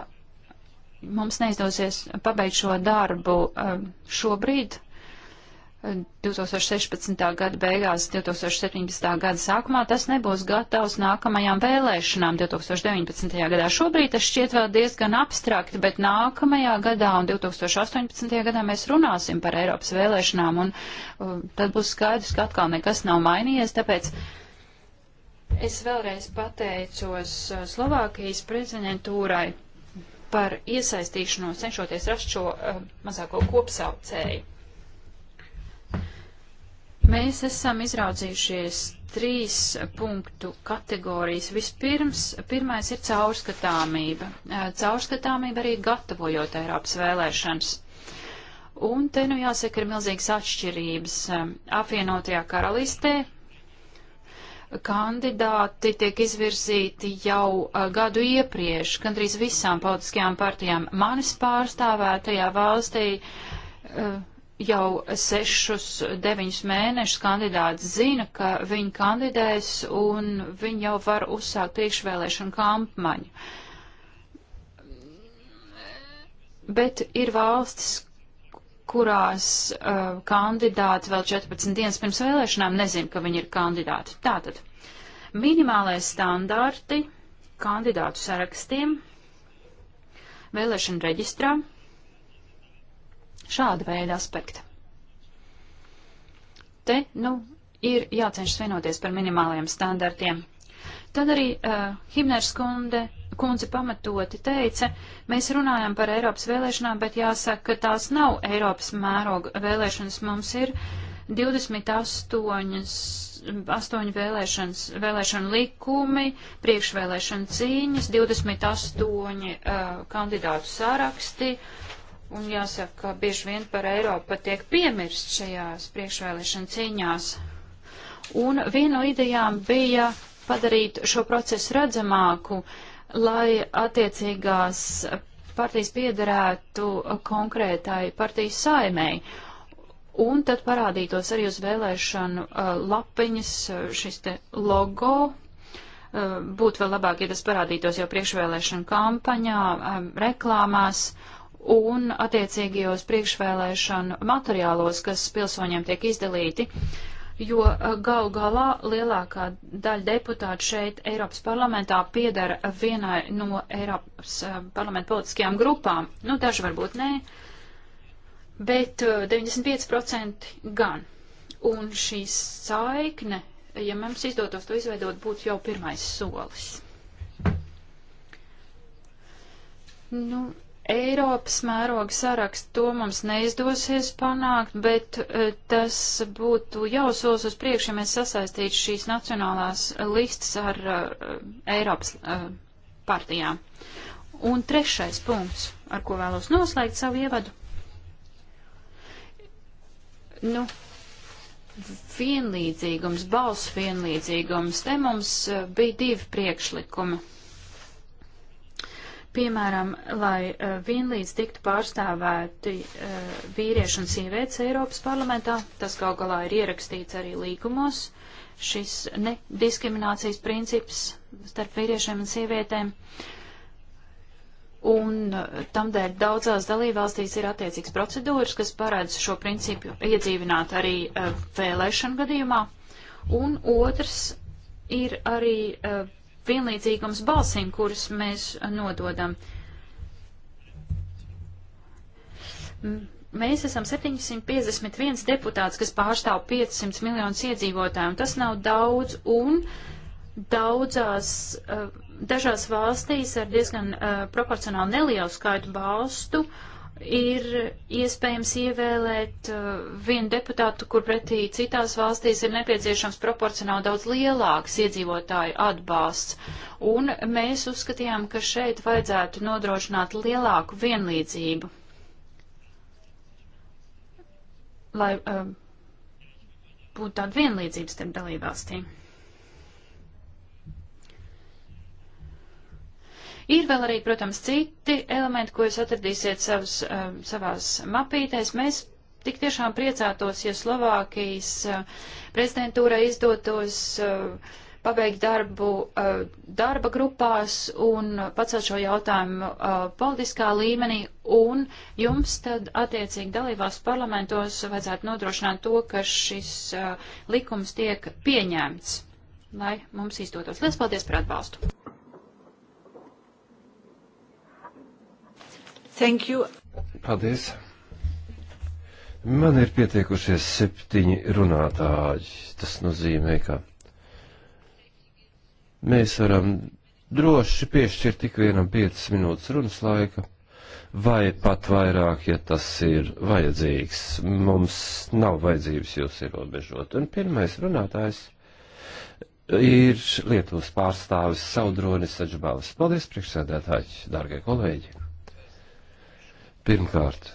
mums neizdosies pabeigt šo darbu eh, šobrīd, 2016. gada beigās, 2017. gada sākumā, tas nebūs gatavs nākamajām vēlēšanām 2019. gadā. Šobrīd tas šķiet vēl diezgan abstrakti, bet nākamajā gadā un 2018. gadā mēs runāsim par Eiropas vēlēšanām, un uh, tad būs skaidrs, ka atkal nekas nav mainījies, tāpēc es vēlreiz pateicos uh, Slovākijas prezidentūrai par iesaistīšanos, cenšoties rast šo uh, mazāko kopsaucēju. Mēs esam izraudzījušies trīs punktu kategorijas. Vispirms, pirmais ir caurskatāmība. Caurskatāmība arī gatavojot Eiropas vēlēšanas. Un te nu jāsaka ir milzīgas atšķirības. Apvienotajā karalistē kandidāti tiek izvirzīti jau gadu iepriekš, gandrīz visām politiskajām partijām. Manis pārstāvētajā valstī. Uh, jau sešus, deviņus mēnešus kandidāts zina, ka viņi kandidēs un viņi jau var uzsākt priekšvēlēšanu kampaņu. Bet ir valstis, kurās uh, kandidāti vēl 14 dienas pirms vēlēšanām nezina, ka viņi ir kandidāti. Tātad minimālais standarti kandidātu sarakstiem vēlēšana reģistrā Šāda veida aspekti. Te, nu, ir jācenšas vienoties par minimāliem standartiem. Tad arī uh, Himners kunde, kundze pamatoti teica, mēs runājam par Eiropas vēlēšanām, bet jāsaka, ka tās nav Eiropas mēroga vēlēšanas. Mums ir 28 8 vēlēšanas, vēlēšana likumi, priekšvēlēšana cīņas, 28 uh, kandidātu sāraksti, Un jāsaka, ka bieži vien par Eiropu tiek piemirst šajās priekšvēlēšana cīņās. Un viena no idejām bija padarīt šo procesu redzamāku, lai attiecīgās partijas piederētu konkrētai partijas saimēji. Un tad parādītos arī uz vēlēšanu uh, lapiņas uh, šis te logo. Uh, būtu vēl labāk, ja tas parādītos jau priekšvēlēšanu kampaņā, um, reklāmās. Uh, un attiecīgajos priekšvēlēšanu materiālos, kas pilsoņiem tiek izdalīti, jo eh, gal galā lielākā daļa deputātu šeit Eiropas parlamentā piedara vienai no Eiropas eh, parlamenta politiskajām grupām. Nu, daži varbūt nē, bet 95% eh, gan. Un šī saikne, ja mums izdotos to izveidot, būtu jau pirmais solis. Nu, Eiropas mēroga sarakstu to mums neizdosies panākt, bet eh, tas būtu jau solis uz priekšu, ja mēs sasaistītu šīs nacionālās listas ar uh, Eiropas uh, partijām. Un trešais punkts, ar ko vēlos noslēgt savu ievadu. Nu, vienlīdzīgums, balss vienlīdzīgums. Te mums bija divi priekšlikumi Piemēram, lai eh, vienlīdz tiktu pārstāvēti eh, vīrieši un sievietes Eiropas parlamentā, tas kaut galā ir ierakstīts arī līgumos, šis nediskriminācijas princips starp vīriešiem un sievietēm. Un eh, tamdēļ daudzās dalībvalstīs ir attiecīgs procedūras, kas parāds šo principu iedzīvināt arī vēlēšanu gadījumā. Un otrs ir arī vienlīdzīgums balsīm, kuras mēs nododam. Mēs esam 751 deputāts, kas pārstāv 500 miljonus iedzīvotāju, un tas nav daudz, un daudzās, eh, dažās valstīs ar diezgan eh, proporcionāli nelielu skaitu balstu uh, ir iespējams ievēlēt uh, vienu deputātu, kur pretī citās valstīs ir nepieciešams proporcionāli daudz lielāks iedzīvotāju atbalsts. Un mēs uzskatījām, ka šeit vajadzētu nodrošināt lielāku vienlīdzību. Lai uh, būtu tāda vienlīdzība starp dalībvalstīm. Ir vēl arī, protams, citi elementi, ko jūs atradīsiet savas, um, savās mapītēs. Mēs tik tiešām priecātos, ja Slovākijas uh, prezidentūra izdotos uh, pabeigt darbu uh, darba grupās un pacelt šo jautājumu politiskā līmenī, un jums tad attiecīgi dalībās parlamentos vajadzētu nodrošināt to, ka šis likums tiek pieņemts, lai mums izdotos. Liels paldies par atbalstu! Thank you. Paldies. Man ir pietiekušies septiņi runātāji. Tas nozīmē, ka mēs varam droši piešķirt tik vienam 5 minūtes runas laika, vai pat vairāk, ja tas ir vajadzīgs. Mums nav vajadzības jūs ierobežot. Un pirmais runātājs ir Lietuvas pārstāvis Saudronis Saģibālis. Paldies, priekšsēdētāji, dārgie kolēģi! Pirmkārt,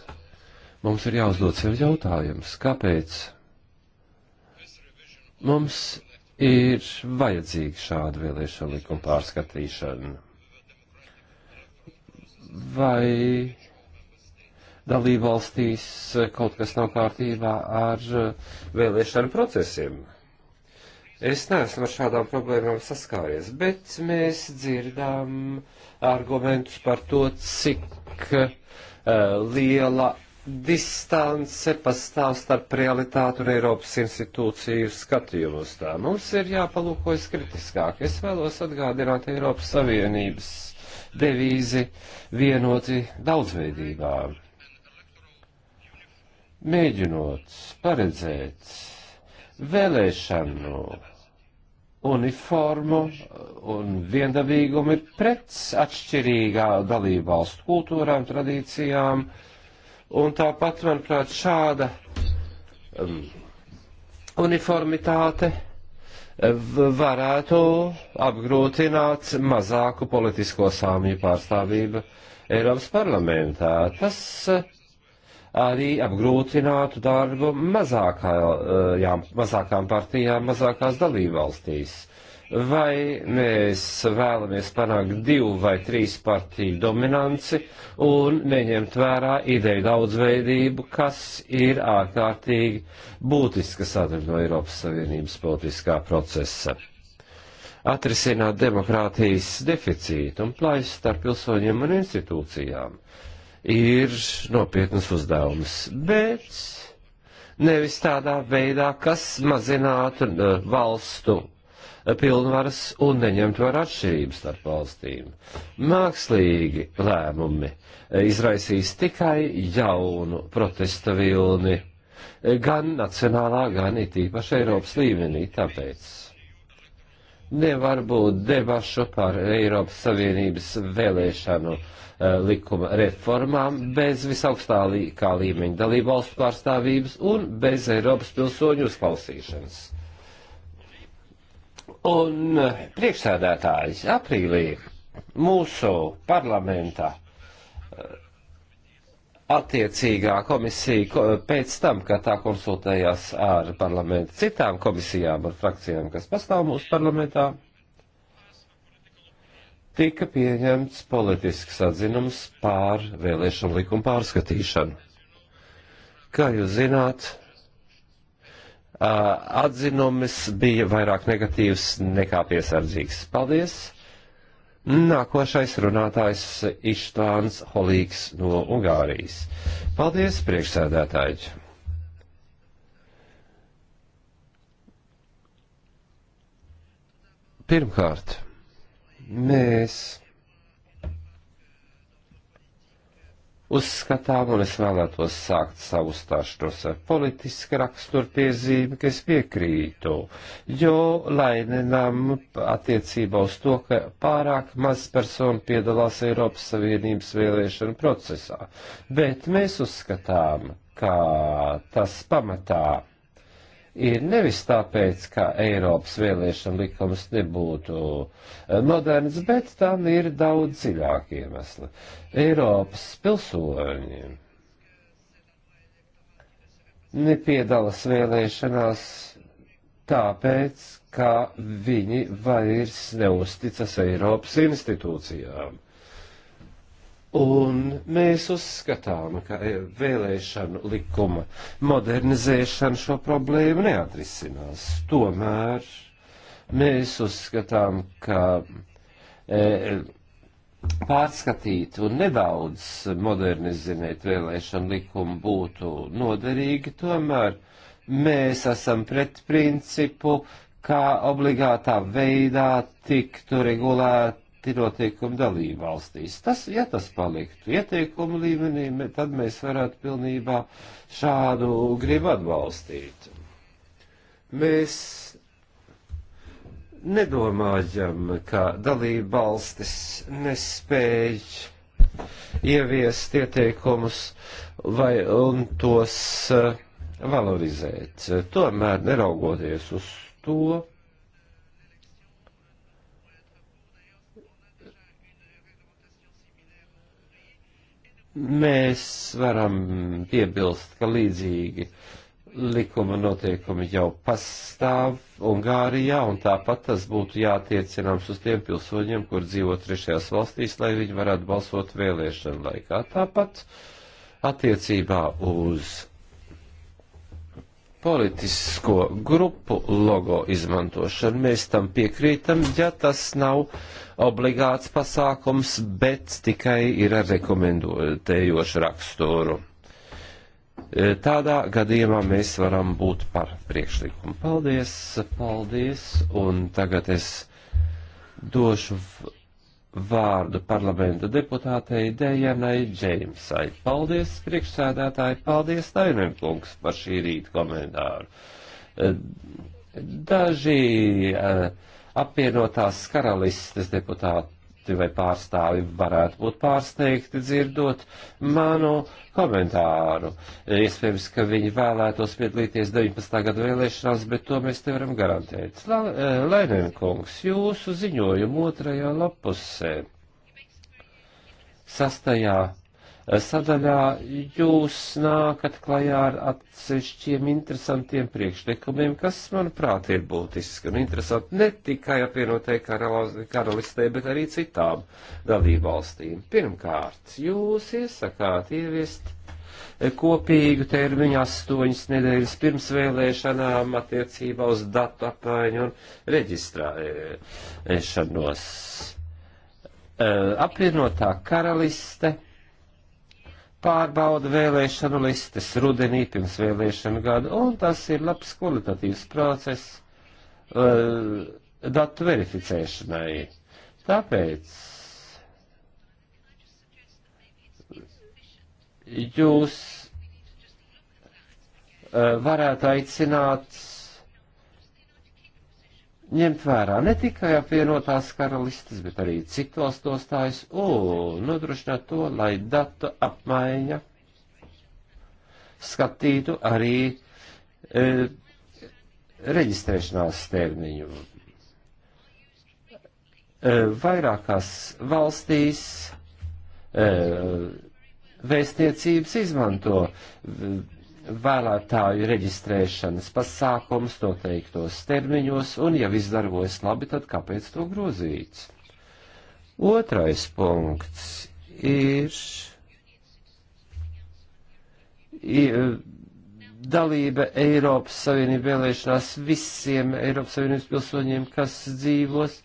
mums ir jāuzdod sev jautājums, kāpēc mums ir vajadzīga šāda vēlēšana likuma pārskatīšana? Vai dalībvalstīs kaut kas nav kārtībā ar vēlēšanu procesiem? Es neesmu ar šādām problēmām saskāries, bet mēs dzirdām argumentus par to, cik uh, Eh, liela distance pastāv starp realitātu un Eiropas institūciju skatījumu uz tā. Mums ir jāpalūkojas kritiskāk. Es vēlos atgādināt Eiropas Savienības devīzi vienoti daudzveidībā. Mēģinot paredzēt vēlēšanu uniformu un viendabīgumu ir pret atšķirīgā dalību valstu kultūrām, tradīcijām, un tāpat, manuprāt, šāda um, uniformitāte eh, varētu apgrūtināt mazāku politisko sāmju pārstāvību Eiropas parlamentā. Tas uh, arī apgrūtinātu darbu mazākā, eh, jā, mazākām partijām, mazākās dalībvalstīs. Vai mēs vēlamies panākt divu vai trīs partiju dominanci un neņemt vērā ideju daudzveidību, kas ir ārkārtīgi būtiska sadaļa no Eiropas Savienības politiskā procesa? Atrisināt demokrātijas deficītu un plaisu starp pilsoņiem un institūcijām ir nopietnas uzdevumas. Bet nevis tādā veidā, kas mazinātu uh, valstu uh, pilnvaras un neņemt var atšķirības starp valstīm. Mākslīgi lēmumi uh, izraisīs tikai jaunu protesta vilni, gan nacionālā, gan it īpaši Eiropas līmenī. Tāpēc nevar būt debašu par Eiropas Savienības vēlēšanu eh, likuma reformām bez visaugstā līkā līmeņa dalību valstu pārstāvības un bez Eiropas pilsoņu uzklausīšanas. Un eh, priekšsēdētājs aprīlī mūsu parlamentā attiecīgā komisija pēc tam, kad tā konsultējās ar parlamentu citām komisijām un frakcijām, kas pastāv mūsu parlamentā, tika pieņemts politisks atzinums pār vēlēšanu likumu pārskatīšanu. Kā jūs zināt, atzinumis bija vairāk negatīvs nekā piesardzīgs. Paldies! Nākošais runātājs Ištvāns Holīgs no Ungārijas. Paldies, priekšsēdētāji! Pirmkārt, mēs uzskatām, un es vēlētos sākt savu stāšanos ar politiska rakstura piezīmi, ka es piekrītu, jo Lainenam attiecībā uz to, ka pārāk maz personu piedalās Eiropas Savienības vēlēšana procesā, bet mēs uzskatām, ka tas pamatā ir nevis tāpēc, ka Eiropas vēlēšana likums nebūtu eh, moderns, bet tam ir daudz dziļāki iemesli. Eiropas pilsoņi nepiedalas vēlēšanās tāpēc, ka viņi vairs neusticas Eiropas institūcijām. Un mēs uzskatām, ka vēlēšanu likuma modernizēšana šo problēmu neatrisinās. Tomēr mēs uzskatām, ka e, pārskatīt un nedaudz modernizēt vēlēšanu likumu būtu noderīgi, tomēr mēs esam pret principu, kā obligātā veidā tiktu regulēt noteikumi dalību valstīs. Tas, ja tas paliktu ieteikumu līmenī, tad mēs varētu pilnībā šādu gribu atbalstīt. Mēs nedomājam, ka dalību valstis nespēj ieviest ieteikumus vai un tos eh, valorizēt. Tomēr neraugoties uz to, Mēs varam piebilst, ka līdzīgi likuma noteikumi jau pastāv Ungārijā, un tāpat tas būtu jātiecināms uz tiem pilsoņiem, kur dzīvo trešajās valstīs, lai viņi varētu balsot vēlēšanu laikā. Tāpat attiecībā uz politisko grupu logo izmantošanu. Mēs tam piekrītam, ja tas nav obligāts pasākums, bet tikai ir ar rekomendējošu raksturu. E, tādā gadījumā mēs varam būt par priekšlikumu. Paldies, paldies, un tagad es došu vārdu parlamenta deputātei Dējanai Džeimsai. Paldies, priekšsēdētāji, paldies, Tainenkungs, par šī rīta komentāru. Eh, daži eh, apvienotās karalistes deputāti eksperti vai pārstāvi varētu būt pārsteigti dzirdot manu komentāru. Iespējams, ka viņi vēlētos piedalīties 19. gada vēlēšanās, bet to mēs nevaram garantēt. Lēnenkungs, eh, jūsu ziņojumu otrajā lapusē, sastajā sadaļā jūs nākat klajā ar atsevišķiem interesantiem priekšlikumiem, kas, manuprāt, ir būtiski un interesanti ne tikai apvienotai karalistē, bet arī citām dalībvalstīm. Pirmkārt, jūs iesakāt ieviest kopīgu termiņu astoņas nedēļas pirms vēlēšanām attiecībā uz datu apmaiņu un reģistrēšanos. Apvienotā karaliste pārbauda vēlēšanu listes rudenī pirms vēlēšanu gada, un tas ir labs kvalitatīvs process uh, datu verificēšanai. Tāpēc jūs uh, varētu aicināt ņemt vērā ne tikai apvienotās karalistes, bet arī citu valstu nostājas un nodrošināt to, lai datu apmaiņa skatītu arī e, reģistrēšanās termiņu. E, vairākās valstīs e, vēstniecības izmanto e, vēlētāju reģistrēšanas pasākums noteiktos termiņos, un ja viss darbojas labi, tad kāpēc to grozīt? Otrais punkts ir dalība Eiropas Savienība vēlēšanās visiem Eiropas Savienības pilsoņiem, kas dzīvos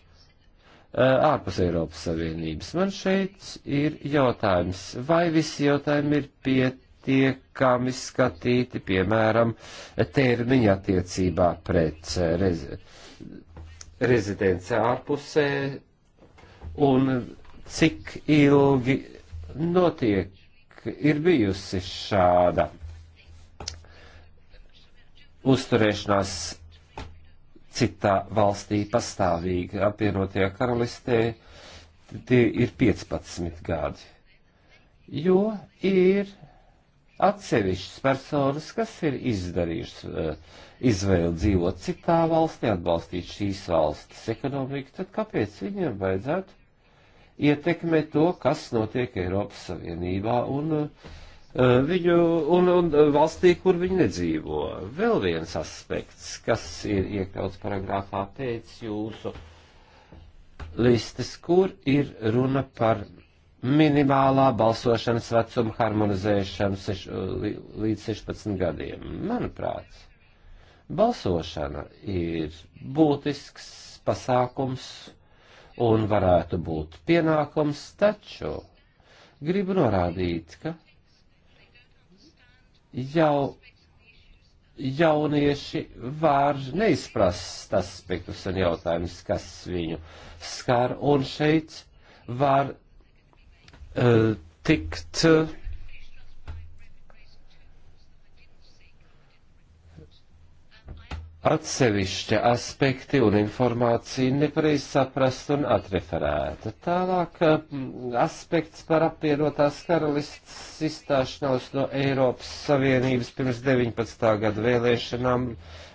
ārpus Eiropas Savienības. Man šeit ir jautājums, vai visi jautājumi ir pietiekami? pietiekami skatīti, piemēram, termiņa attiecībā pret eh, rez rezidenci ārpusē un cik ilgi notiek, ir bijusi šāda uzturēšanās citā valstī pastāvīgi apvienotajā karalistē, tie ir 15 gadi. Jo ir atsevišķas personas, kas ir izdarījušas eh, izvēli dzīvot citā valstī, atbalstīt šīs valstis ekonomiku, tad kāpēc viņiem vajadzētu ietekmēt to, kas notiek Eiropas Savienībā un uh, viņu un, un valstī, kur viņi nedzīvo. Vēl viens aspekts, kas ir iekļauts paragrāfā pēc jūsu listes, kur ir runa par minimālā balsošanas vecuma harmonizēšanu seš, līdz 16 gadiem. Manuprāt, balsošana ir būtisks pasākums un varētu būt pienākums, taču gribu norādīt, ka jau jaunieši var neizprast aspektus un jautājumus, kas viņu skar, un šeit var tikt uh, atsevišķi aspekti un informācija nepareiz saprast un atreferēta. Tālāk uh, aspekts par apvienotās karalists izstāšanos no Eiropas Savienības pirms 19. gada vēlēšanām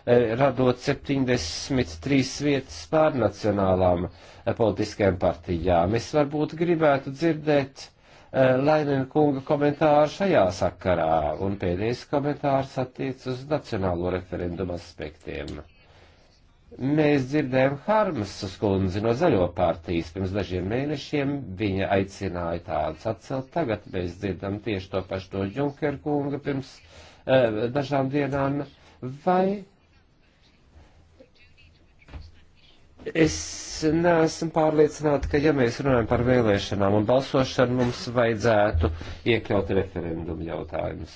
E, radot 73 vietas pārnacionālām e, politiskajām partijām. Es varbūt gribētu dzirdēt e, Lainina kunga komentāru šajā sakarā, un pēdējais komentārs attiec uz nacionālo referendumu aspektiem. Mēs dzirdējām Harmasas kundzi no Zaļo partijas pirms dažiem mēnešiem. Viņa aicināja tādus atcelt. Tagad mēs dzirdam tieši to pašu no Junkera kunga pirms e, dažām dienām. Vai Es neesmu pārliecināta, ka, ja mēs runājam par vēlēšanām un balsošanu, mums vajadzētu iekļaut referendumu jautājumus.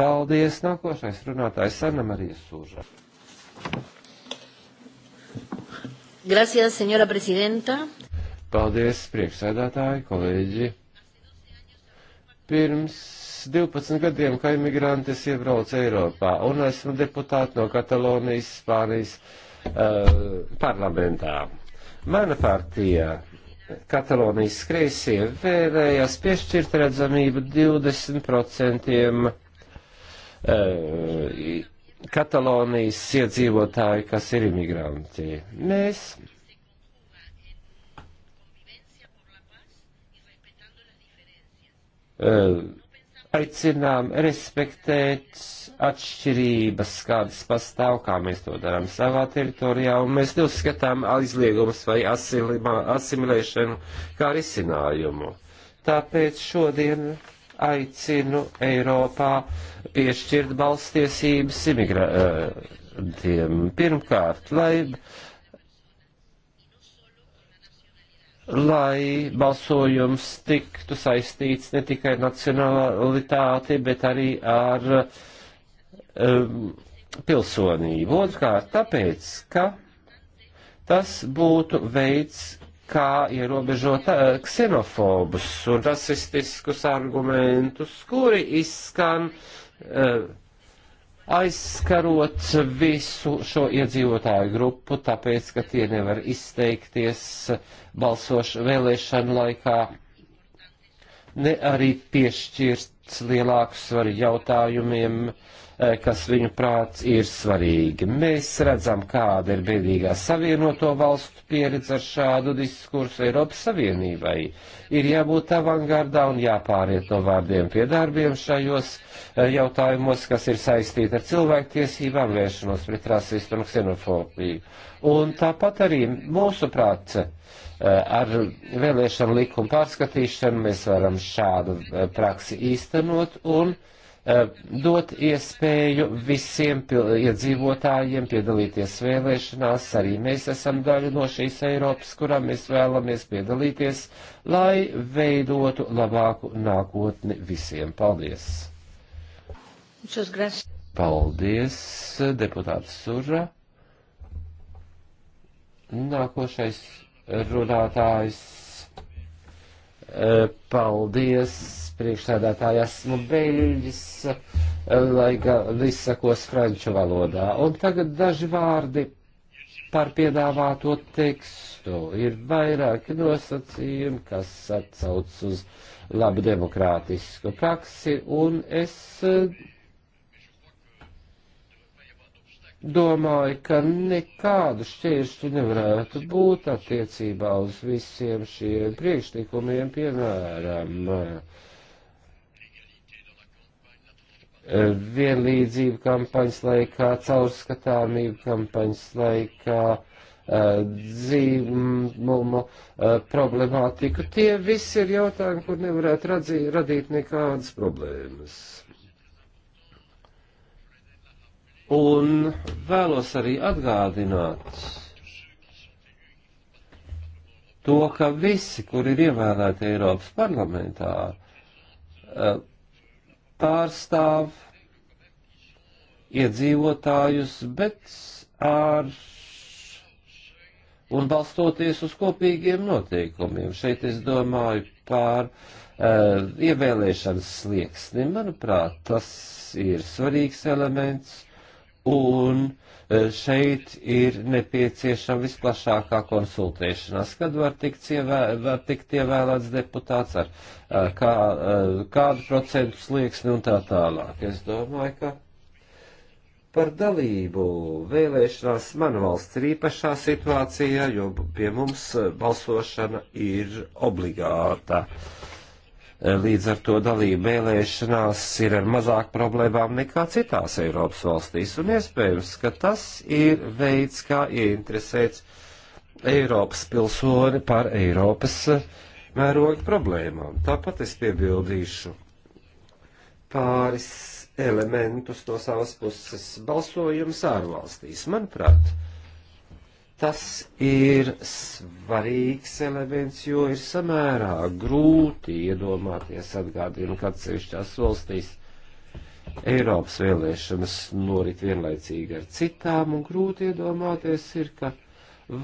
Paldies! Nākošais runātājs Sanna Marija Sūža. Gracias, senora presidenta. Paldies, priekšsēdētāji, kolēģi. Pirms 12 gadiem, kā imigranti, es iebraucu Eiropā un esmu deputāti no Katalonijas, Spānijas uh, parlamentā. Mana partija Katalonijas kreisie vēlējās piešķirt redzamību 20% uh, eh, Katalonijas iedzīvotāji, kas ir imigranti. Mēs eh, aicinām respektēt atšķirības, kādas pastāv, kā mēs to darām savā teritorijā, un mēs neuzskatām aizliegumus vai asimilēšanu kā risinājumu. Tāpēc šodien aicinu Eiropā piešķirt balstiesības imigrantiem. Pirmkārt, lai lai balsojums tiktu saistīts ne tikai ar nacionalitāti, bet arī ar uh, um, pilsonību. Otrkārt, tāpēc, ka tas būtu veids, kā ierobežot uh, ksenofobus un rasistiskus argumentus, kuri izskan uh, aizskarot visu šo iedzīvotāju grupu, tāpēc, ka tie nevar izteikties balsošu vēlēšanu laikā, ne arī piešķirt lielāku svaru jautājumiem, uh, Eh, kas viņu prāts ir svarīgi. Mēs redzam, kāda ir bēdīgā savienoto valstu pieredze ar šādu diskursu Eiropas Savienībai. Ir jābūt avangardā un jāpāriet no vārdiem pie darbiem šajos eh, jautājumos, kas ir saistīti ar cilvēktiesībām, vēršanos pret rasistu un ksenofobiju. Un tāpat arī mūsuprāt, eh, ar vēlēšanu likumu pārskatīšanu mēs varam šādu praksi īstenot un uh, Eh, dot iespēju visiem iedzīvotājiem piedalīties vēlēšanās. Arī mēs esam daļa no šīs Eiropas, kurā mēs vēlamies piedalīties, lai veidotu labāku nākotni visiem. Paldies! Paldies, deputāts Surra! Nākošais runātājs. Eh, paldies! priekšsēdētāji, esmu beļģis, lai gan izsakos franču valodā. Un tagad daži vārdi par piedāvāto tekstu. Ir vairāki nosacījumi, kas atsauc uz labu demokrātisku praksi, un es domāju, ka nekādu šķēršļu nevarētu būt attiecībā uz visiem šiem priekšlikumiem, piemēram, uh, Eh, vienlīdzību kampaņas laikā, caurskatāmību kampaņas laikā, eh, dzīvumu eh, problemātiku. Tie visi ir jautājumi, kur nevarētu radzī, radīt nekādas problēmas. Un vēlos arī atgādināt to, ka visi, kur ir ievēlēti Eiropas parlamentā, pārstāv iedzīvotājus, bet ar un balstoties uz kopīgiem noteikumiem. Šeit es domāju pār uh, eh, ievēlēšanas slieksni. Manuprāt, tas ir svarīgs elements un uh, Eh, šeit ir nepieciešama visplašākā konsultēšanās, kad var tikt, ievē, var tikt ievēlēts deputāts ar eh, kā, eh, kādu procentu slieksni un tā tālāk. Es domāju, ka par dalību vēlēšanās mana valsts ir īpašā situācijā, jo pie mums balsošana ir obligāta. Uh, Līdz ar to dalība vēlēšanās ir ar mazāk problēmām nekā citās Eiropas valstīs, un iespējams, ka tas ir veids, kā ieinteresēts Eiropas pilsoni par Eiropas eh, mēroga problēmām. Tāpat es piebildīšu pāris elementus no savas puses balsojums ārvalstīs. Manuprāt, uh, Tas ir svarīgs elements, jo ir samērā grūti iedomāties atgādinu, kad sevišķās valstīs Eiropas vēlēšanas norit vienlaicīgi ar citām, un grūti iedomāties ir, ka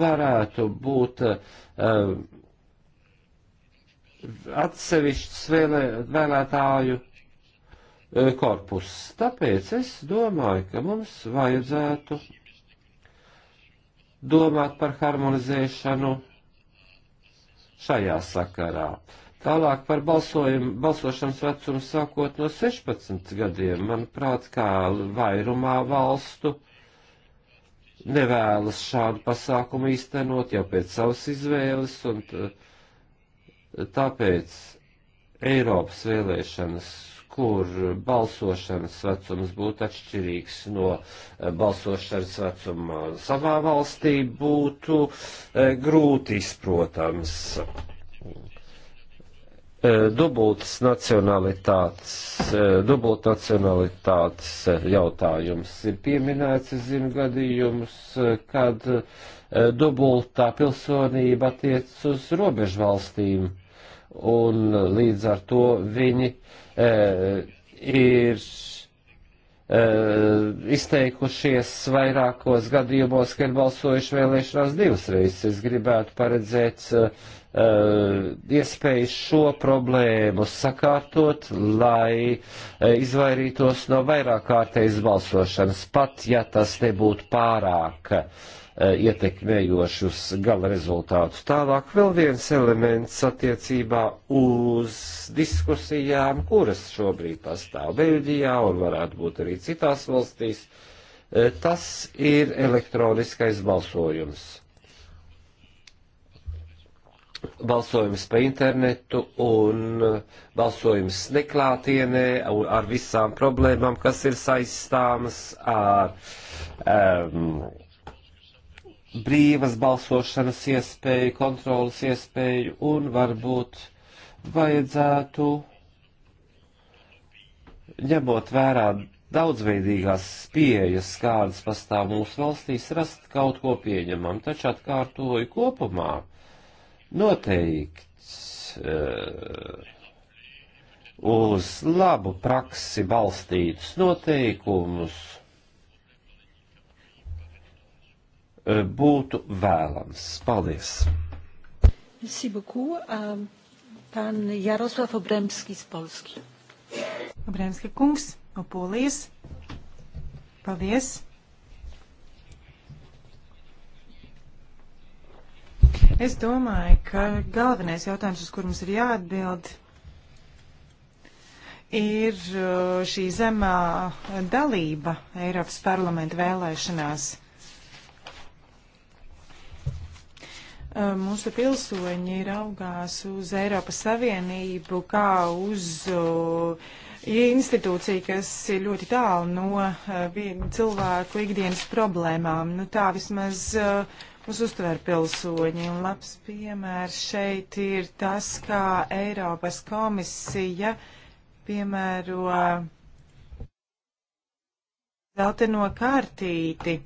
varētu būt um, atsevišķs vēlē, vēlētāju eh, korpus. Tāpēc es domāju, ka mums vajadzētu domāt par harmonizēšanu šajā sakarā. Tālāk par balsojumu, balsošanas vecumu sākot no 16 gadiem, manuprāt, kā vairumā valstu nevēlas šādu pasākumu īstenot jau pēc savas izvēles, un tāpēc Eiropas vēlēšanas kur balsošanas vecums būtu atšķirīgs no eh, balsošanas vecuma savā valstī, būtu eh, grūti izprotams. Eh, dubultas nacionalitātes, dubult nacionalitātes jautājums ir pieminēts, es zinu gadījumus, kad dubultā pilsonība attiec uz robežvalstīm, un līdz ar to viņi uh, Eh, ir eh, izteikušies vairākos gadījumos, ka ir balsojuši vēlēšanās divas reizes. Es gribētu paredzēt uh, eh, iespēju šo problēmu sakārtot, lai uh, izvairītos no vairāk kārtējas balsošanas, pat ja tas nebūtu pārāk uh, Eh, ietekmējošus gala rezultātus. Tālāk vēl viens elements attiecībā uz diskusijām, kuras šobrīd pastāv Beļģijā un varētu būt arī citās valstīs. Eh, tas ir elektroniskais balsojums balsojums pa internetu un balsojums neklātienē ar visām problēmām, kas ir saistāmas ar um, brīvas balsošanas iespēju, kontrolas iespēju un varbūt vajadzētu ņemot vērā daudzveidīgās pieejas, kādas pastāv mūsu valstīs, rast kaut ko pieņemam, taču atkārtoju kopumā noteikts uh, uz labu praksi balstītus noteikumus Eh, būtu vēlams. Paldies! Merci beaucoup. Um, pan Jarosław Obremski z Polski. Obremski kungs no Polijas. Paldies! Es domāju, ka galvenais jautājums, uz kur mums ir jāatbild, ir uh, šī zemā dalība Eiropas parlamenta vēlēšanās. mūsu pilsoņi raugās uz Eiropas Savienību kā uz institūciju, kas ir ļoti tālu no cilvēku ikdienas problēmām. Nu, tā vismaz mūs uztver pilsoņi. Un labs piemērs šeit ir tas, kā Eiropas komisija piemēro zelteno kārtīti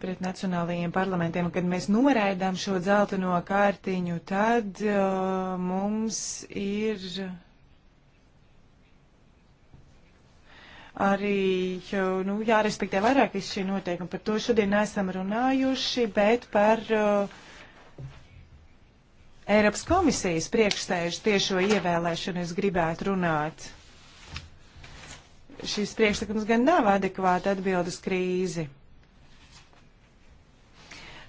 pret nacionālajiem parlamentiem. Kad mēs noraidām šo dzelteno kārtiņu, tad uh, mums ir arī uh, nu, jārespektē vairāk visi šie noteikumi. Par to šodien neesam runājuši, bet par uh, Eiropas komisijas priekšsēžu tiešo ievēlēšanu es gribētu runāt. Šis priekšlikums gan nav adekvāti atbild uz krīzi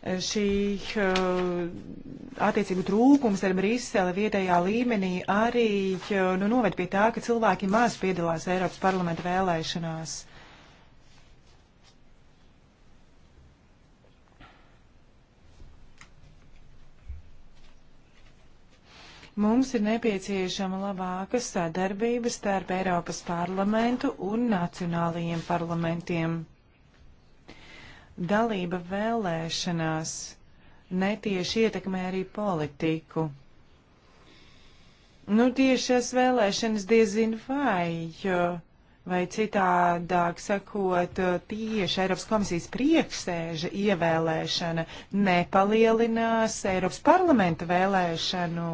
šī eh, attiecību trūkums ar Brisele vietējā līmenī arī eh, nu, noved pie tā, ka cilvēki maz piedalās Eiropas parlamenta vēlēšanās. Mums ir nepieciešama labāka sadarbība starp Eiropas parlamentu un nacionālajiem parlamentiem. Dalība vēlēšanās netieši ietekmē arī politiku. Nu, tiešas vēlēšanas diezin vai, jo, vai citādāk sakot, tieši Eiropas komisijas priekšsēža ievēlēšana nepalielinās Eiropas parlamenta vēlēšanu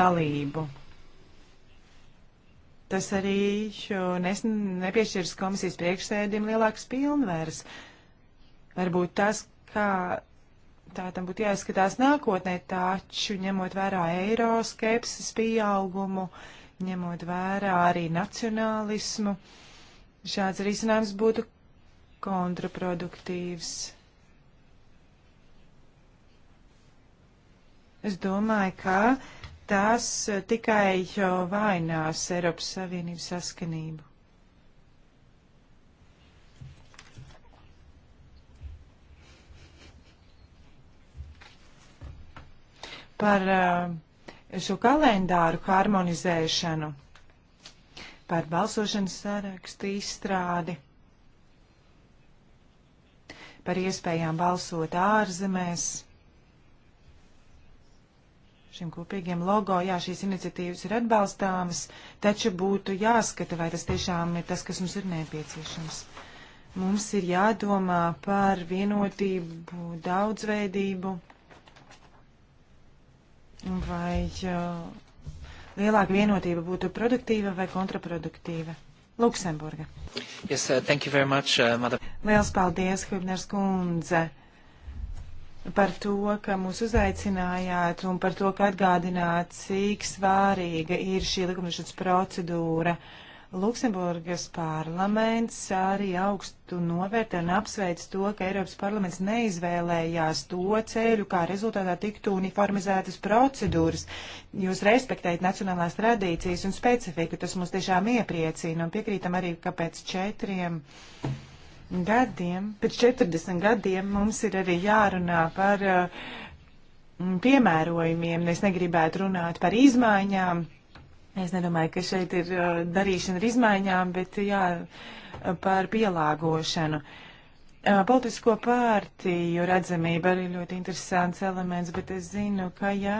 dalību. Tas arī nes, nepiešķirs komisijas priekšsēdim lielākas pilnvērs. Uh, varbūt tas, kā tā tam būtu jāizskatās nākotnē, taču ņemot vērā eiro skepsis pieaugumu, ņemot vērā arī nacionālismu, šāds risinājums būtu kontraproduktīvs. Es domāju, ka tas tikai vainās Eiropas Savienības saskanību. par eh, šo kalendāru harmonizēšanu, par balsošanas sarakstu izstrādi, par iespējām balsot ārzemēs. Šim kopīgiem logo, jā, šīs iniciatīvas ir atbalstāmas, taču būtu jāskata, vai tas tiešām ir tas, kas mums ir nepieciešams. Mums ir jādomā par vienotību, daudzveidību vai lielāka vienotība būtu produktīva vai kontraproduktīva. Luksemburga. Yes, uh, thank you very much, uh, madam. Liels paldies, Hübners kundze, par to, ka mūs uzaicinājāt un par to, ka atgādināt, cik svārīga ir šī likumdošanas procedūra. Uh, Luksemburgas parlaments arī augstu novērtē un apsveic to, ka Eiropas parlaments neizvēlējās to ceļu, kā rezultātā tiktu uniformizētas procedūras. Jūs respektējat nacionālās tradīcijas un specifiku, tas mums tiešām iepriecina un piekrītam arī, ka pēc četriem gadiem, pēc 40 gadiem mums ir arī jārunā par uh, piemērojumiem. Es negribētu runāt par izmaiņām, Es nedomāju, ka šeit ir darīšana ar izmaiņām, bet jā, par pielāgošanu. Politisko pārtīju redzamība arī ļoti interesants elements, bet es zinu, ka jā,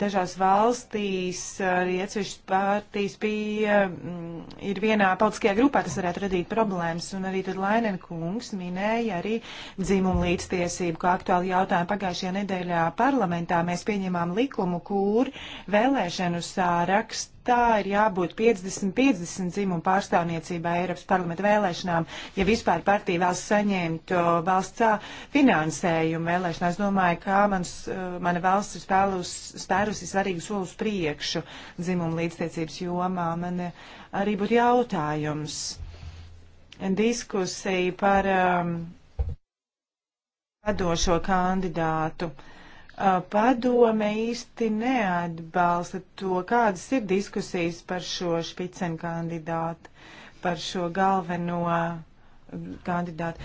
dažās valstīs arī atsevišķas pārtīs bija, mm, ir vienā politiskajā grupā, tas varētu radīt problēmas, un arī tad Lainen kungs minēja arī dzimumu līdztiesību, kā aktuāli jautājumu pagājušajā nedēļā parlamentā mēs pieņemām likumu, kur vēlēšanu sāraksts tā ir jābūt 50-50 dzimumu pārstāvniecībā Eiropas parlamenta vēlēšanām, ja vispār partija vēl saņemt valsts finansējumu vēlēšanā. Es domāju, ka mans, mana valsts ir spēlus, spērusi svarīgu soli uz priekšu dzimumu līdztiecības jomā. Man arī būtu jautājums diskusija par um, vadošo kandidātu. Uh, Padome īsti neatbalsta to, kādas ir diskusijas par šo špicenu kandidātu, par šo galveno mm, kandidātu.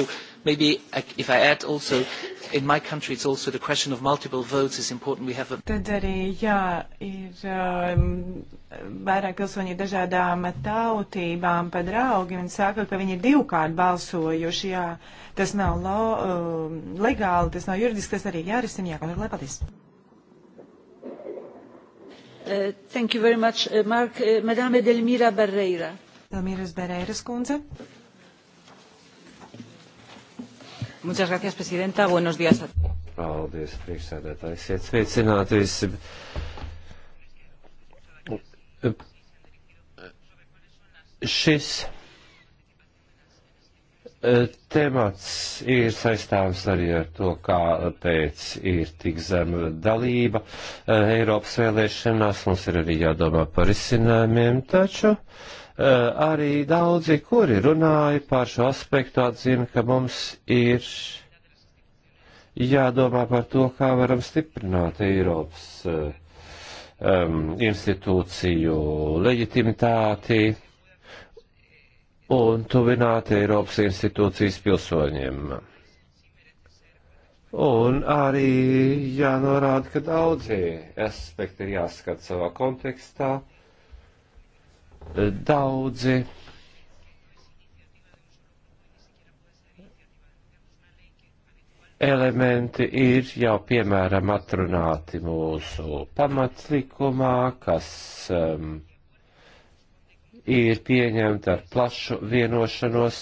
Oh. Maybe if I add also, in my country it's also the question of multiple votes is important. We have a... Tad arī, jā, ir um, vairāk pilsoņi ir dažādām tautībām pa draugi un saka, ka viņi ir divkārt balsojuši, jā, tas nav lo, um, legāli, tas nav juridiski, tas arī jārisina, jākontrolē patīs. Uh, thank you very much, uh, Mark. Uh, Madame Delmira Barreira. Delmiras Barreiras kundze. Muchas gracias, presidenta. Buenos días. Paldies, priekšsēdētāji. Iet sveicināti visi. Šis e, temats ir saistāms arī ar to, kāpēc ir tik zema dalība e, Eiropas vēlēšanās. Mums ir arī jādomā par izcinājumiem, taču uh, Eh, arī daudzi, kuri runāja par šo aspektu, atzina, ka mums ir jādomā par to, kā varam stiprināt Eiropas um, institūciju leģitimitāti un tuvināt Eiropas institūcijas pilsoņiem. Un arī jānorāda, ka daudzi aspekti ir jāskat savā kontekstā daudzi. elementi ir jau, piemēram, atrunāti mūsu pamatlikumā, kas um, ir pieņemta ar plašu vienošanos,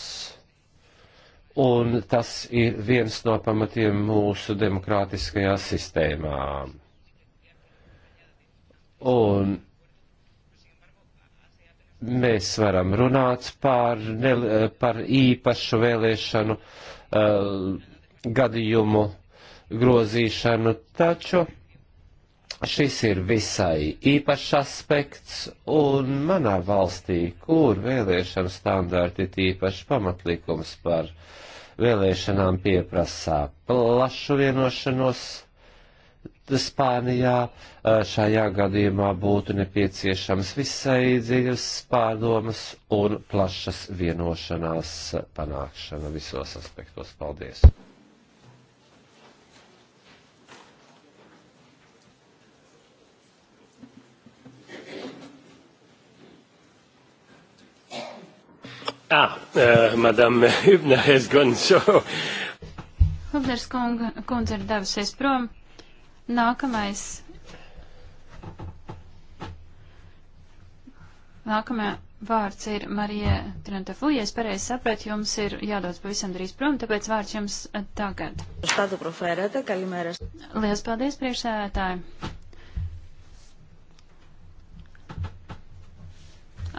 un tas ir viens no pamatiem mūsu demokrātiskajā sistēmā. Un mēs varam runāt par, ne, par īpašu vēlēšanu uh, gadījumu grozīšanu, taču šis ir visai īpašs aspekts, un manā valstī, kur vēlēšanu standārti ir īpaši pamatlikums par vēlēšanām pieprasā plašu vienošanos, Spānijā šajā gadījumā būtu nepieciešams visai dziļas pārdomas un plašas vienošanās panākšana visos aspektos. Paldies! Ah, uh, Madame Hübner has gone, so. Hübners kundze ir devusies prom. Nākamais. Nākamajā vārds ir Marija Trentafu. Ja es pareizi sapratu, jums ir jādodas pavisam drīz prom, tāpēc vārds jums tagad. Lielas paldies, priekšsēdētāji!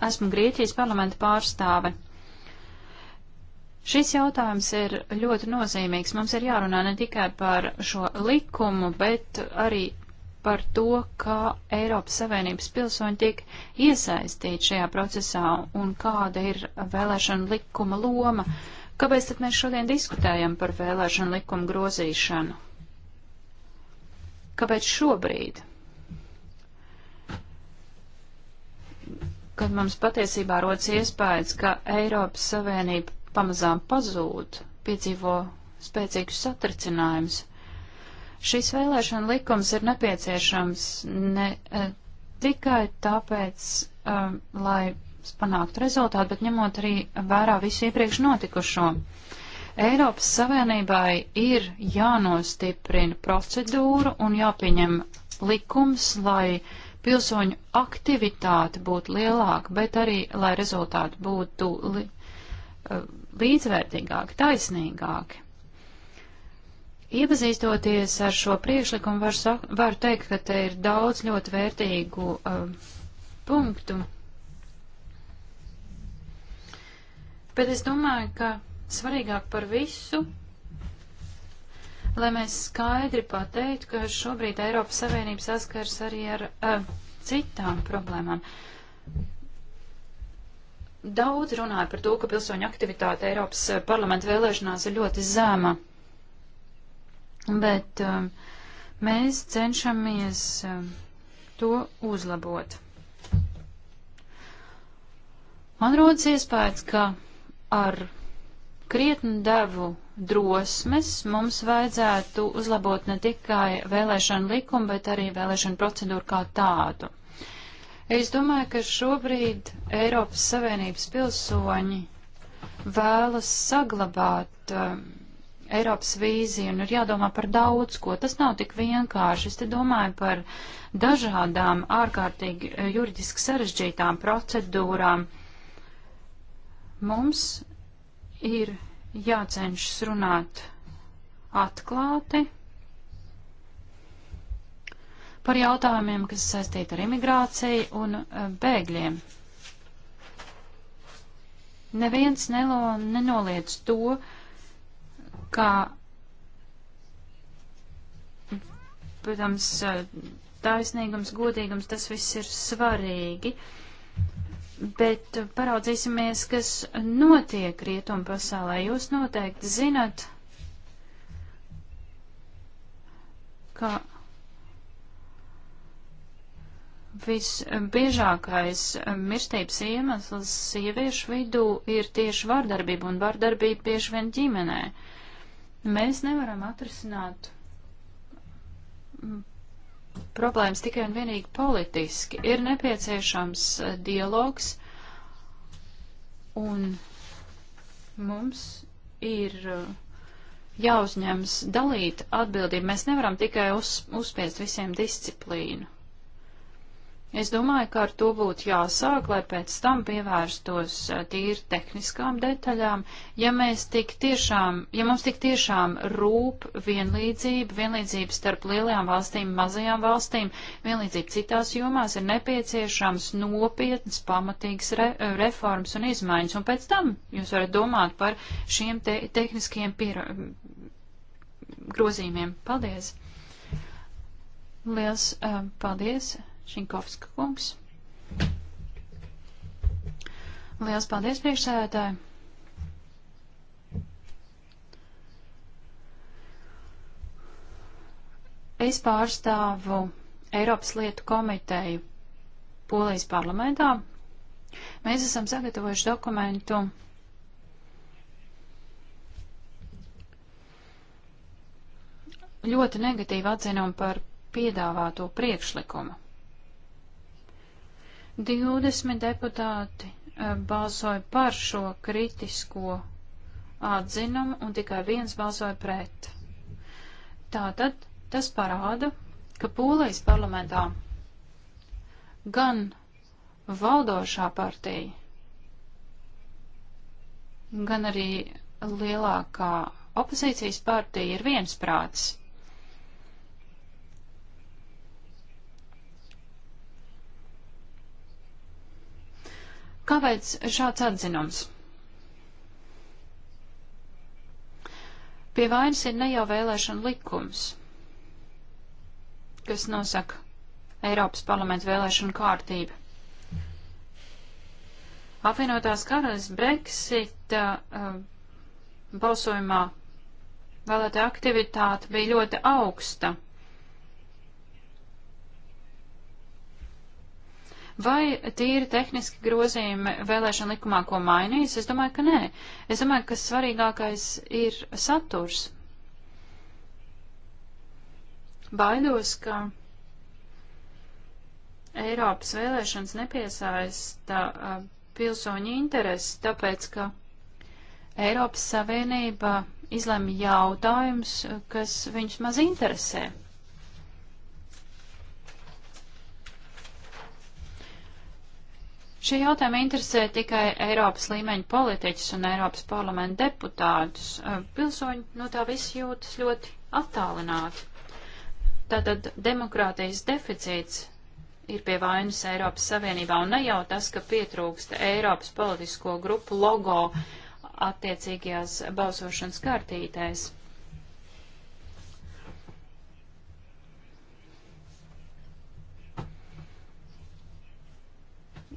Esmu Grieķijas parlamenta pārstāve. Šis jautājums ir ļoti nozīmīgs. Mums ir jārunā ne tikai par šo likumu, bet arī par to, kā Eiropas Savienības pilsoņi tiek iesaistīti šajā procesā un kāda ir vēlēšana likuma loma. Kāpēc tad mēs šodien diskutējam par vēlēšanu likumu grozīšanu? Kāpēc šobrīd? Kad mums patiesībā rodas iespējas, ka Eiropas Savienība pamazām pazūd, piedzīvo spēcīgus satricinājumus. Šīs vēlēšana likums ir nepieciešams ne e, tikai tāpēc, um, lai panāktu rezultātu, bet ņemot arī vērā visu iepriekš notikušo. Eiropas Savienībai ir jānostiprina procedūra un jāpieņem likums, lai pilsoņu aktivitāte būtu lielāka, bet arī, lai rezultāti būtu li, uh, līdzvērtīgāki, taisnīgāki. Iepazīstoties ar šo priekšlikumu, var, sak, var teikt, ka te ir daudz ļoti vērtīgu uh, punktu. Bet es domāju, ka svarīgāk par visu, lai mēs skaidri pateiktu, ka šobrīd Eiropas Savienība saskars arī ar uh, citām problēmām. Uh, Daudz runāja par to, ka pilsoņu aktivitāte Eiropas eh, parlamenta vēlēšanās ir ļoti zema. Bet um, mēs cenšamies um, to uzlabot. Man rodas iespējas, ka ar krietni devu drosmes mums vajadzētu uzlabot ne tikai vēlēšanu likumu, bet arī vēlēšanu procedūru kā tādu. Es domāju, ka šobrīd Eiropas Savienības pilsoņi vēlas saglabāt uh, Eiropas vīziju un ir jādomā par daudz ko. Tas nav tik vienkārši. Es te domāju par dažādām ārkārtīgi eh, juridiski sarežģītām procedūrām. Mums ir jācenšas runāt atklāti par jautājumiem, kas saistīti ar imigrāciju un eh, bēgļiem. Neviens nelo, nenoliedz to, ka, protams, taisnīgums, godīgums, tas viss ir svarīgi. Bet paraudzīsimies, kas notiek rietumu pasaulē. Jūs noteikti zinat, ka visbiežākais eh, mirstības iemesls sieviešu vidū ir tieši vardarbība un vardarbība bieži vien ģimenē. Mēs nevaram atrisināt mm, problēmas tikai un vienīgi politiski. Ir nepieciešams eh, dialogs un mums ir eh, jāuzņems dalīt atbildību. Mēs nevaram tikai uz, uzspiest visiem disciplīnu. Es domāju, ka ar to būtu jāsāk, lai pēc tam pievērstos eh, tīri tehniskām detaļām. Ja, tik tiešām, ja mums tik tiešām rūp vienlīdzība, vienlīdzība starp lielajām valstīm, mazajām valstīm, vienlīdzība citās jomās, ir nepieciešams nopietnas, pamatīgas re, eh, reformas un izmaiņas. Un pēc tam jūs varat domāt par šiem te, tehniskiem piera, mm, grozījumiem. Paldies! Liels uh, paldies! Šinkovska kungs. Liels paldies priekšsēdētāji! Es pārstāvu Eiropas lietu komiteju Polijas parlamentā. Mēs esam sagatavojuši dokumentu ļoti negatīvu atzinumu par piedāvāto priekšlikumu. 20 deputāti eh, balsoja par šo kritisko atzinumu un tikai viens balsoja pret. Tātad tas parāda, ka pūlējas parlamentā gan valdošā partija, gan arī lielākā opozīcijas partija ir viensprāts. Kāpēc šāds atzinums? Pie vainas ir ne jau vēlēšana likums, kas nosaka Eiropas parlamenta vēlēšanu kārtību. Apvienotās karalis Brexit uh, um, balsojumā vēlēta aktivitāte bija ļoti augsta. Vai tīri tehniski grozījumi vēlēšana likumā ko mainīs? Es domāju, ka nē. Es domāju, ka svarīgākais ir saturs. Baidos, ka Eiropas vēlēšanas nepiesaista pilsoņu interesi, tāpēc, ka Eiropas Savienība izlemj jautājumus, kas viņus maz interesē. Šie jautājumi interesē tikai Eiropas līmeņa politiķus un Eiropas parlamenta deputātus. Pilsoņi no tā viss jūtas ļoti attālināti. Tātad demokrātijas deficīts ir pie vainas Eiropas Savienībā, un ne jau tas, ka pietrūkst Eiropas politisko grupu logo attiecīgajās balsošanas kartītēs.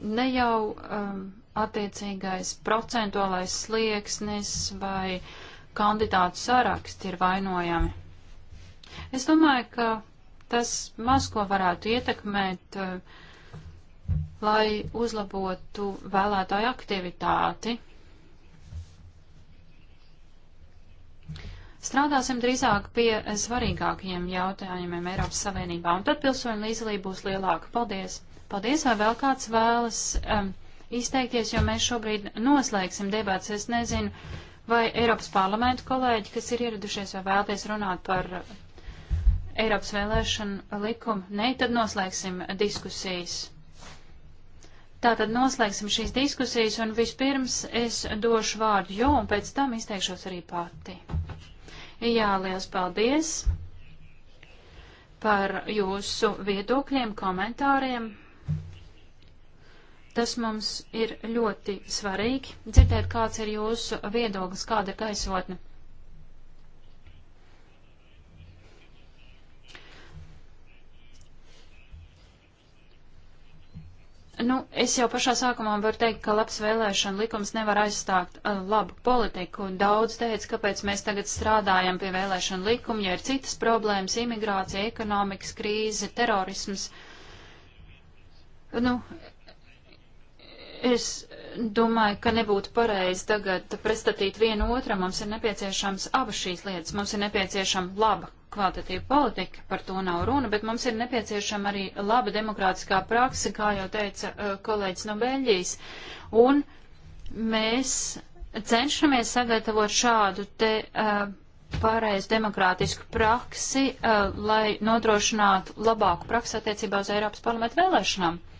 ne jau um, attiecīgais procentuālais slieksnis vai kandidātu saraksti ir vainojami. Es domāju, ka tas maz ko varētu ietekmēt, uh, lai uzlabotu vēlētāju aktivitāti. Strādāsim drīzāk pie svarīgākajiem jautājumiem Eiropas Savienībā, un tad pilsoņu līdzdalība būs lielāka. Paldies! Paldies, vai vēl kāds vēlas um, izteikties, jo mēs šobrīd noslēgsim debats. Es nezinu, vai Eiropas parlamentu kolēģi, kas ir ieradušies, vai vēlties runāt par uh, Eiropas vēlēšanu likumu. Nē, tad noslēgsim diskusijas. Tātad noslēgsim šīs diskusijas, un vispirms es došu vārdu jo, un pēc tam izteikšos arī pati. Jā, liels paldies par jūsu viedokļiem, komentāriem. Tas mums ir ļoti svarīgi dzirdēt, kāds ir jūsu viedoklis, kāda ir gaisotne. Nu, es jau pašā sākumā varu teikt, ka labs vēlēšana likums nevar aizstāt uh, labu politiku. Daudz teica, kāpēc mēs tagad strādājam pie vēlēšana likuma, ja ir citas problēmas - imigrācija, ekonomikas krīze, terorisms. Nu, Es domāju, ka nebūtu pareizi tagad pretstatīt vienu otram. Mums ir nepieciešams abas šīs lietas. Mums ir nepieciešama laba kvalitatīva politika, par to nav runa, bet mums ir nepieciešama arī laba demokrātiskā praksa, kā jau teica uh, kolēģis no Beļģijas. Un mēs cenšamies sagatavot šādu te uh, pareizu demokrātisku praksi, uh, lai nodrošinātu labāku praksi attiecībā uz Eiropas parlamentu vēlēšanām. Uh,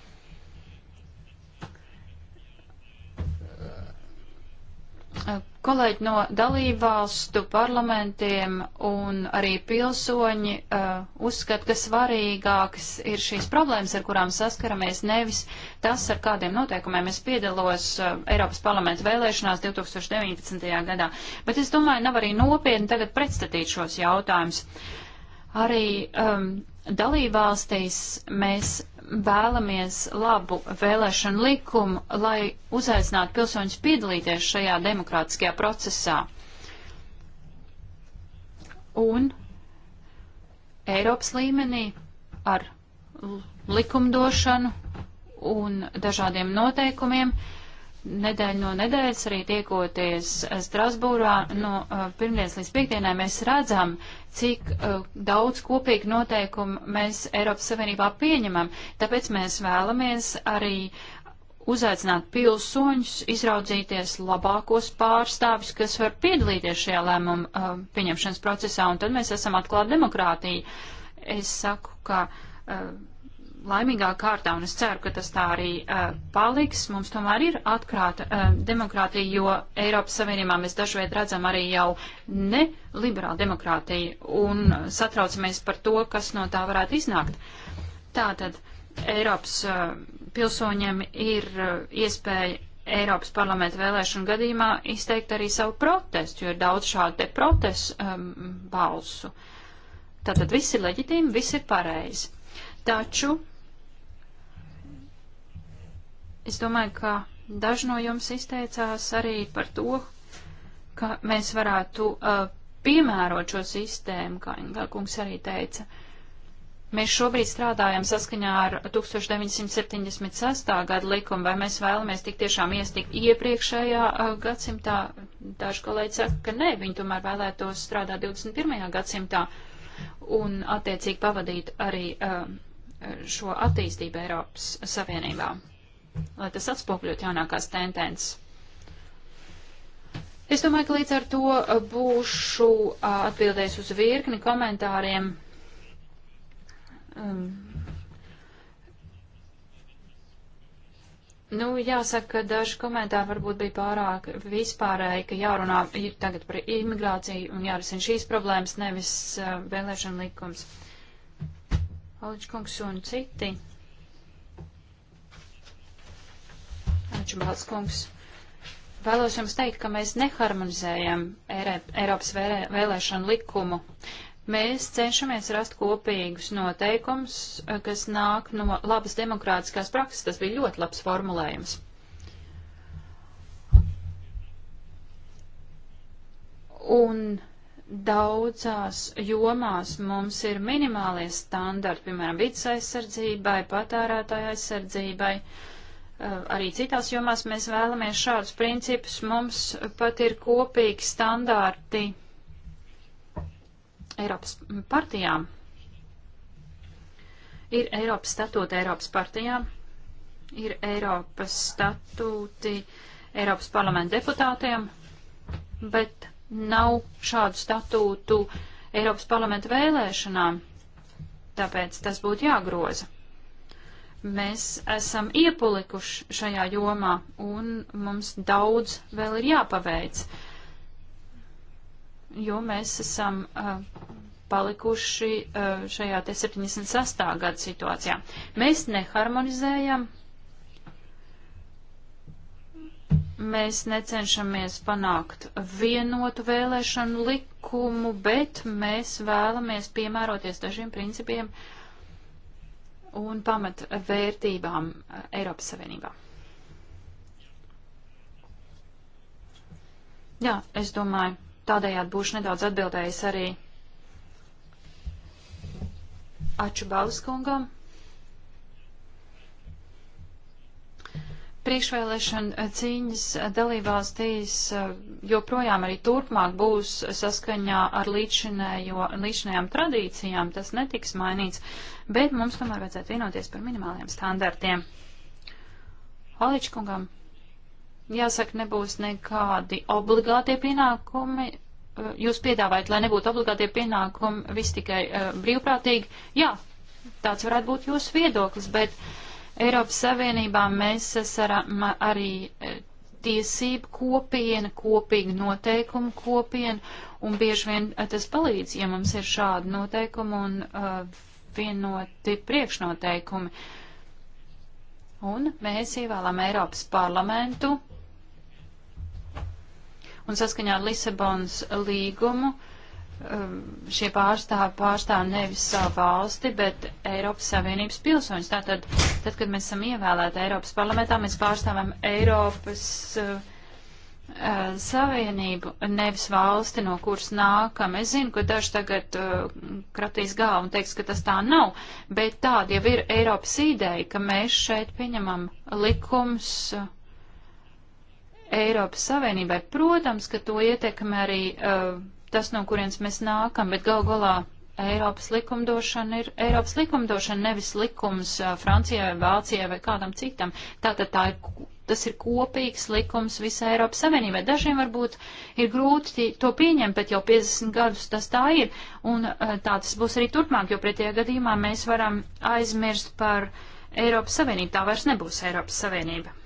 kolēģi no dalībvalstu parlamentiem un arī pilsoņi uh, uzskata, ka svarīgākas ir šīs problēmas, ar kurām saskaramies, nevis tas, ar kādiem noteikumiem es piedalos uh, Eiropas parlamenta vēlēšanās 2019. gadā. Bet es domāju, nav arī nopietni tagad pretstatīt šos jautājumus. Arī um, dalībvalstīs mēs vēlamies labu vēlēšanu likumu, lai uzaicinātu pilsoņus piedalīties šajā demokrātiskajā procesā. Un Eiropas līmenī ar likumdošanu un dažādiem noteikumiem uh, nedēļu no nedēļas, arī tiekoties eh, Strasbūrā, no uh, pirmdienas līdz piekdienai mēs redzam, cik uh, daudz kopīgu noteikumu mēs Eiropas Savienībā pieņemam. Tāpēc mēs vēlamies arī uzaicināt pilsoņus, izraudzīties labākos pārstāvis, kas var piedalīties šajā lēmumu uh, pieņemšanas procesā, un tad mēs esam atklāti demokrātija. Es saku, ka. Uh, laimīgā kārtā, un es ceru, ka tas tā arī uh, paliks. Mums tomēr ir atkrāta uh, demokrātija, jo Eiropas Savienībā mēs dažveid redzam arī jau ne liberālu demokrātiju un eh, satraucamies par to, kas no tā varētu iznākt. Tātad Eiropas uh, pilsoņiem ir uh, iespēja Eiropas parlamenta vēlēšanu gadījumā izteikt arī savu protestu, jo ir daudz šādu te protestu um, balsu. Tātad viss ir leģitīmi, viss ir pareizi. Taču Es domāju, ka daži no jums izteicās arī par to, ka mēs varētu uh, piemērot šo sistēmu, kā Inga kungs arī teica. Mēs šobrīd strādājam saskaņā ar 1976. gada likumu, vai mēs vēlamies tik tiešām iestikt iepriekšējā uh, gadsimtā. Daži kolēģi saka, ka nē, viņi tomēr vēlētos strādāt 21. gadsimtā un attiecīgi pavadīt arī uh, šo attīstību Eiropas Savienībā lai tas atspūkļot jaunākās tendences. Es domāju, ka līdz ar to būšu atbildējis uz virkni komentāriem. Um, nu, jāsaka, ka daži komentāri varbūt bija pārāk vispārēji, ka jārunā tagad par imigrāciju un jārisina šīs problēmas, nevis uh, vēlēšana likums. Aličkungs un citi. Ačumāls kungs. Vēlos jums teikt, ka mēs neharmonizējam Eiropas vēlēšanu likumu. Mēs cenšamies rast kopīgus noteikumus, eh, kas nāk no labas demokrātiskās prakses. Tas bija ļoti labs formulējums. Un daudzās jomās mums ir minimālie standarti, piemēram, vidas aizsardzībai, patērētāja aizsardzībai. Uh, Eh, arī citās jomās mēs vēlamies šādus principus. Mums pat ir kopīgi standārti Eiropas partijām. Ir Eiropas statūti Eiropas partijām, ir Eiropas statūti Eiropas parlamenta deputātiem, bet nav šādu statūtu Eiropas parlamenta vēlēšanām, tāpēc tas būtu jāgroza. Mēs esam iepulikuši šajā jomā un mums daudz vēl ir jāpaveic, jo mēs esam uh, palikuši uh, šajā te 76. gada situācijā. Mēs neharmonizējam, mēs necenšamies panākt vienotu vēlēšanu likumu, bet mēs vēlamies piemēroties dažiem principiem, uh, un pamatvērtībām eh, Eiropas Savienībā. Jā, es domāju, tādējādi būšu nedaudz atbildējis arī Aču Balskungam. priekšvēlēšana eh, cīņas eh, dalībvalstīs eh, joprojām arī turpmāk būs saskaņā ar līdzinējām tradīcijām, tas netiks mainīts, bet mums tomēr vajadzētu vienoties par minimāliem standartiem. Haličkungam, jāsaka, nebūs nekādi obligātie pienākumi. Jūs piedāvājat, lai nebūtu obligātie pienākumi, viss tikai uh, brīvprātīgi. Jā, tāds varētu būt jūsu viedoklis, bet. Uh, Eiropas Savienībā mēs esam arī e, tiesību kopiena, kopīga noteikumu kopiena, un bieži vien e, tas palīdz, ja mums ir šādi noteikumi un uh, vienoti priekšnoteikumi. Un mēs ievēlam Eiropas parlamentu, un saskaņā ar Lisabonas līgumu uh, Um, šie pārstāvi pārstāv nevis savu valsti, bet Eiropas Savienības pilsoņus. Tātad, tad, kad mēs esam ievēlēti Eiropas parlamentā, mēs pārstāvam Eiropas uh, uh, Savienību, nevis valsti, no kuras nākam. Es zinu, ka daži tagad uh, kratīs galvu un teiks, ka tas tā nav, bet tāda jau ir Eiropas ideja, ka mēs šeit pieņemam likums. Uh, Eiropas Savienībai, protams, ka to ietekmē arī uh, tas, no kurienes mēs nākam, bet gal galā Eiropas likumdošana ir Eiropas likumdošana, nevis likums Francijai, Vācijai vai kādam citam. Tātad tā ir, tas ir kopīgs likums visai Eiropas Savienībai. Dažiem varbūt ir grūti to pieņemt, bet jau 50 gadus tas tā ir, un tā tas būs arī turpmāk, jo pretējā gadījumā mēs varam aizmirst par Eiropas Savienību. Tā vairs nebūs Eiropas Savienība.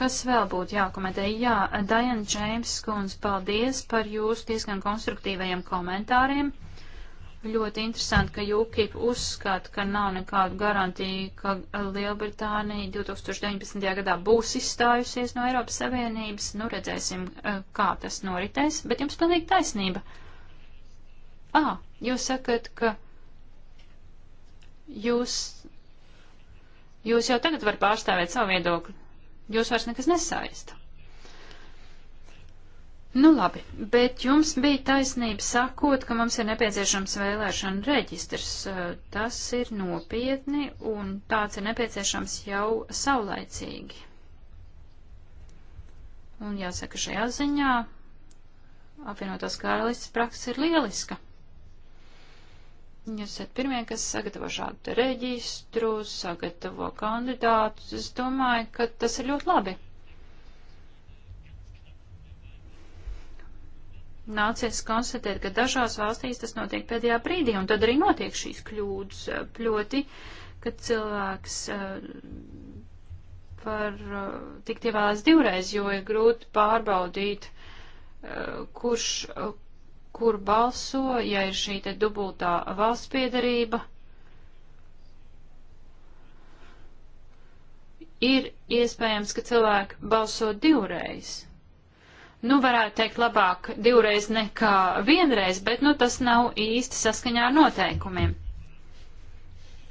Kas vēl būtu jākomentē? Jā, Diana Džeims skundz, paldies par jūsu diezgan konstruktīvajiem komentāriem. Ļoti interesanti, ka UKIP uzskata, ka nav nekādu garantiju, ka eh, Lielbritānija 2019. gadā būs izstājusies no Eiropas Savienības. Nu, redzēsim, eh, kā tas noritēs, bet jums pilnīgi taisnība. Ā, ah, jūs sakat, ka jūs, jūs jau tagad var pārstāvēt savu viedokli. Jūs vairs nekas nesaista. Nu labi, bet jums bija taisnība sakot, ka mums ir nepieciešams vēlēšana reģistrs. Eh, tas ir nopietni un tāds ir nepieciešams jau saulaicīgi. Un jāsaka, šajā ziņā apvienotās karalistas praksa ir lieliska. Jūs esat pirmie, kas sagatavo šādu reģistru, sagatavo kandidātus. Es domāju, ka tas ir ļoti labi. Nācies konstatēt, ka dažās valstīs tas notiek pēdējā brīdī, un tad arī notiek šīs kļūdas ļoti, kad cilvēks eh, var eh, tikt ievēlēts divreiz, jo ir grūti pārbaudīt, eh, kurš kur balso, ja ir šī te dubultā valsts piedarība. Ir iespējams, ka cilvēki balso divreiz. Nu, varētu teikt labāk divreiz nekā vienreiz, bet, nu, tas nav īsti saskaņā ar noteikumiem.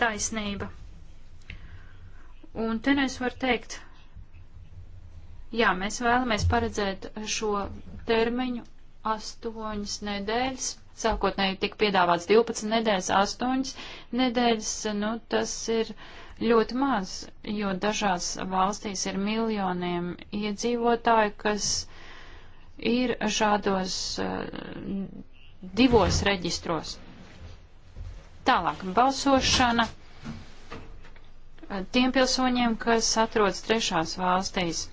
Taisnība. Un te nu es varu teikt, jā, mēs vēlamies paredzēt šo termiņu astoņas nedēļas. Sākotnēji tika piedāvāts 12 nedēļas, 8 nedēļas. Nu, tas ir ļoti maz, jo dažās valstīs ir miljoniem iedzīvotāju, kas ir šādos uh, divos reģistros. Tālāk balsošana tiem pilsoņiem, kas atrodas trešās valstīs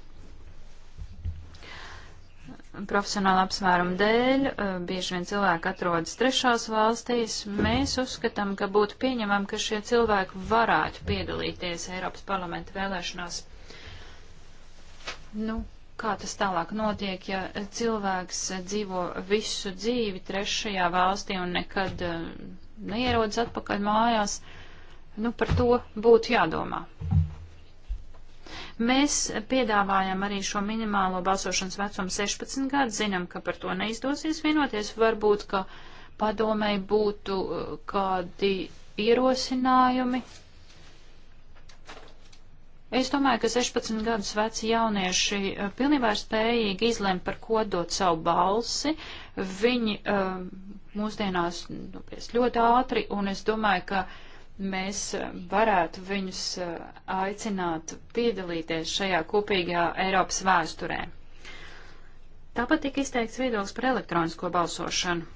profesionāla apsvēruma dēļ, eh, bieži vien cilvēki atrodas trešās valstīs, mēs uzskatām, ka būtu pieņemam, ka šie cilvēki varētu piedalīties Eiropas parlamenta vēlēšanās. Nu, kā tas tālāk notiek, ja cilvēks dzīvo visu dzīvi trešajā valstī un nekad eh, neierodas atpakaļ mājās, nu par to būtu jādomā. Mēs piedāvājam arī šo minimālo balsošanas vecumu 16 gadu, zinām, ka par to neizdosies vienoties, varbūt, ka padomēji būtu uh, kādi ierosinājumi. Es domāju, ka 16 gadus veci jaunieši uh, pilnībā ir spējīgi izlemt, par ko dot savu balsi. Viņi uh, mūsdienās nu, ļoti ātri, un es domāju, ka uh, mēs eh, varētu viņus eh, aicināt piedalīties šajā kopīgā Eiropas vēsturē. Tāpat tika izteikts viedoklis par elektronisko balsošanu.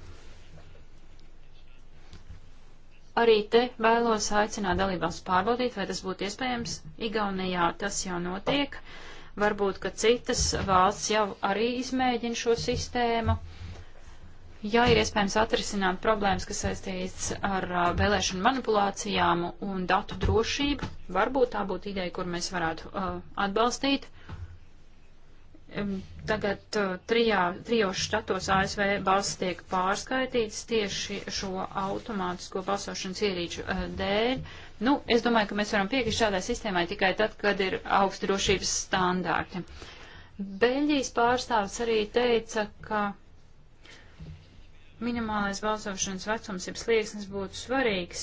Arī te vēlos aicināt dalībās pārbaudīt, vai tas būtu iespējams. Igaunijā tas jau notiek. Varbūt, ka citas valsts jau arī izmēģina šo sistēmu. Ja ir iespējams atrisināt problēmas, kas saistīts ar vēlēšanu manipulācijām un datu drošību, varbūt tā būtu ideja, kur mēs varētu uh, atbalstīt. Tagad trijā, trijos štatos ASV balss tiek pārskaitīts tieši šo automātisko balsošanas ierīču dēļ. Nu, es domāju, ka mēs varam piekrist šādai sistēmai tikai tad, kad ir augsti drošības standārti. Beļģijas pārstāvis arī teica, ka minimālais balsošanas vecums, jeb slieksnis būtu svarīgs.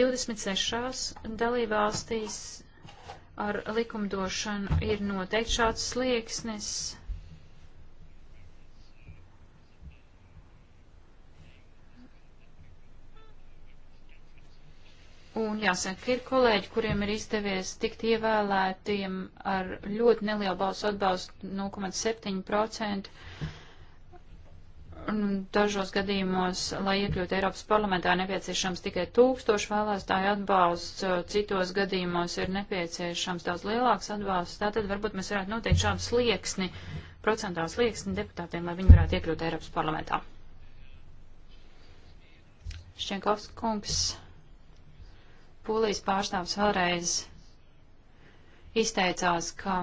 26 dalībvalstīs ar likumdošanu ir noteikts šāds slieksnis. Un jāsaka, ir kolēģi, kuriem ir izdevies tikt ievēlētiem ar ļoti nelielu balsu atbalstu 0,7%. Dažos gadījumos, lai iekļūtu Eiropas parlamentā, nepieciešams tikai tūkstoši vēlētāju atbalsts, citos gadījumos ir nepieciešams daudz lielāks atbalsts. Tātad varbūt mēs varētu noteikt šādu slieksni, procentā slieksni deputātiem, lai viņi varētu iekļūt Eiropas parlamentā. Šķienkovs kungs Polijas pārstāvs vēlreiz izteicās, ka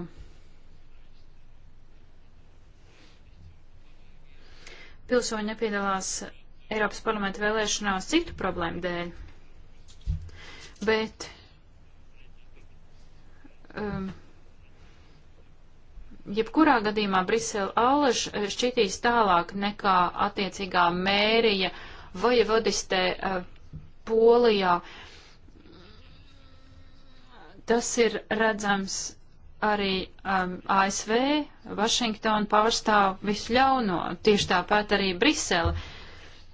pilsoņi nepiedalās Eiropas parlamenta vēlēšanās citu problēmu dēļ, bet um, jebkurā gadījumā Brisele Allaž šķitīs tālāk nekā attiecīgā mērija vai vadistē uh, Polijā. Uh, Tas ir redzams arī um, ASV, Vašingtona pārstāv visu ļauno, tieši tāpat arī Brisele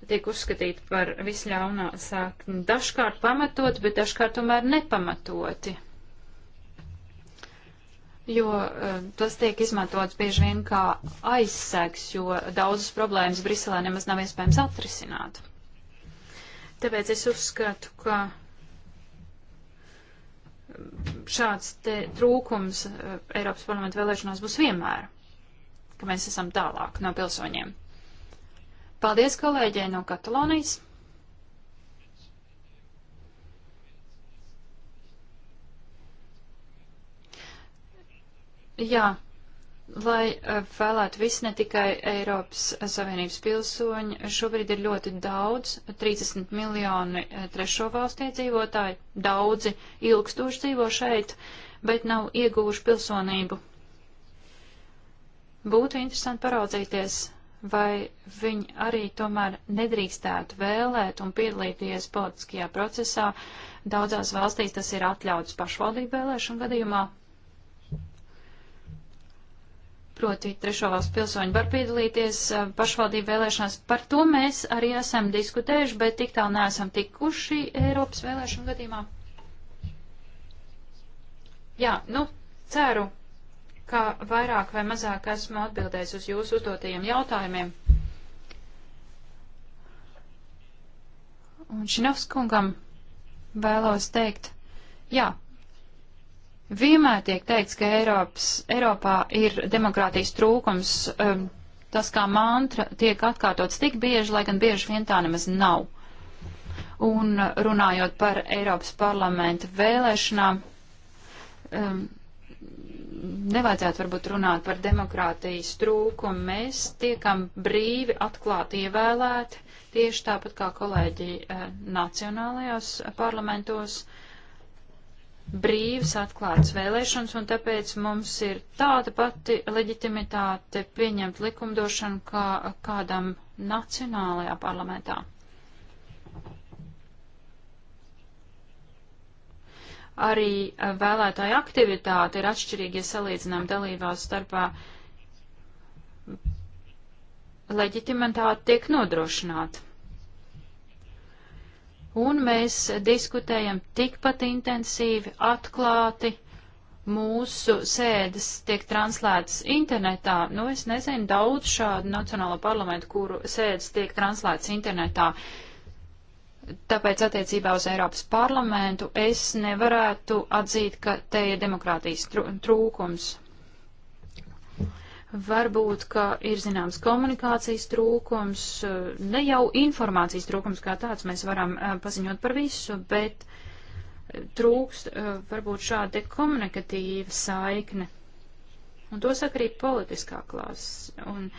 tiek uzskatīta par visļaunā sākni. Dažkārt pamatot, bet dažkārt tomēr nepamatoti. Jo um, tas tiek izmantots bieži vien kā aizsegs, jo daudzas problēmas Briselē nemaz nav iespējams atrisināt. Tāpēc es uzskatu, ka šāds trūkums eh, Eiropas parlamenta vēlēšanās būs vienmēr, ka mēs esam tālāk no pilsoņiem. Paldies kolēģei no Katalonijas. Jā, Lai eh, vēlētu visi ne tikai Eiropas Savienības pilsoņi, šobrīd ir ļoti daudz, 30 miljoni eh, trešo valstu iedzīvotāji, daudzi ilgstoši dzīvo šeit, bet nav ieguvuši pilsonību. Būtu interesanti paraudzīties, vai viņi arī tomēr nedrīkstētu vēlēt un piedalīties politiskajā procesā. Daudzās valstīs tas ir atļauts pašvaldību vēlēšanu gadījumā, proti trešo valstu pilsoņi var piedalīties eh, pašvaldību vēlēšanās. Par to mēs arī esam diskutējuši, bet tik tālu neesam tikuši Eiropas vēlēšanu gadījumā. Jā, nu, ceru, ka vairāk vai mazāk esmu atbildējis uz jūsu uzdotajiem jautājumiem. Un Šinovskungam vēlos teikt, jā, Vienmēr tiek teikts, ka Eiropas, Eiropā ir demokrātijas trūkums. Um, tas kā mantra tiek atkārtots tik bieži, lai gan bieži vien tā nemaz nav. Un runājot par Eiropas parlamenta vēlēšanām, um, nevajadzētu varbūt runāt par demokrātijas trūkumu. Mēs tiekam brīvi, atklāti ievēlēti, tieši tāpat kā kolēģi eh, nacionālajos parlamentos. Eh, brīvas, atklātas vēlēšanas, un tāpēc mums ir tāda pati leģitimitāte pieņemt likumdošanu kā kādam nacionālajā parlamentā. Arī eh, vēlētāja aktivitāte ir atšķirīga, ja salīdzinām dalībās starpā. Leģitimitāte tiek nodrošināta un mēs diskutējam tikpat intensīvi, atklāti. Mūsu sēdes tiek translētas internetā. Nu, es nezinu daudz šādu nacionālo parlamentu, kuru sēdes tiek translētas internetā. Tāpēc attiecībā uz Eiropas parlamentu es nevarētu atzīt, ka te ir demokrātijas trūkums. Varbūt, ka ir zināms komunikācijas trūkums, ne jau informācijas trūkums kā tāds, mēs varam eh, paziņot par visu, bet eh, trūkst eh, varbūt šāda komunikatīva saikne. Un to saka arī politiskā klāsts. Un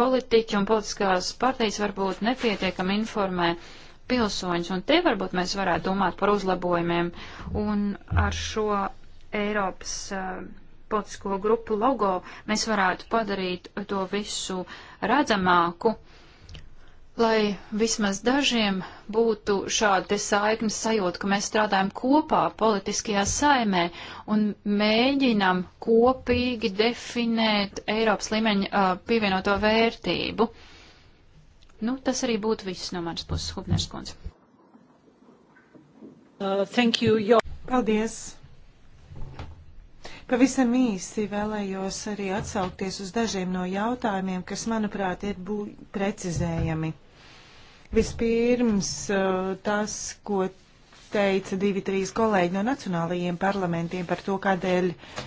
politiķi un politiskās partijas varbūt nepietiekami informē uh, pilsoņus, un te varbūt mēs varētu domāt par uzlabojumiem. Un ar šo Eiropas uh, politisko grupu logo mēs varētu padarīt to visu redzamāku, lai vismaz dažiem būtu šāda saiknes sajūta, ka mēs strādājam kopā politiskajā saimē un mēģinam kopīgi definēt Eiropas līmeņa uh, pievienoto vērtību. Uh, Nu, tas arī būtu viss no manas puses, Hubners kundze. Uh, thank you. Jo. Paldies. Pavisam īsi vēlējos arī atsaukties uz dažiem no jautājumiem, kas, manuprāt, ir bū... precizējami. Vispirms uh, tas, ko teica divi, trīs kolēģi no nacionālajiem parlamentiem par to, kādēļ uh,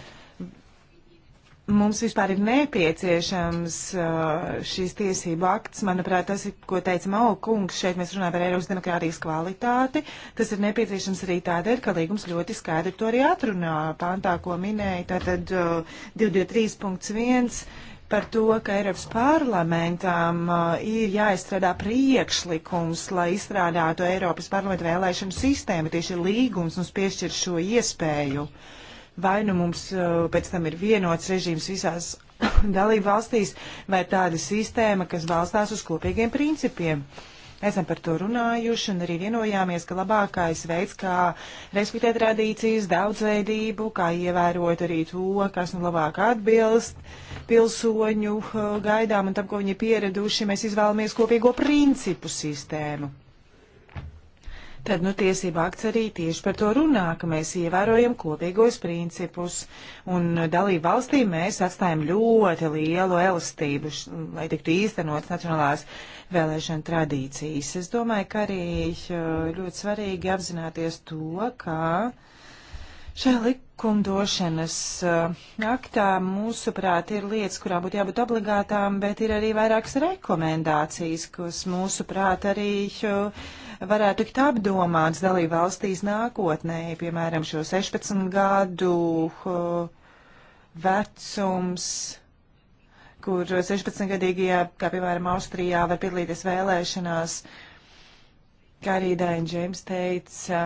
mums vispār ir nepieciešams uh, šīs tiesību akts. Manuprāt, tas ir, ko teica Mau kungs, šeit mēs runājam par Eiropas demokrātijas kvalitāti. Tas ir nepieciešams arī tādēļ, ka līgums ļoti skaidri to arī atrunā pāntā, ko minēja. Tātad 223.1 uh, par to, ka Eiropas parlamentam uh, ir jāizstrādā priekšlikums, lai izstrādātu Eiropas parlamenta vēlēšanu sistēmu. Tieši līgums mums piešķir šo iespēju. Uh, vai nu mums eh, pēc tam ir vienots režīms visās dalību valstīs, vai tāda sistēma, kas balstās uz kopīgiem principiem. Esam par to runājuši un arī vienojāmies, ka labākais veids, kā respektēt tradīcijas, daudzveidību, kā ievērot arī to, kas nu labāk atbilst pilsoņu eh, gaidām un tam, ko viņi pieraduši, mēs izvēlamies kopīgo principu sistēmu. Tad, nu, tiesība akts arī tieši par to runā, ka mēs ievērojam kopīgos principus, un dalību valstīm mēs atstājam ļoti lielu elastību, lai tiktu īstenots nacionālās vēlēšana tradīcijas. Es domāju, ka arī ļoti svarīgi apzināties to, ka šajā likumdošanas aktā, mūsuprāt, ir lietas, kurām būtu jābūt obligātām, bet ir arī vairākas rekomendācijas, kas, mūsuprāt, arī. Uh, varētu tikt apdomāts dalību valstīs nākotnē, piemēram, šo 16 gadu uh, vecums, kur 16-gadīgajā, kā piemēram Austrijā, var piedalīties vēlēšanās, kā arī Dēļ Džeims teica,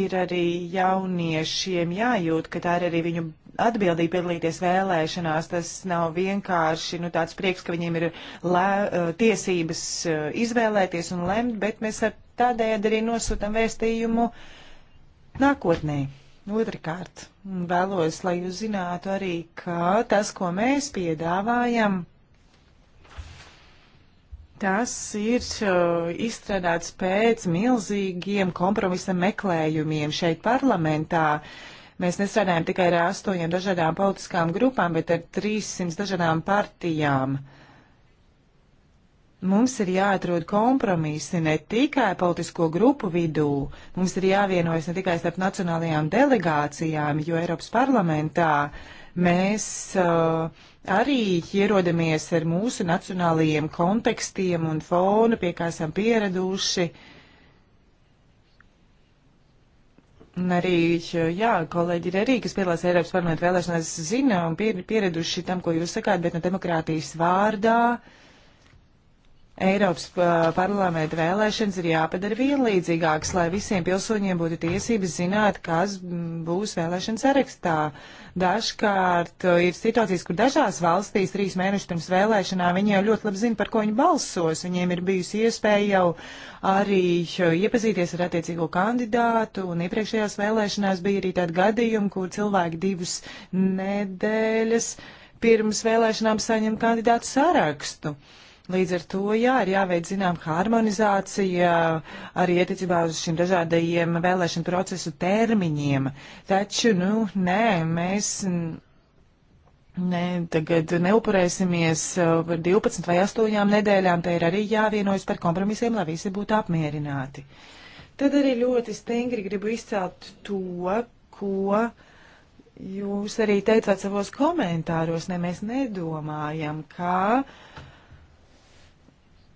ir arī jauniešiem jājūt, ka tā ir arī viņu atbildīgi piedalīties vēlēšanās. Tas nav vienkārši nu, tāds prieks, ka viņiem ir lē, tiesības izvēlēties un lemt, bet mēs ar tādējādi arī nosūtam vēstījumu nākotnē. Otrakārt, vēlos, lai jūs zinātu arī, ka tas, ko mēs piedāvājam, Tas ir izstrādāts pēc milzīgiem kompromisa meklējumiem šeit parlamentā. Uh, Mēs nestrādājam tikai ar astoņiem dažādām politiskām grupām, bet ar 300 dažādām partijām. Mums ir jāatrod kompromisi ne tikai politisko grupu vidū, mums ir jāvienojas ne tikai starp nacionālajām delegācijām, jo Eiropas parlamentā mēs uh, arī ierodamies ar mūsu nacionālajiem kontekstiem un fonu, pie kā esam pieraduši. Uh, Un arī, jā, kolēģi ir arī, kas piedalās Eiropas parlamenta vēlēšanās, zina un pier, pieraduši tam, ko jūs sakāt, bet no demokrātijas vārdā uh, Eiropas uh, parlamenta vēlēšanas ir jāpadara vienlīdzīgākas, lai visiem pilsoņiem būtu tiesības zināt, kas būs vēlēšana sarakstā. Dažkārt uh, ir situācijas, kur dažās valstīs trīs mēnešus pirms vēlēšanām viņi jau ļoti labi zina, par ko viņi balsos. Viņiem ir bijusi iespēja jau arī uh, iepazīties ar attiecīgo kandidātu, un iepriekšējās vēlēšanās bija arī tādi gadījumi, kur cilvēki divas nedēļas pirms vēlēšanām saņem kandidātu sarakstu. Uh, Līdz ar to, jā, ir jāveic zinām harmonizācija arī attiecībā uz šiem dažādajiem vēlēšanu procesu termiņiem. Taču, nu, nē, mēs. Ne, tagad neupurēsimies uh, par 12 vai 8 nedēļām. Te ir arī jāvienojas par kompromisiem, lai visi būtu apmierināti. Tad arī ļoti stingri gribu izcelt to, ko jūs arī teicāt savos komentāros. Ne, mēs nedomājam, ka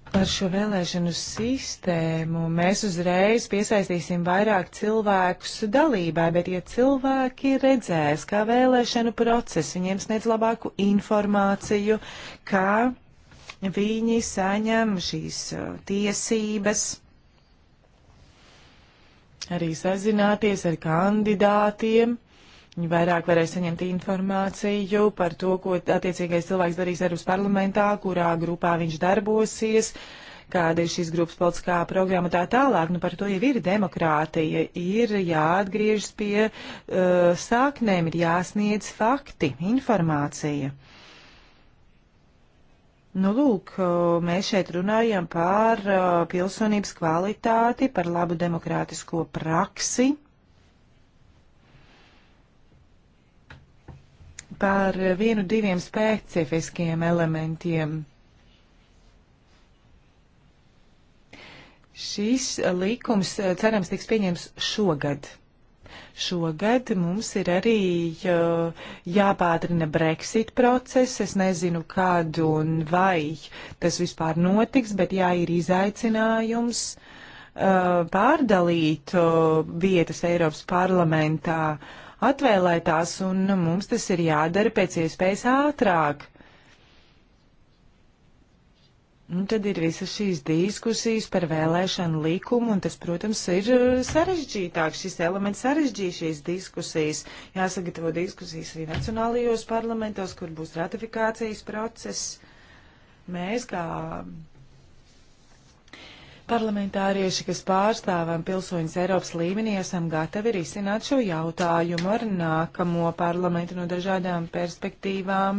Par šo vēlēšanu sistēmu mēs uzreiz piesaistīsim vairāk cilvēkus dalībai, bet ja cilvēki redzēs, kā vēlēšanu process viņiem sniedz labāku informāciju, kā viņi saņem šīs uh, tiesības, arī sazināties ar kandidātiem Viņi vairāk varēs saņemt informāciju par to, ko attiecīgais cilvēks darīs Eiropas parlamentā, kurā grupā viņš darbosies, kāda ir šīs grupas politiskā programma tā tālāk. Nu, par to jau ir demokrātija, ir jāatgriežas pie uh, sāknēm, ir jāsniedz fakti, informācija. Nu, lūk, uh, mēs šeit runājam par uh, pilsonības kvalitāti, par labu demokrātisko praksi, par vienu, diviem specifiskiem elementiem. Šis likums, eh, cerams, tiks pieņems šogad. Šogad mums ir arī eh, jāpātrina Brexit process. Es nezinu, kad un vai tas vispār notiks, bet jā, ir izaicinājums eh, pārdalīt vietas Eiropas parlamentā atvēlētās, un mums tas ir jādara pēc iespējas ātrāk. Un tad ir visas šīs diskusijas par vēlēšanu likumu, un tas, protams, ir uh, sarežģītāk. Šis elements sarežģīja šīs diskusijas. Jāsagatavo diskusijas arī nacionālajos parlamentos, kur būs ratifikācijas process. Mēs, kā Parlamentārieši, kas pārstāvam pilsoņus Eiropas līmenī, esam gatavi risināt šo jautājumu ar nākamo parlamentu no dažādām perspektīvām,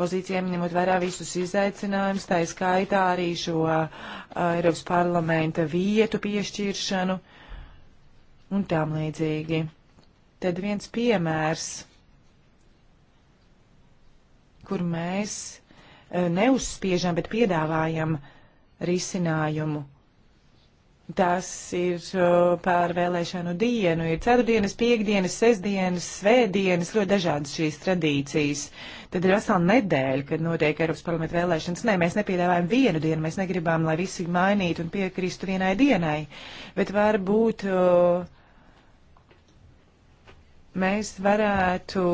pozīcijām, ņemot vērā visus izaicinājumus, tā skaitā arī šo uh, Eiropas parlamenta vietu piešķiršanu un tām līdzīgi. Tad viens piemērs, kur mēs uh, neuzspiežam, bet piedāvājam risinājumu Tas ir uh, pār vēlēšanu dienu. Ir ceturtdienas, piekdienas, sestdienas, svētdienas, ļoti dažādas šīs tradīcijas. Tad ir vesela nedēļa, kad notiek Eiropas parlamenta vēlēšanas. Nē, mēs nepiedāvājam vienu dienu, mēs negribam, lai visi mainītu un piekristu vienai dienai. Bet varbūt uh, mēs varētu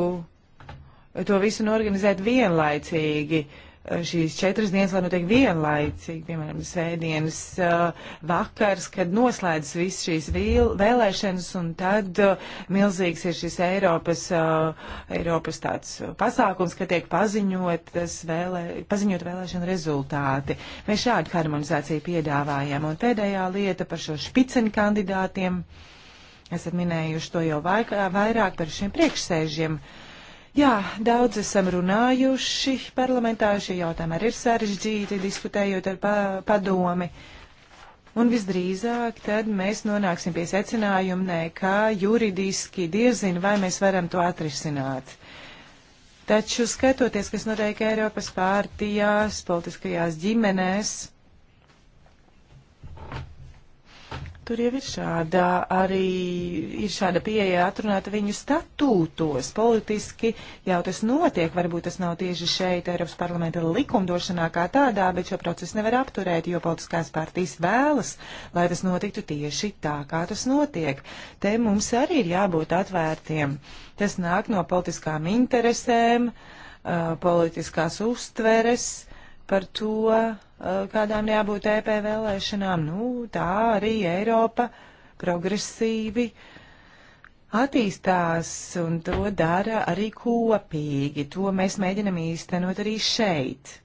to visu norganizēt vienlaicīgi. Uh, šīs četras dienas, lai notiek vienlaicīgi, piemēram, svētdienas vakars, kad noslēdzas viss šīs vēlēšanas, un tad milzīgs ir šis Eiropas, Eiropas tāds pasākums, ka tiek paziņotas vēlē, paziņot vēlēšanu rezultāti. Mēs šādu harmonizāciju piedāvājam, un pēdējā lieta par šo špiceni kandidātiem. Esat minējuši to jau vairāk par šiem priekšsēžiem. Uh, Jā, daudz esam runājuši parlamentā, šie jautājumi arī ir sarežģīti, diskutējot ar pa padomi. Un visdrīzāk tad mēs nonāksim pie secinājuma, nē, kā juridiski diezin, vai mēs varam to atrisināt. Taču skatoties, kas notiek Eiropas pārtījās, politiskajās ģimenēs, Tur jau ir šāda arī ir šāda pieeja atrunāta viņu statūtos. Politiski jau tas notiek, varbūt tas nav tieši šeit Eiropas parlamenta likumdošanā kā tādā, bet šo procesu nevar apturēt, jo politiskās partijas vēlas, lai tas notiktu tieši tā, kā tas notiek. Te mums arī ir jābūt atvērtiem. Tas nāk no politiskām interesēm, uh, politiskās uztveres par to, kādām jābūt EP vēlēšanām. Nu, tā arī Eiropa progresīvi attīstās, un to dara arī kopīgi. To mēs mēģinam īstenot arī šeit.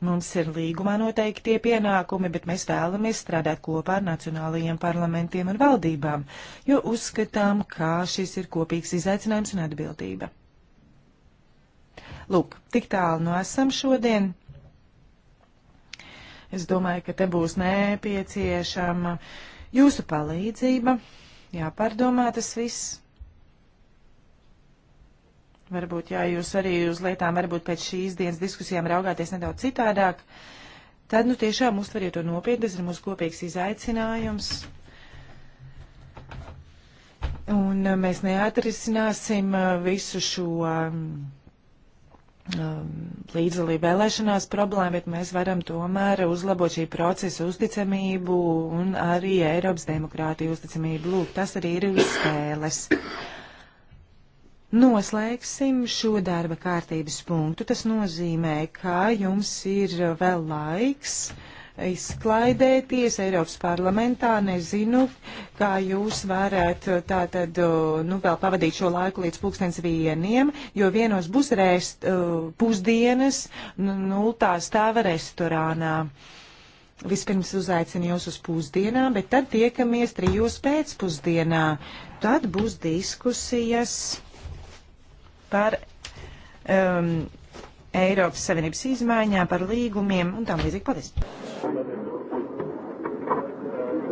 Mums ir līgumā noteikti tie pienākumi, bet mēs vēlamies strādāt kopā ar nacionālajiem parlamentiem un valdībām, jo uzskatām, ka šis ir kopīgs izaicinājums un atbildība. Lūk, tik tālu no esam šodien. Es domāju, ka te būs nepieciešama jūsu palīdzība. Jāpārdomā tas viss. Varbūt, jā, jūs arī uz lietām, varbūt pēc šīs dienas diskusijām raugāties nedaudz citādāk. Tad, nu, tiešām uztveriet to nopietni, tas ir mūsu kopīgs izaicinājums. Un mēs neatrisināsim uh, visu šo. Um, Um, līdzdalība vēlēšanās problēma, bet mēs varam tomēr uzlabot šī procesa uzticamību un arī Eiropas demokrātiju uzticamību. Lūk, tas arī ir uz spēles. Noslēgsim šo darba kārtības punktu. Tas nozīmē, ka jums ir vēl laiks. Uh, izklaidēties Eiropas parlamentā. Nezinu, kā jūs varētu uh, tā tad, uh, nu, vēl pavadīt šo laiku līdz pulkstens vieniem, jo vienos būs rest, uh, pusdienas nu, nultā stāva restorānā. Vispirms uzaicinu jūs uz pusdienām, bet tad tiekamies trijos pēcpusdienā. Tad būs diskusijas par um, Eiropas Savienības izmaiņām, par līgumiem un tam līdzīgi. Paldies!